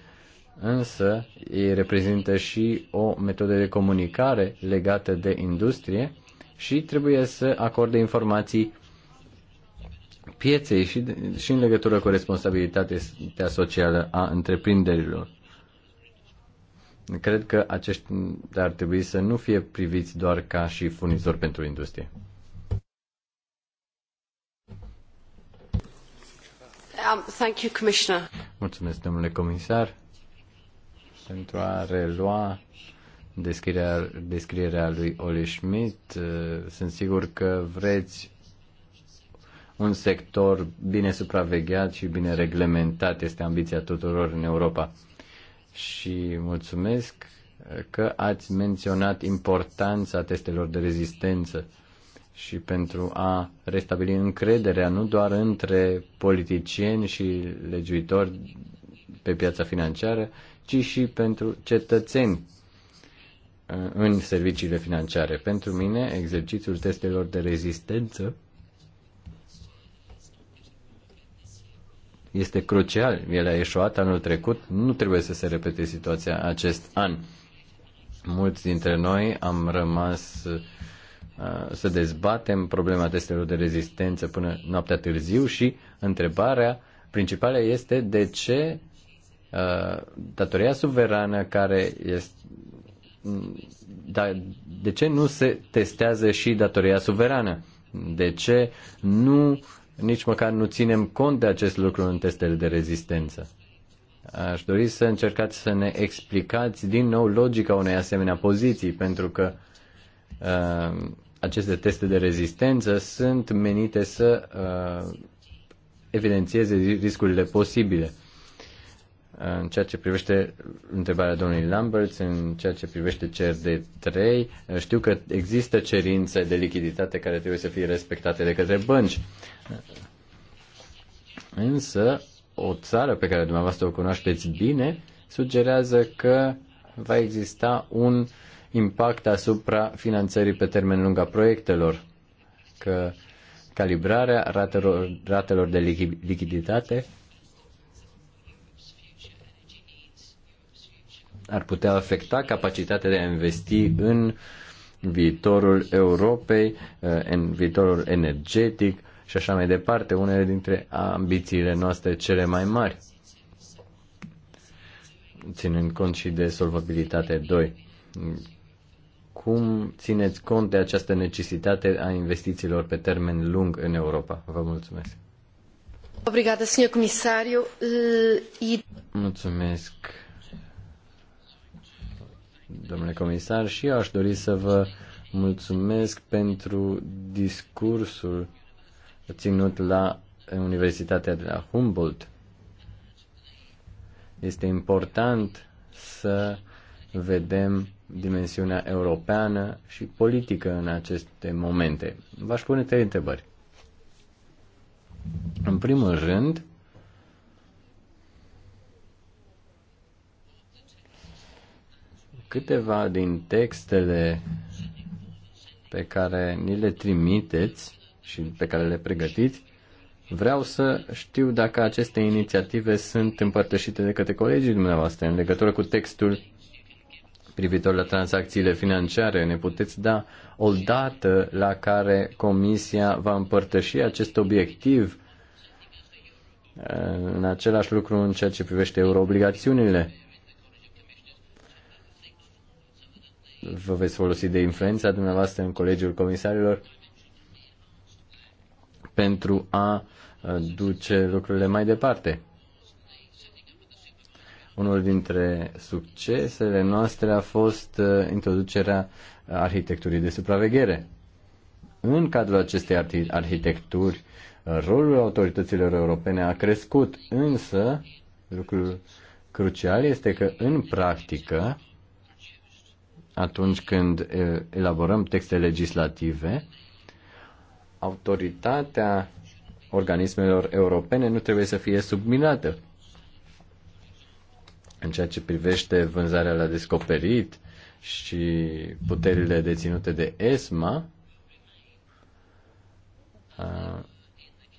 însă ei reprezintă și o metodă de comunicare legată de industrie și trebuie să acorde informații pieței și, și în legătură cu responsabilitatea socială a întreprinderilor. Cred că acești ar trebui să nu fie priviți doar ca și furnizori pentru industrie. Um, thank you, Commissioner. Mulțumesc, domnule comisar pentru a relua descrierea, descrierea lui Oli Schmidt. Uh, sunt sigur că vreți un sector bine supravegheat și bine reglementat. Este ambiția tuturor în Europa. Și mulțumesc că ați menționat importanța testelor de rezistență și pentru a restabili încrederea nu doar între politicieni și legiuitori pe piața financiară, ci și pentru cetățeni uh, în serviciile financiare. Pentru mine, exercițiul testelor de rezistență este crucial. El a ieșuat anul trecut, nu trebuie să se repete situația acest an. Mulți dintre noi am rămas uh, să dezbatem problema testelor de rezistență până noaptea târziu și întrebarea principală este de ce Uh, datoria suverană care este dar de ce nu se testează și datoria suverană? De ce nu, nici măcar nu ținem cont de acest lucru în testele de rezistență? Aș dori să încercați să ne explicați din nou logica unei asemenea poziții, pentru că uh, aceste teste de rezistență sunt menite să uh, evidențieze riscurile posibile. Uh, în ceea ce privește întrebarea domnului Lamberts, în ceea ce privește CRD3, știu că există cerințe de lichiditate care trebuie să fie respectate de către bănci. Însă, o țară pe care dumneavoastră o cunoașteți bine sugerează că va exista un impact asupra finanțării pe termen lung a proiectelor, că calibrarea ratelor, ratelor de lichiditate ar putea afecta capacitatea de a investi în viitorul Europei, eh, în viitorul energetic și așa mai departe, unele dintre ambițiile noastre cele mai mari, ținând cont și de solvabilitate 2. Cum țineți cont de această necesitate a investițiilor pe termen lung în Europa? Vă mulțumesc. Obrigada, senhor comissário. Eh, mulțumesc, domnule comisar, și eu aș dori să vă mulțumesc pentru discursul ținut la Universitatea de la Humboldt. Este important să vedem dimensiunea europeană și politică în aceste momente. V-aș pune trei întrebări. În primul rând, câteva din textele pe care ni le trimiteți și pe care le pregătiți, vreau să știu dacă aceste inițiative sunt împărtășite de către colegii dumneavoastră în legătură cu textul privitor la tranzacțiile financiare. Ne puteți da o dată la care Comisia va împărtăși acest obiectiv în același lucru în ceea ce privește euroobligațiunile. vă veți folosi de influența dumneavoastră în Colegiul Comisarilor pentru a duce lucrurile mai departe. Unul dintre succesele noastre a fost introducerea arhitecturii de supraveghere. În cadrul acestei arhitecturi, rolul autorităților europene a crescut, însă lucrul crucial este că în practică atunci când elaborăm texte legislative, autoritatea organismelor europene nu trebuie să fie subminată. În ceea ce privește vânzarea la descoperit și puterile deținute de ESMA,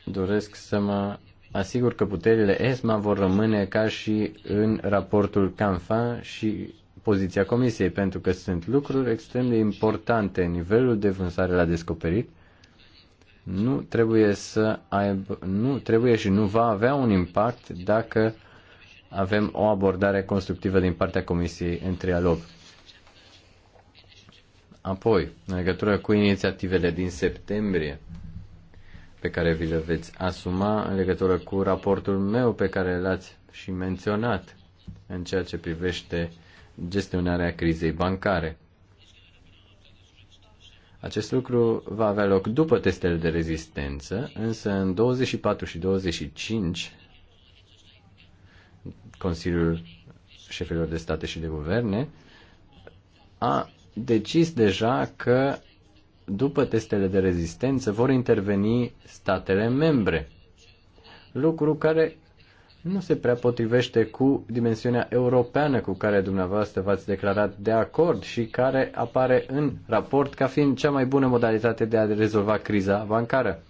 doresc să mă asigur că puterile ESMA vor rămâne ca și în raportul CANFA și poziția Comisiei, pentru că sunt lucruri extrem de importante. Nivelul de vânzare la descoperit nu trebuie să aibă, nu trebuie și nu va avea un impact dacă avem o abordare constructivă din partea Comisiei în trialog. Apoi, în legătură cu inițiativele din septembrie, pe care vi le veți asuma în legătură cu raportul meu pe care l-ați și menționat în ceea ce privește gestionarea crizei bancare. Acest lucru va avea loc după testele de rezistență, însă în 24 și 25 Consiliul Șefilor de State și de Guverne a decis deja că după testele de rezistență vor interveni statele membre, lucru care nu se prea potrivește cu dimensiunea europeană cu care dumneavoastră v-ați declarat de acord și care apare în raport ca fiind cea mai bună modalitate de a rezolva criza bancară.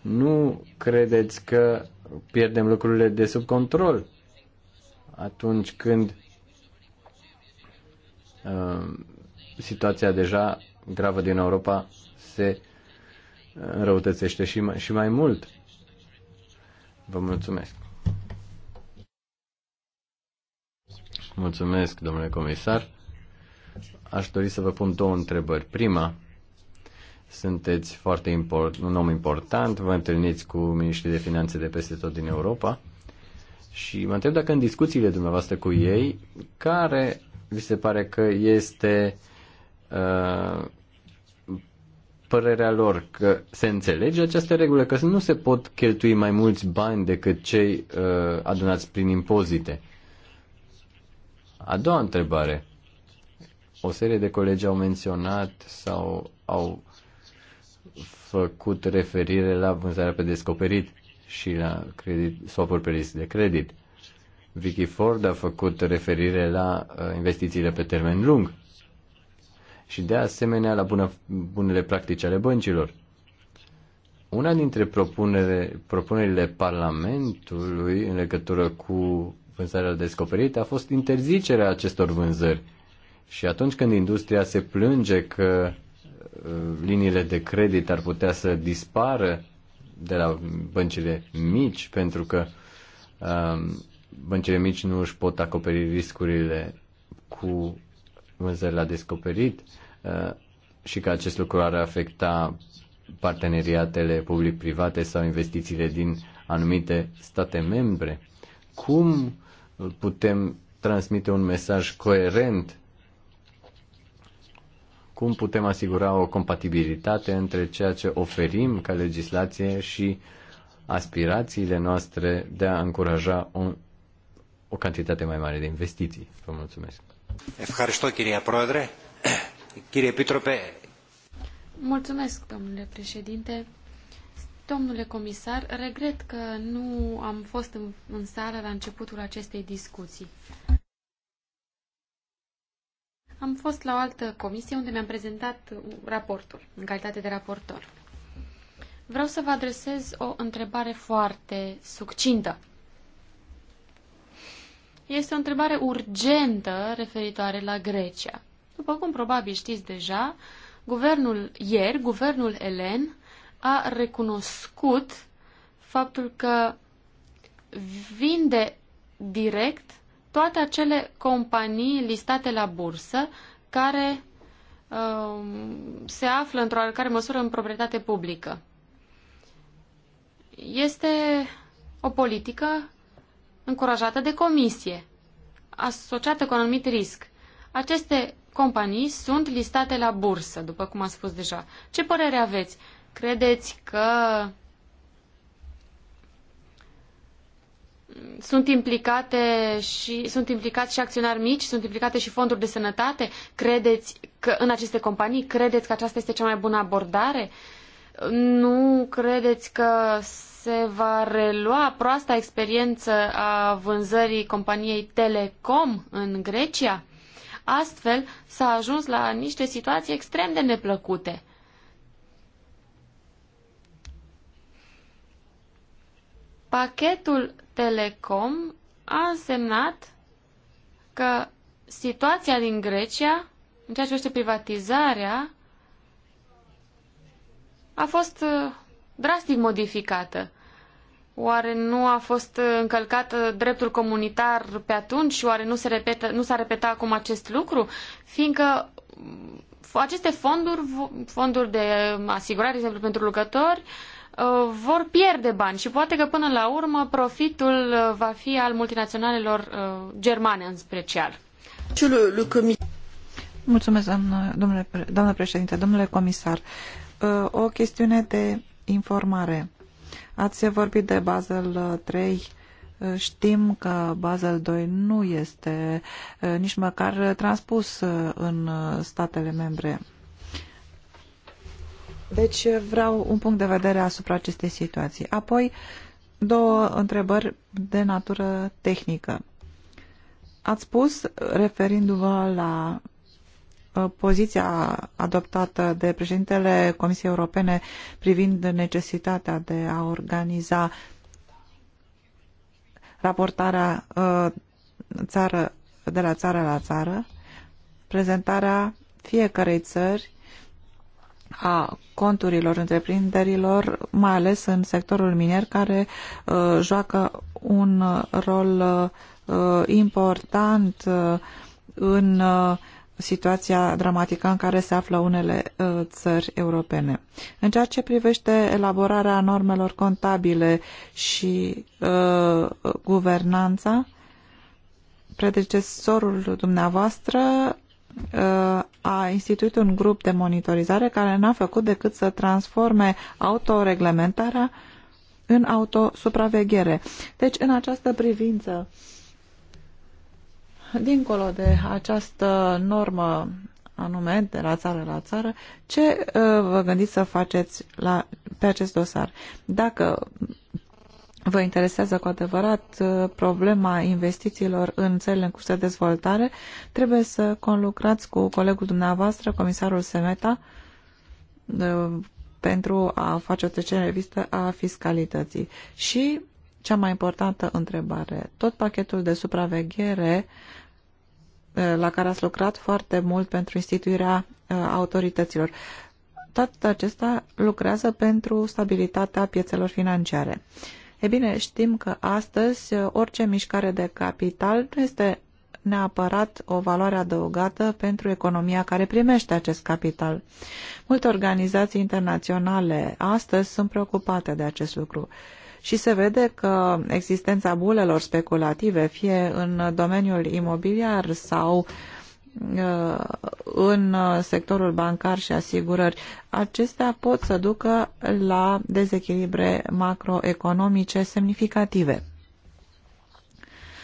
Nu credeți că pierdem lucrurile de sub control atunci când uh, situația deja gravă din Europa se înrăutățește și mai, și mai mult. Vă mulțumesc. Mulțumesc, domnule comisar. Aș dori să vă pun două întrebări. Prima, sunteți foarte import, un om important, vă întâlniți cu miniștrii de finanțe de peste tot din Europa și mă întreb dacă în discuțiile dumneavoastră cu ei, care vi se pare că este uh, părerea lor că se înțelege această regulă, că nu se pot cheltui mai mulți bani decât cei uh, adunați prin impozite. Uh, a doua întrebare. O serie de colegi au menționat sau au făcut referire la vânzarea pe descoperit și la credit, swap-uri pe risc de credit. Vicky Ford a făcut referire la uh, investițiile pe termen lung și de asemenea la bună, bunele practici ale băncilor. Una dintre propunere, propunerile Parlamentului în legătură cu vânzarea descoperit a fost interzicerea acestor vânzări. Și atunci când industria se plânge că uh, liniile de credit ar putea să dispară de la băncile mici, pentru că um, băncile mici nu își pot acoperi riscurile cu vânzări la descoperit uh, și că acest lucru ar afecta parteneriatele public-private sau investițiile din anumite state membre. Cum putem transmite un mesaj coerent? Cum putem asigura o compatibilitate între ceea ce oferim ca legislație și aspirațiile noastre de a încuraja o, o cantitate mai mare de investiții? Vă mulțumesc. Mulțumesc, domnule președinte. Domnule comisar, regret că nu am fost în, în sală la începutul acestei discuții. Am fost la o altă comisie unde mi-am prezentat raportul, în calitate de raportor. Vreau să vă adresez o întrebare foarte succintă. Este o întrebare urgentă referitoare la Grecia. După cum probabil știți deja, guvernul ieri, guvernul elen, a recunoscut faptul că vinde direct toate acele companii listate la bursă care uh, se află într-o oarecare măsură în proprietate publică. Este o politică încurajată de comisie, asociată cu un anumit risc. Aceste companii sunt listate la bursă, după cum am spus deja. Ce părere aveți? Credeți că sunt implicate și sunt implicați și acționari mici, sunt implicate și fonduri de sănătate? Credeți că în aceste companii credeți că aceasta este cea mai bună abordare? Nu credeți că se va relua proasta experiență a vânzării companiei Telecom în Grecia? Astfel s-a ajuns la niște situații extrem de neplăcute. Pachetul Telecom a însemnat că situația din Grecia, în ceea ce privește privatizarea, a fost uh, drastic modificată. Oare nu a fost uh, încălcat uh, dreptul comunitar pe atunci și oare nu, se repetă, nu s-a repetat acum acest lucru? Fiindcă mm, aceste fonduri, fonduri de asigurare, de exemplu, pentru lucrători, Uh, vor pierde bani și poate că până la urmă profitul uh, va fi al multinaționalelor uh, germane în special. Mulțumesc, doamnă, domnule, doamnă președinte, domnule comisar. O chestiune de informare. Ați vorbit de Basel 3. Știm că Basel 2 nu este nici măcar transpus în statele membre deci eh, vreau un punct de vedere asupra acestei situații. Apoi, două întrebări de natură tehnică. Ați spus, referindu-vă la eh, poziția adoptată de președintele Comisiei Europene privind necesitatea de a organiza raportarea eh, țară, de la țară la țară, prezentarea fiecarei țări a conturilor întreprinderilor, mai ales în sectorul minier, care uh, joacă un uh, rol uh, important în situația dramatică în care se află unele țări europene. În ceea ce privește elaborarea normelor contabile și guvernanța, predecesorul dumneavoastră a instituit un grup de monitorizare care n-a făcut decât să transforme autoreglementarea în autosupraveghere. Deci, în această privință, dincolo de această normă anume de la țară la țară, ce uh, vă gândiți să faceți la, pe acest dosar? Dacă vă interesează cu adevărat uh, problema investițiilor în țările în curs de dezvoltare, trebuie să conlucrați cu colegul dumneavoastră, comisarul Semeta, uh, pentru a face o trecere în revistă a fiscalității. Și cea mai importantă întrebare, tot pachetul de supraveghere uh, la care ați lucrat foarte mult pentru instituirea autorităților. Toate acestea lucrează pentru stabilitatea piețelor financiare. E bine, știm că astăzi orice mișcare de capital nu este neapărat o valoare adăugată pentru economia care primește acest capital. Multe organizații internaționale astăzi sunt preocupate de acest lucru și se vede că existența bulelor speculative, fie în domeniul imobiliar sau Uh, în uh, sectorul bancar și asigurări. Acestea pot să ducă la dezechilibre macroeconomice semnificative.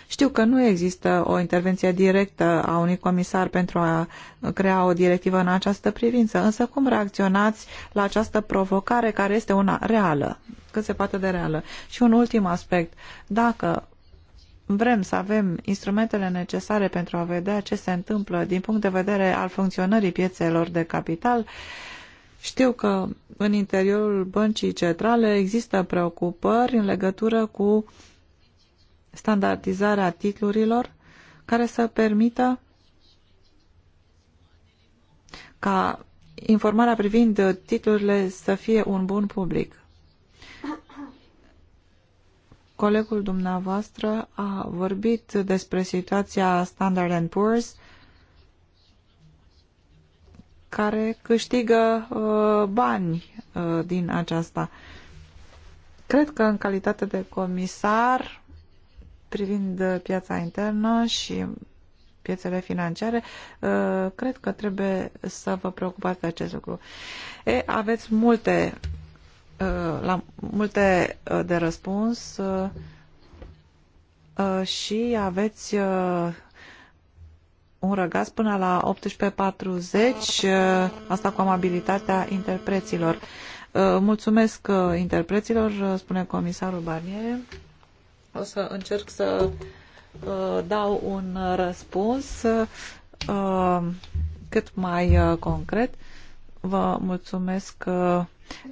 Știu că nu există o intervenție directă a unui comisar pentru a crea o directivă în această privință, însă cum reacționați la această provocare care este una reală, cât se poate de reală? Și un ultim aspect, dacă vrem să avem instrumentele necesare pentru a vedea ce se întâmplă din punct de vedere al funcționării piețelor de capital, știu că în interiorul băncii centrale există preocupări în legătură cu standardizarea titlurilor care să permită ca informarea privind titlurile să fie un bun public. Colegul dumneavoastră a vorbit despre situația Standard Poor's care câștigă uh, bani uh, din aceasta. Cred că în calitate de comisar privind piața internă și piețele financiare, uh, cred că trebuie să vă preocupați de acest lucru. E, aveți multe Uh, la multe uh, de răspuns uh, și aveți un răgaz până la 18.40, asta cu amabilitatea interpreților. Mulțumesc interpreților, spune comisarul Barnier. O să încerc să dau un răspuns cât mai concret. Vă mulțumesc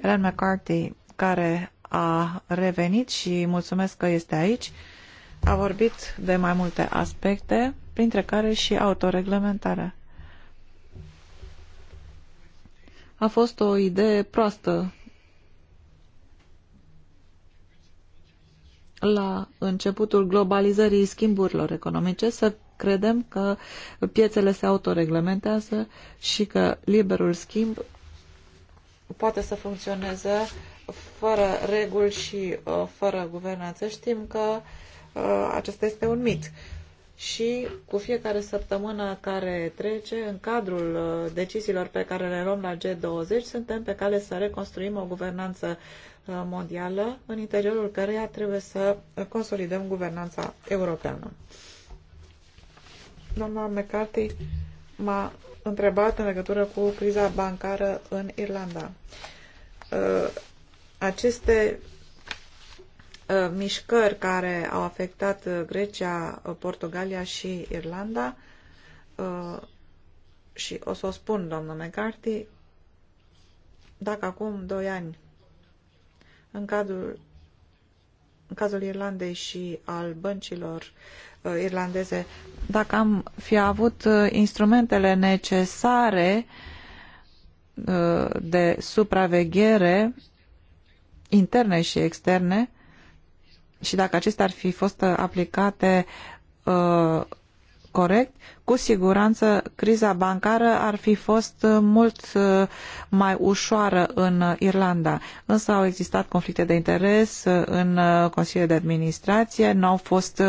Ellen McCarthy, care a revenit și mulțumesc că este aici, a vorbit de mai multe aspecte, printre care și autoreglementarea. A fost o idee proastă la începutul globalizării schimburilor economice să credem că piețele se autoreglementează și că liberul schimb poate să funcționeze fără reguli și uh, fără guvernanță. Știm că uh, acesta este un mit. Și cu fiecare săptămână care trece, în cadrul uh, deciziilor pe care le luăm la G20, suntem pe cale să reconstruim o guvernanță uh, mondială, în interiorul căreia trebuie să consolidăm guvernanța europeană. Doamna McCarthy m-a întrebat în legătură cu criza bancară în Irlanda. Uh, aceste uh, mișcări care au afectat uh, Grecia, Portugalia și Irlanda și o să o spun, domnul McCarthy, dacă acum doi ani în cadrul în cazul Irlandei și al băncilor Uh, irlandeze. Dacă am fi avut uh, instrumentele necesare uh, de supraveghere interne și externe și dacă acestea ar fi fost aplicate corect, cu siguranță criza bancară ar fi fost mult mai ușoară în Irlanda. Însă au existat conflicte de interes în Consiliul de Administrație, nu au fost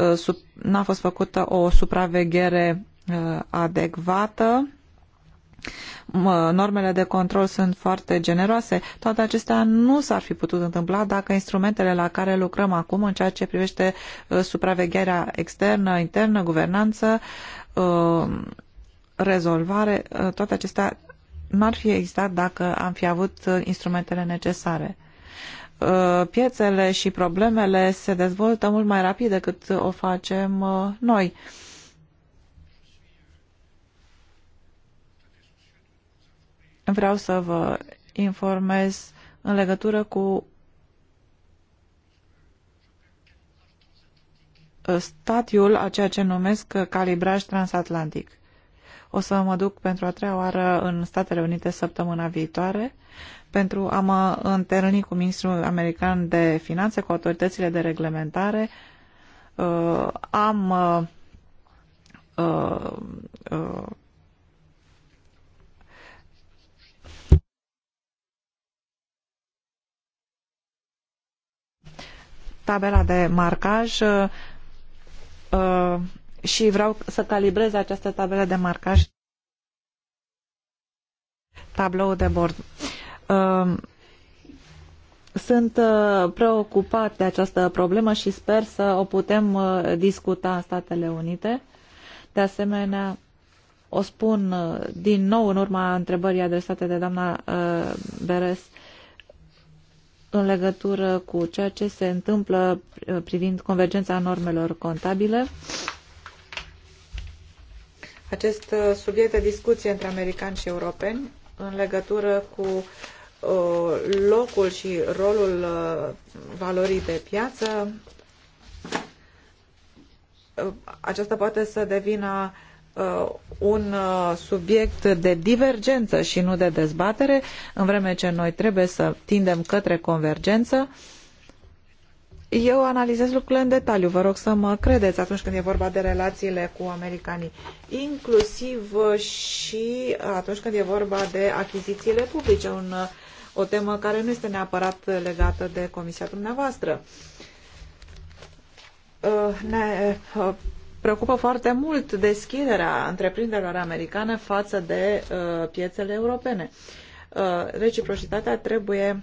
Uh, n-a fost făcută o supraveghere uh, adecvată, uh, normele de control sunt foarte generoase. Toate acestea nu s-ar fi putut întâmpla dacă instrumentele la care lucrăm acum în ceea ce privește supravegherea externă, internă, guvernanță, rezolvare, toate acestea n-ar fi existat dacă am fi avut instrumentele necesare. Uh, piețele și problemele se dezvoltă mult mai rapid decât o facem uh, noi. Vreau să vă informez în legătură cu uh, stadiul a ceea ce numesc calibraj transatlantic. O să mă duc pentru a treia oară în Statele Unite săptămâna viitoare pentru a mă întâlni cu ministrul american de finanțe, cu autoritățile de reglementare. Uh, am uh, uh, uh tabela de marcaj uh, uh, și vreau să calibrez această tabelă de marcaj tablou de bord. Um, sunt uh, preocupat de această problemă și sper să o putem uh, discuta în Statele Unite. De asemenea, o spun uh, din nou în urma întrebării adresate de doamna Beres în legătură cu ceea ce se întâmplă privind convergența normelor contabile acest uh, subiect de discuție între americani și europeni în legătură cu uh, locul și rolul uh, valorii de piață. Aceasta poate să devină un subiect de divergență și nu de dezbatere, în vreme ce noi trebuie să tindem către convergență. Eu analizez lucrurile în detaliu, vă rog să mă credeți atunci când e vorba de relațiile cu americanii, inclusiv uh, și uh, atunci când e vorba de achizițiile publice, un, uh, o temă care nu este neapărat legată de comisia dumneavoastră. Ne preocupă foarte mult deschiderea întreprinderilor americane față de piețele europene. Reciprocitatea trebuie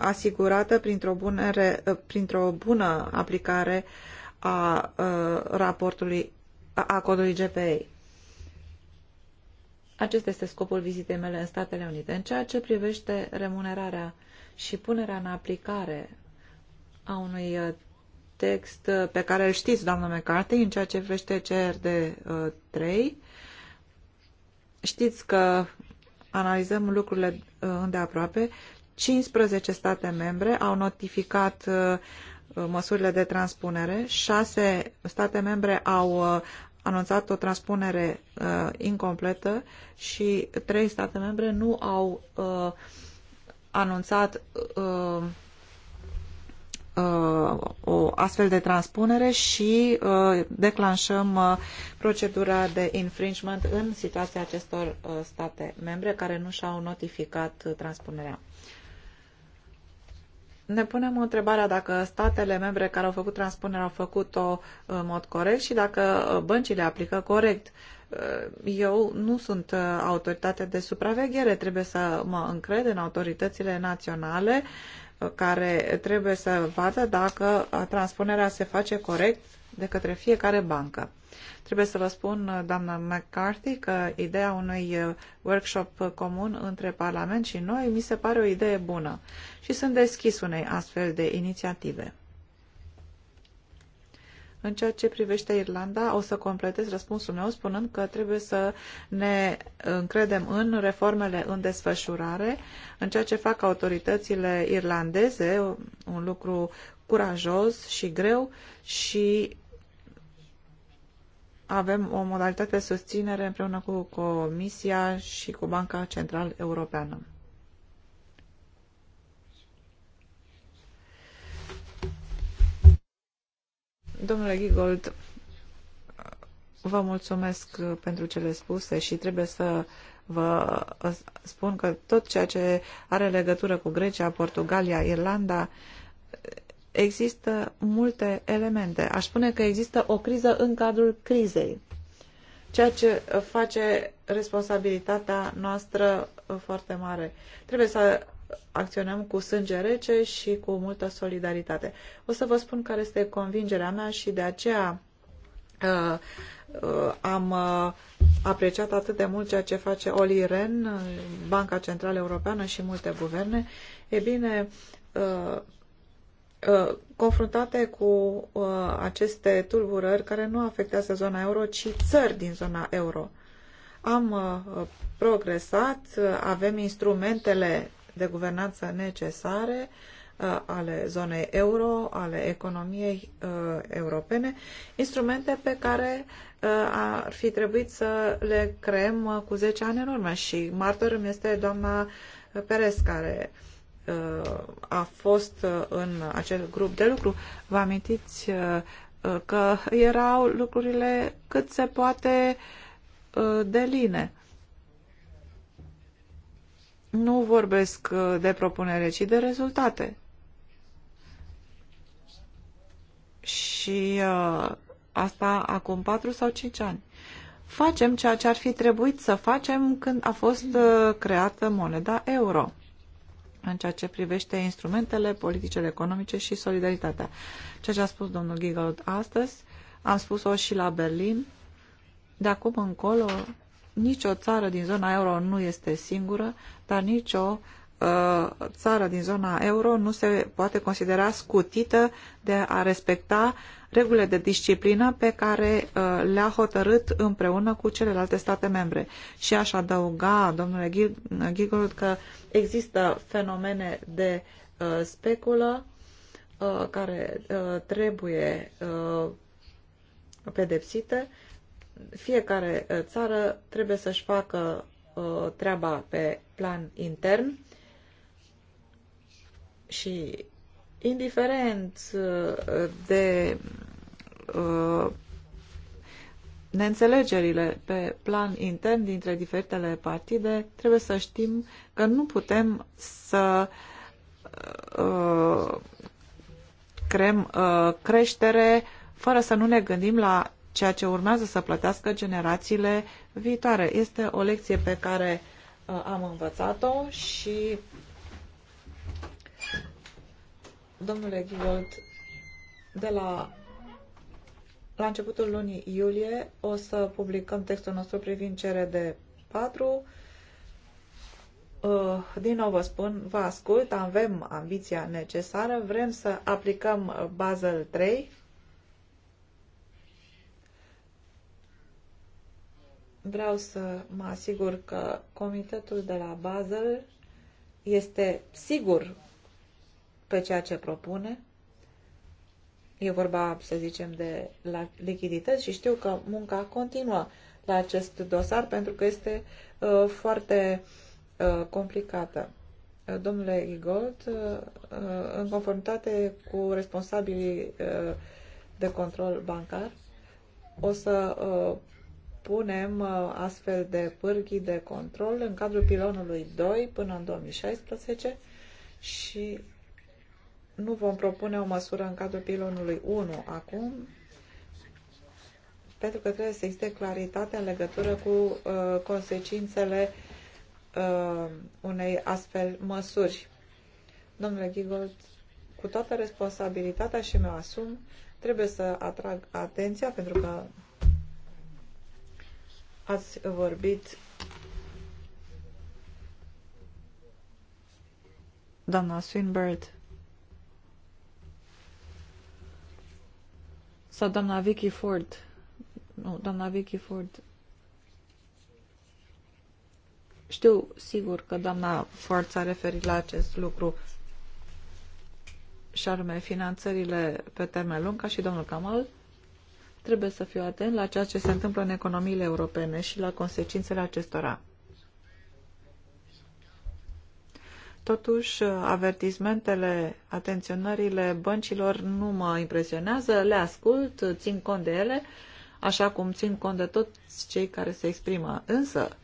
asigurată printr-o, bunere, ă, printr-o bună aplicare a ă, raportului, a codului GPA. Acesta este scopul vizitei mele în Statele Unite. În ceea ce privește remunerarea și punerea în aplicare a unui ă, text pe care îl știți, doamnă McCarthy, în ceea ce privește CRD3, știți că analizăm lucrurile îndeaproape 15 state membre au notificat uh, măsurile de transpunere, 6 state membre au uh, anunțat o transpunere uh, incompletă și trei state membre nu au anunțat o astfel de transpunere și declanșăm procedura de infringement în situația acestor state membre care nu și-au notificat transpunerea. Ne punem întrebarea dacă statele membre care au făcut transpunerea au făcut-o uh, în mod corect și dacă uh, băncile aplică corect. Uh, eu nu sunt autoritate de supraveghere, trebuie să mă încred în autoritățile naționale care trebuie să vadă dacă transpunerea se face corect de către fiecare bancă. Trebuie să vă spun, doamna McCarthy, că ideea unui uh, workshop comun între Parlament și noi mi se pare o idee bună și sunt deschis unei astfel de inițiative. În ceea ce privește Irlanda, o să completez răspunsul meu spunând că trebuie să ne încredem în reformele în desfășurare, în ceea ce fac autoritățile irlandeze, un lucru curajos și greu și avem o modalitate de susținere împreună cu Comisia și cu Banca Central Europeană. Domnule Gigold, vă mulțumesc pentru cele spuse și trebuie să vă spun că tot ceea ce are legătură cu Grecia, Portugalia, Irlanda Există multe elemente. Aș spune că există o criză în cadrul crizei, ceea ce face responsabilitatea noastră foarte mare. Trebuie să acționăm cu sânge rece și cu multă solidaritate. O să vă spun care este convingerea mea și de aceea uh, uh, am uh, apreciat atât de mult ceea ce face Oli Ren, Banca Centrală Europeană și multe guverne. E bine, uh, Uh, confruntate cu uh, aceste tulburări care nu afectează zona euro, ci țări din zona euro. Am uh, progresat, avem instrumentele de guvernanță necesare ale zonei euro, ale economiei europene, instrumente pe care ar fi trebuit să le creăm cu 10 ani în urmă și martor îmi este doamna Perez care uh, Uh, a fost uh, în acel grup de lucru. Vă amintiți uh, că erau lucrurile cât se poate de line. Nu vorbesc de propunere, ci de rezultate. Și asta acum 4 sau 5 ani. Facem ceea ce ar fi trebuit să facem când a fost creată moneda euro în ceea ce privește instrumentele, politicele economice și solidaritatea. Ceea ce a spus domnul Gigaud astăzi, am spus-o și la Berlin, de acum încolo nicio țară din zona euro nu este singură, dar nicio Uh, țară din zona euro nu se poate considera scutită de a respecta regulile de disciplină pe care uh, le-a hotărât împreună cu celelalte state membre. Și aș adăuga, domnule Gigold, că există fenomene de uh, speculă care trebuie pedepsite. Fiecare țară trebuie să-și facă treaba pe plan intern și indiferent uh, de uh, neînțelegerile pe plan intern dintre diferitele partide, trebuie să știm că nu putem să uh, creăm creștere fără să nu ne gândim la ceea ce urmează să plătească generațiile viitoare. Este o lecție pe care am învățat-o și Domnule Givold, de la, la începutul lunii iulie o să publicăm textul nostru privind CRD 4. Uh, din nou vă spun, vă ascult, avem ambiția necesară, vrem să aplicăm uh, Basel 3. Vreau să mă asigur că comitetul de la Basel este sigur pe ceea ce propune. E vorba, să zicem, de la lichidități și știu că munca continuă la acest dosar pentru că este uh, foarte uh, complicată. Uh, domnule Igold, uh, uh, în conformitate cu responsabilii uh, de control bancar, o să uh, punem uh, astfel de pârghii de control în cadrul pilonului 2 până în 2016 și nu vom propune o măsură în cadrul pilonului 1 acum, pentru că trebuie să existe claritate în legătură cu uh, consecințele uh, unei astfel măsuri. Domnule Gigold, cu toată responsabilitatea și mi-o asum, trebuie să atrag atenția pentru că ați vorbit doamna Swinburne. Sau doamna Vicky Ford. Nu, doamna Vicky Ford. Știu sigur că doamna Ford s-a referit la acest lucru și arme finanțările pe termen lung, ca și domnul Kamal, trebuie să fiu atent la ceea ce se întâmplă în economiile europene și la consecințele acestora. Totuși, avertismentele, atenționările băncilor nu mă impresionează, le ascult, țin cont de ele, așa cum țin cont de toți cei care se exprimă. Însă,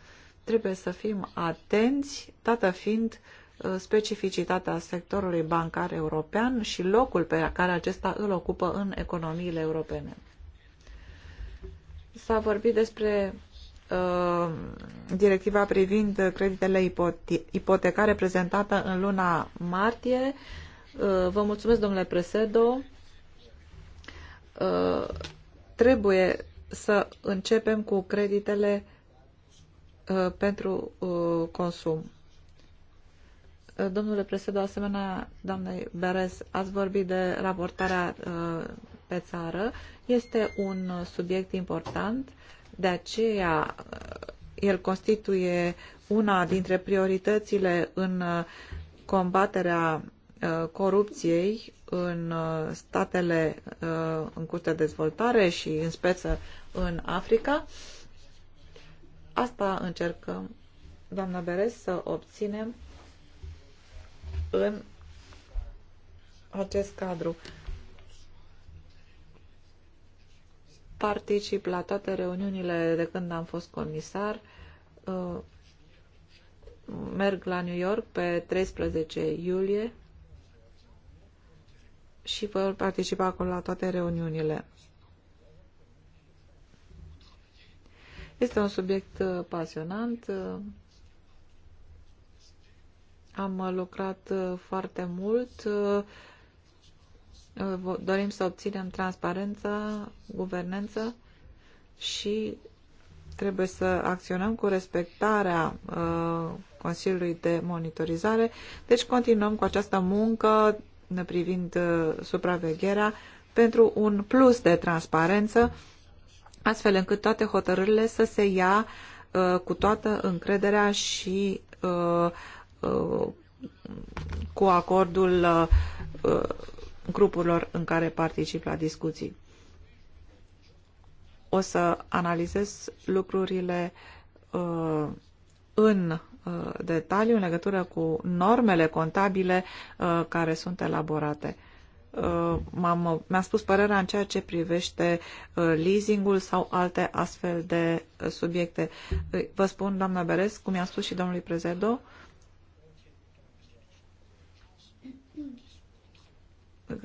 trebuie să fim atenți, dată fiind uh, specificitatea sectorului bancar european și locul pe care acesta îl ocupă în economiile europene. S-a vorbit despre Uh, directiva privind creditele ipotecare prezentată în luna martie. Uh, vă mulțumesc, domnule Presedo. Uh, trebuie să începem cu creditele pentru consum. Domnule Presedo, asemenea, doamnei Beres, ați vorbit de raportarea pe țară. Este un subiect important de aceea, uh, el constituie una dintre prioritățile în uh, combaterea uh, corupției în statele în curs de dezvoltare și în speță în Africa. Asta încercăm, doamna Beres, să obținem în acest cadru. particip la toate reuniunile de când am fost comisar. Uh, merg la New York pe 13 iulie și voi participa acolo la toate reuniunile. Este un subiect uh, pasionant. Uh, am lucrat foarte mult dorim să obținem transparență, guvernanță și trebuie să acționăm cu respectarea uh, Consiliului de Monitorizare. Deci continuăm cu această muncă privind uh, supravegherea pentru un plus de transparență, astfel încât toate hotărârile să se ia uh, cu toată încrederea și uh, cu acordul grupurilor în care particip la discuții. O să analizez lucrurile uh, în uh, detaliu în legătură cu normele contabile uh, care sunt elaborate. Uh, am mi-am spus părerea în ceea ce privește uh, leasingul sau alte astfel de uh, subiecte. Vă spun, doamna Beres, cum i-am spus și domnului Prezedo, uh,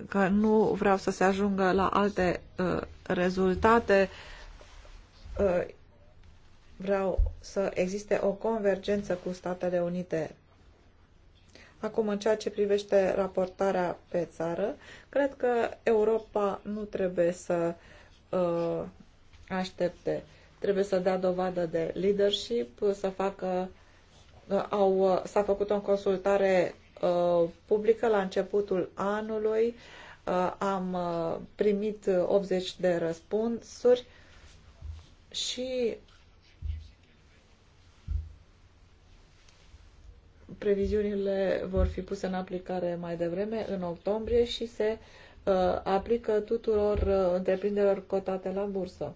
că nu vreau să se ajungă la alte uh, rezultate. Uh, vreau să existe o convergență cu Statele Unite. Acum, în ceea ce privește raportarea pe țară, cred că Europa nu trebuie să uh, aștepte. Trebuie să dea dovadă de leadership, să facă uh, au, uh, s-a făcut o consultare Uh, publică la începutul anului. Uh, am uh, primit 80 de răspunsuri și previziunile vor fi puse în aplicare mai devreme, în octombrie, și se aplică tuturor întreprinderilor cotate la bursă.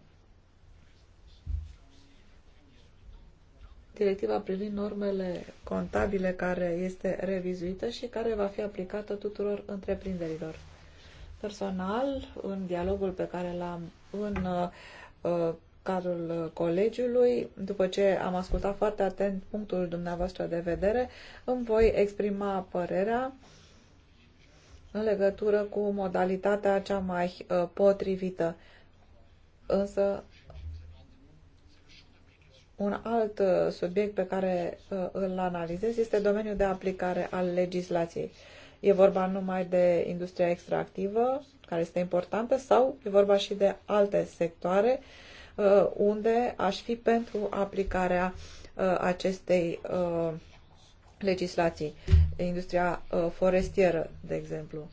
directiva privind normele contabile care este revizuită și care va fi aplicată tuturor întreprinderilor. Personal, în dialogul pe care l-am în uh, cadrul colegiului, după ce am ascultat foarte atent punctul dumneavoastră de vedere, îmi voi exprima părerea în legătură cu modalitatea cea mai uh, potrivită. Însă un alt uh, subiect pe care uh, îl analizez este domeniul de aplicare al legislației. E vorba numai de industria extractivă, care este importantă, sau e vorba și de alte sectoare uh, unde aș fi pentru aplicarea acestei legislații, industria forestieră, de exemplu.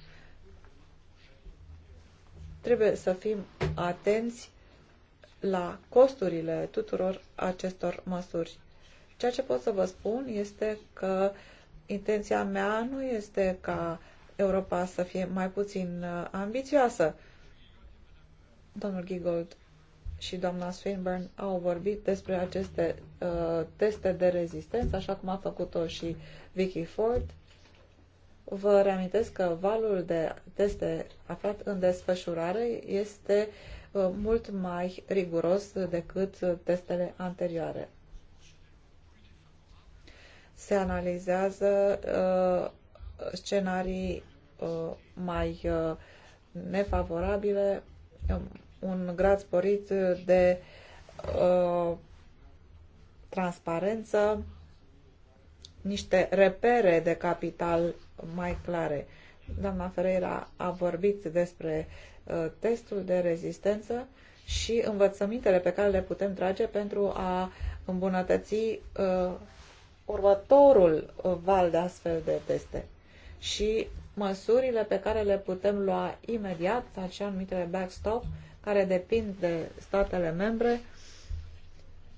Trebuie să fim atenți la costurile tuturor acestor măsuri. Ceea ce pot să vă spun este că intenția mea nu este ca Europa să fie mai puțin uh, ambițioasă. Domnul Gigold și doamna Swinburne au vorbit despre aceste uh, teste de rezistență, așa cum a făcut-o și Vicky Ford. Vă reamintesc că valul de teste aflat în desfășurare este uh, Uh, mult mai riguros decât testele anterioare. Se analizează uh, scenarii uh, mai nefavorabile, um, un grad sporit de transparență, niște repere de capital mai clare. Doamna Ferreira a vorbit despre Uh, testul de rezistență și învățămintele pe care le putem trage pentru a îmbunătăți uh, următorul uh, val de astfel de teste și măsurile pe care le putem lua imediat, așa numitele backstop, care depind de statele membre,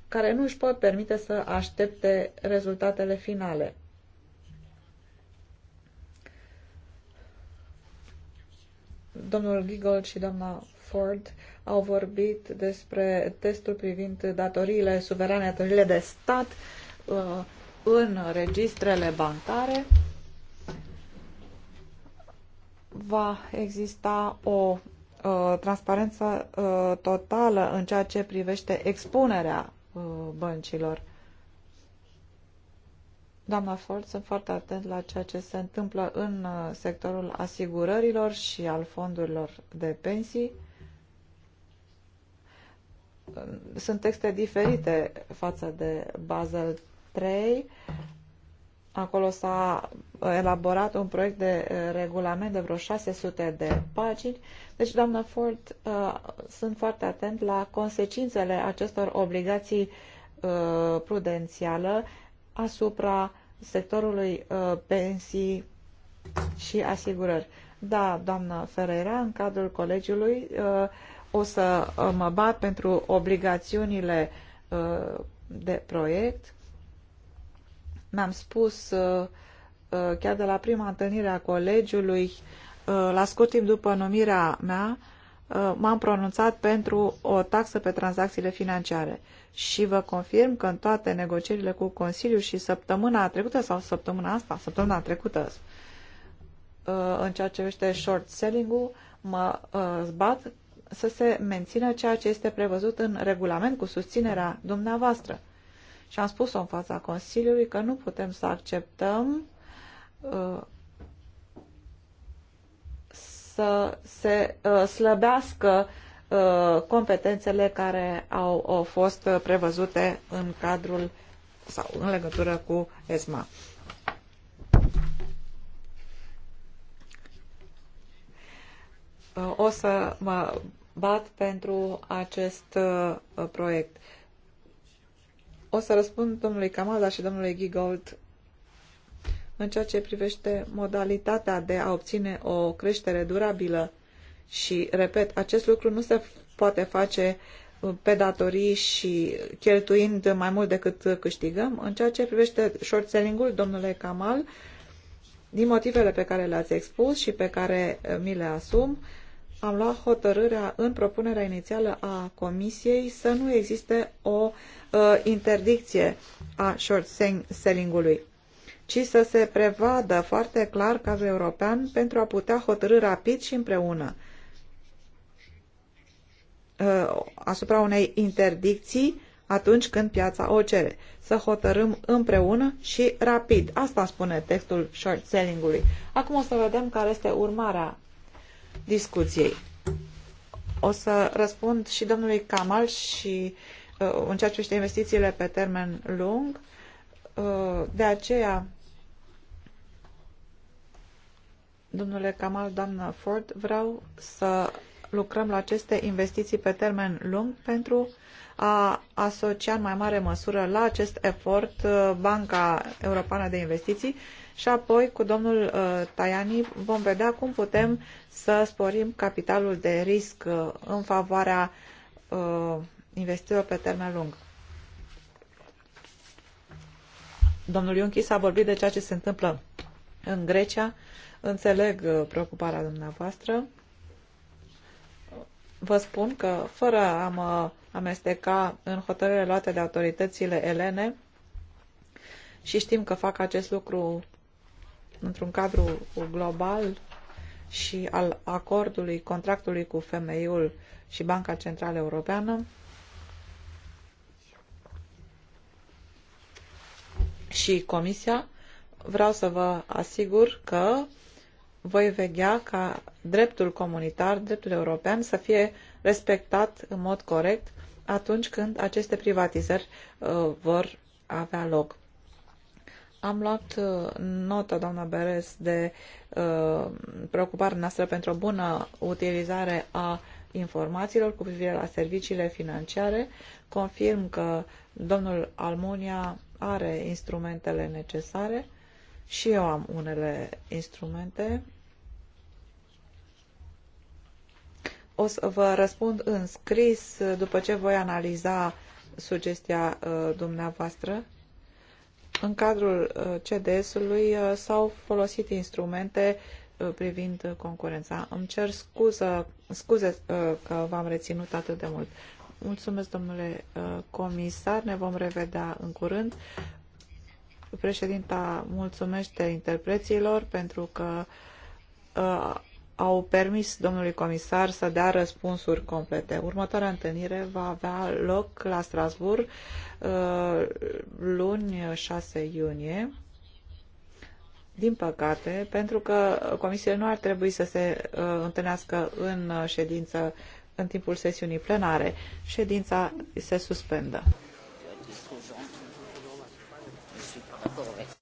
care nu își pot permite să aștepte rezultatele finale. Domnul Giggle și doamna Ford au vorbit despre testul privind datoriile suverane, datoriile de stat uh, în registrele bancare. Va exista o uh, transparență uh, totală în ceea ce privește expunerea băncilor. Doamna Ford, sunt foarte atent la ceea ce se întâmplă în uh, sectorul asigurărilor și al fondurilor de pensii. Uh, sunt texte diferite față de Basel 3. Acolo s-a elaborat un proiect de uh, regulament de vreo 600 de pagini. Deci, doamna Ford, sunt foarte atent la consecințele acestor obligații prudențială asupra sectorului uh, pensii și asigurări. Da, doamnă Ferreira, în cadrul colegiului uh, o să uh, mă bat pentru obligațiunile de proiect. Mi-am spus chiar de la prima întâlnire a colegiului, la scurt timp după numirea mea, Uh, m-am pronunțat pentru o taxă pe tranzacțiile financiare și vă confirm că în toate negocierile cu Consiliul și săptămâna trecută sau săptămâna asta, săptămâna trecută, uh, în ceea ce este short selling-ul, mă uh, zbat să se mențină ceea ce este prevăzut în regulament cu susținerea dumneavoastră. Și am spus-o în fața Consiliului că nu putem să acceptăm să se uh, slăbească uh, competențele care au fost prevăzute în cadrul sau în legătură cu ESMA. Uh, o să mă bat pentru acest proiect. O să răspund domnului Camada și domnului Gigold în ceea ce privește modalitatea de a obține o creștere durabilă și, repet, acest lucru nu se poate face uh, pe datorii și cheltuind mai mult decât câștigăm. În ceea ce privește short selling-ul, domnule Kamal, din motivele pe care le-ați expus și pe care uh, mi le asum, am luat hotărârea în propunerea inițială a Comisiei să nu existe o uh, interdicție a short selling-ului ci să se prevadă foarte clar cazul european pentru a putea hotărâ rapid și împreună uh, asupra unei interdicții atunci când piața o cere. Să hotărâm împreună și rapid. Asta spune textul short selling-ului. Acum o să vedem care este urmarea discuției. O să răspund și domnului Kamal și uh, în ceea ce investițiile pe termen lung. Uh, de aceea Domnule Kamal, doamnă Ford, vreau să lucrăm la aceste investiții pe termen lung pentru a asocia în mai mare măsură la acest efort uh, Banca Europeană de Investiții și apoi cu domnul uh, Tajani vom vedea cum putem să sporim capitalul de risc uh, în favoarea investițiilor pe termen lung. Domnul Iunchi s-a vorbit de ceea ce se întâmplă în Grecia Înțeleg uh, preocuparea dumneavoastră. Vă spun că, fără a mă amesteca în hotărârile luate de autoritățile elene, și știm că fac acest lucru într-un cadru global și al acordului, contractului cu femeiul și Banca Centrală Europeană, și Comisia, vreau să vă asigur că voi veghea ca dreptul comunitar, dreptul european să fie respectat în mod corect atunci când aceste privatizări uh, vor avea loc. Am luat uh, notă, doamna Beres, de uh, preocuparea noastră pentru o bună utilizare a informațiilor cu privire la serviciile financiare. Confirm că domnul Almunia are instrumentele necesare și eu am unele instrumente. O să vă răspund în scris după ce voi analiza sugestia uh, dumneavoastră. În cadrul uh, CDS-ului uh, s-au folosit instrumente uh, privind concurența. Îmi cer scuză, scuze uh, că v-am reținut atât de mult. Mulțumesc, domnule uh, comisar. Ne vom revedea în curând. Președinta mulțumește interpreților pentru că uh, au permis domnului comisar să dea răspunsuri complete. Următoarea întâlnire va avea loc la Strasbourg uh, luni 6 iunie. Din păcate, pentru că comisiile nu ar trebui să se uh, întâlnească în ședință în timpul sesiunii plenare, ședința se suspendă. D'accord avec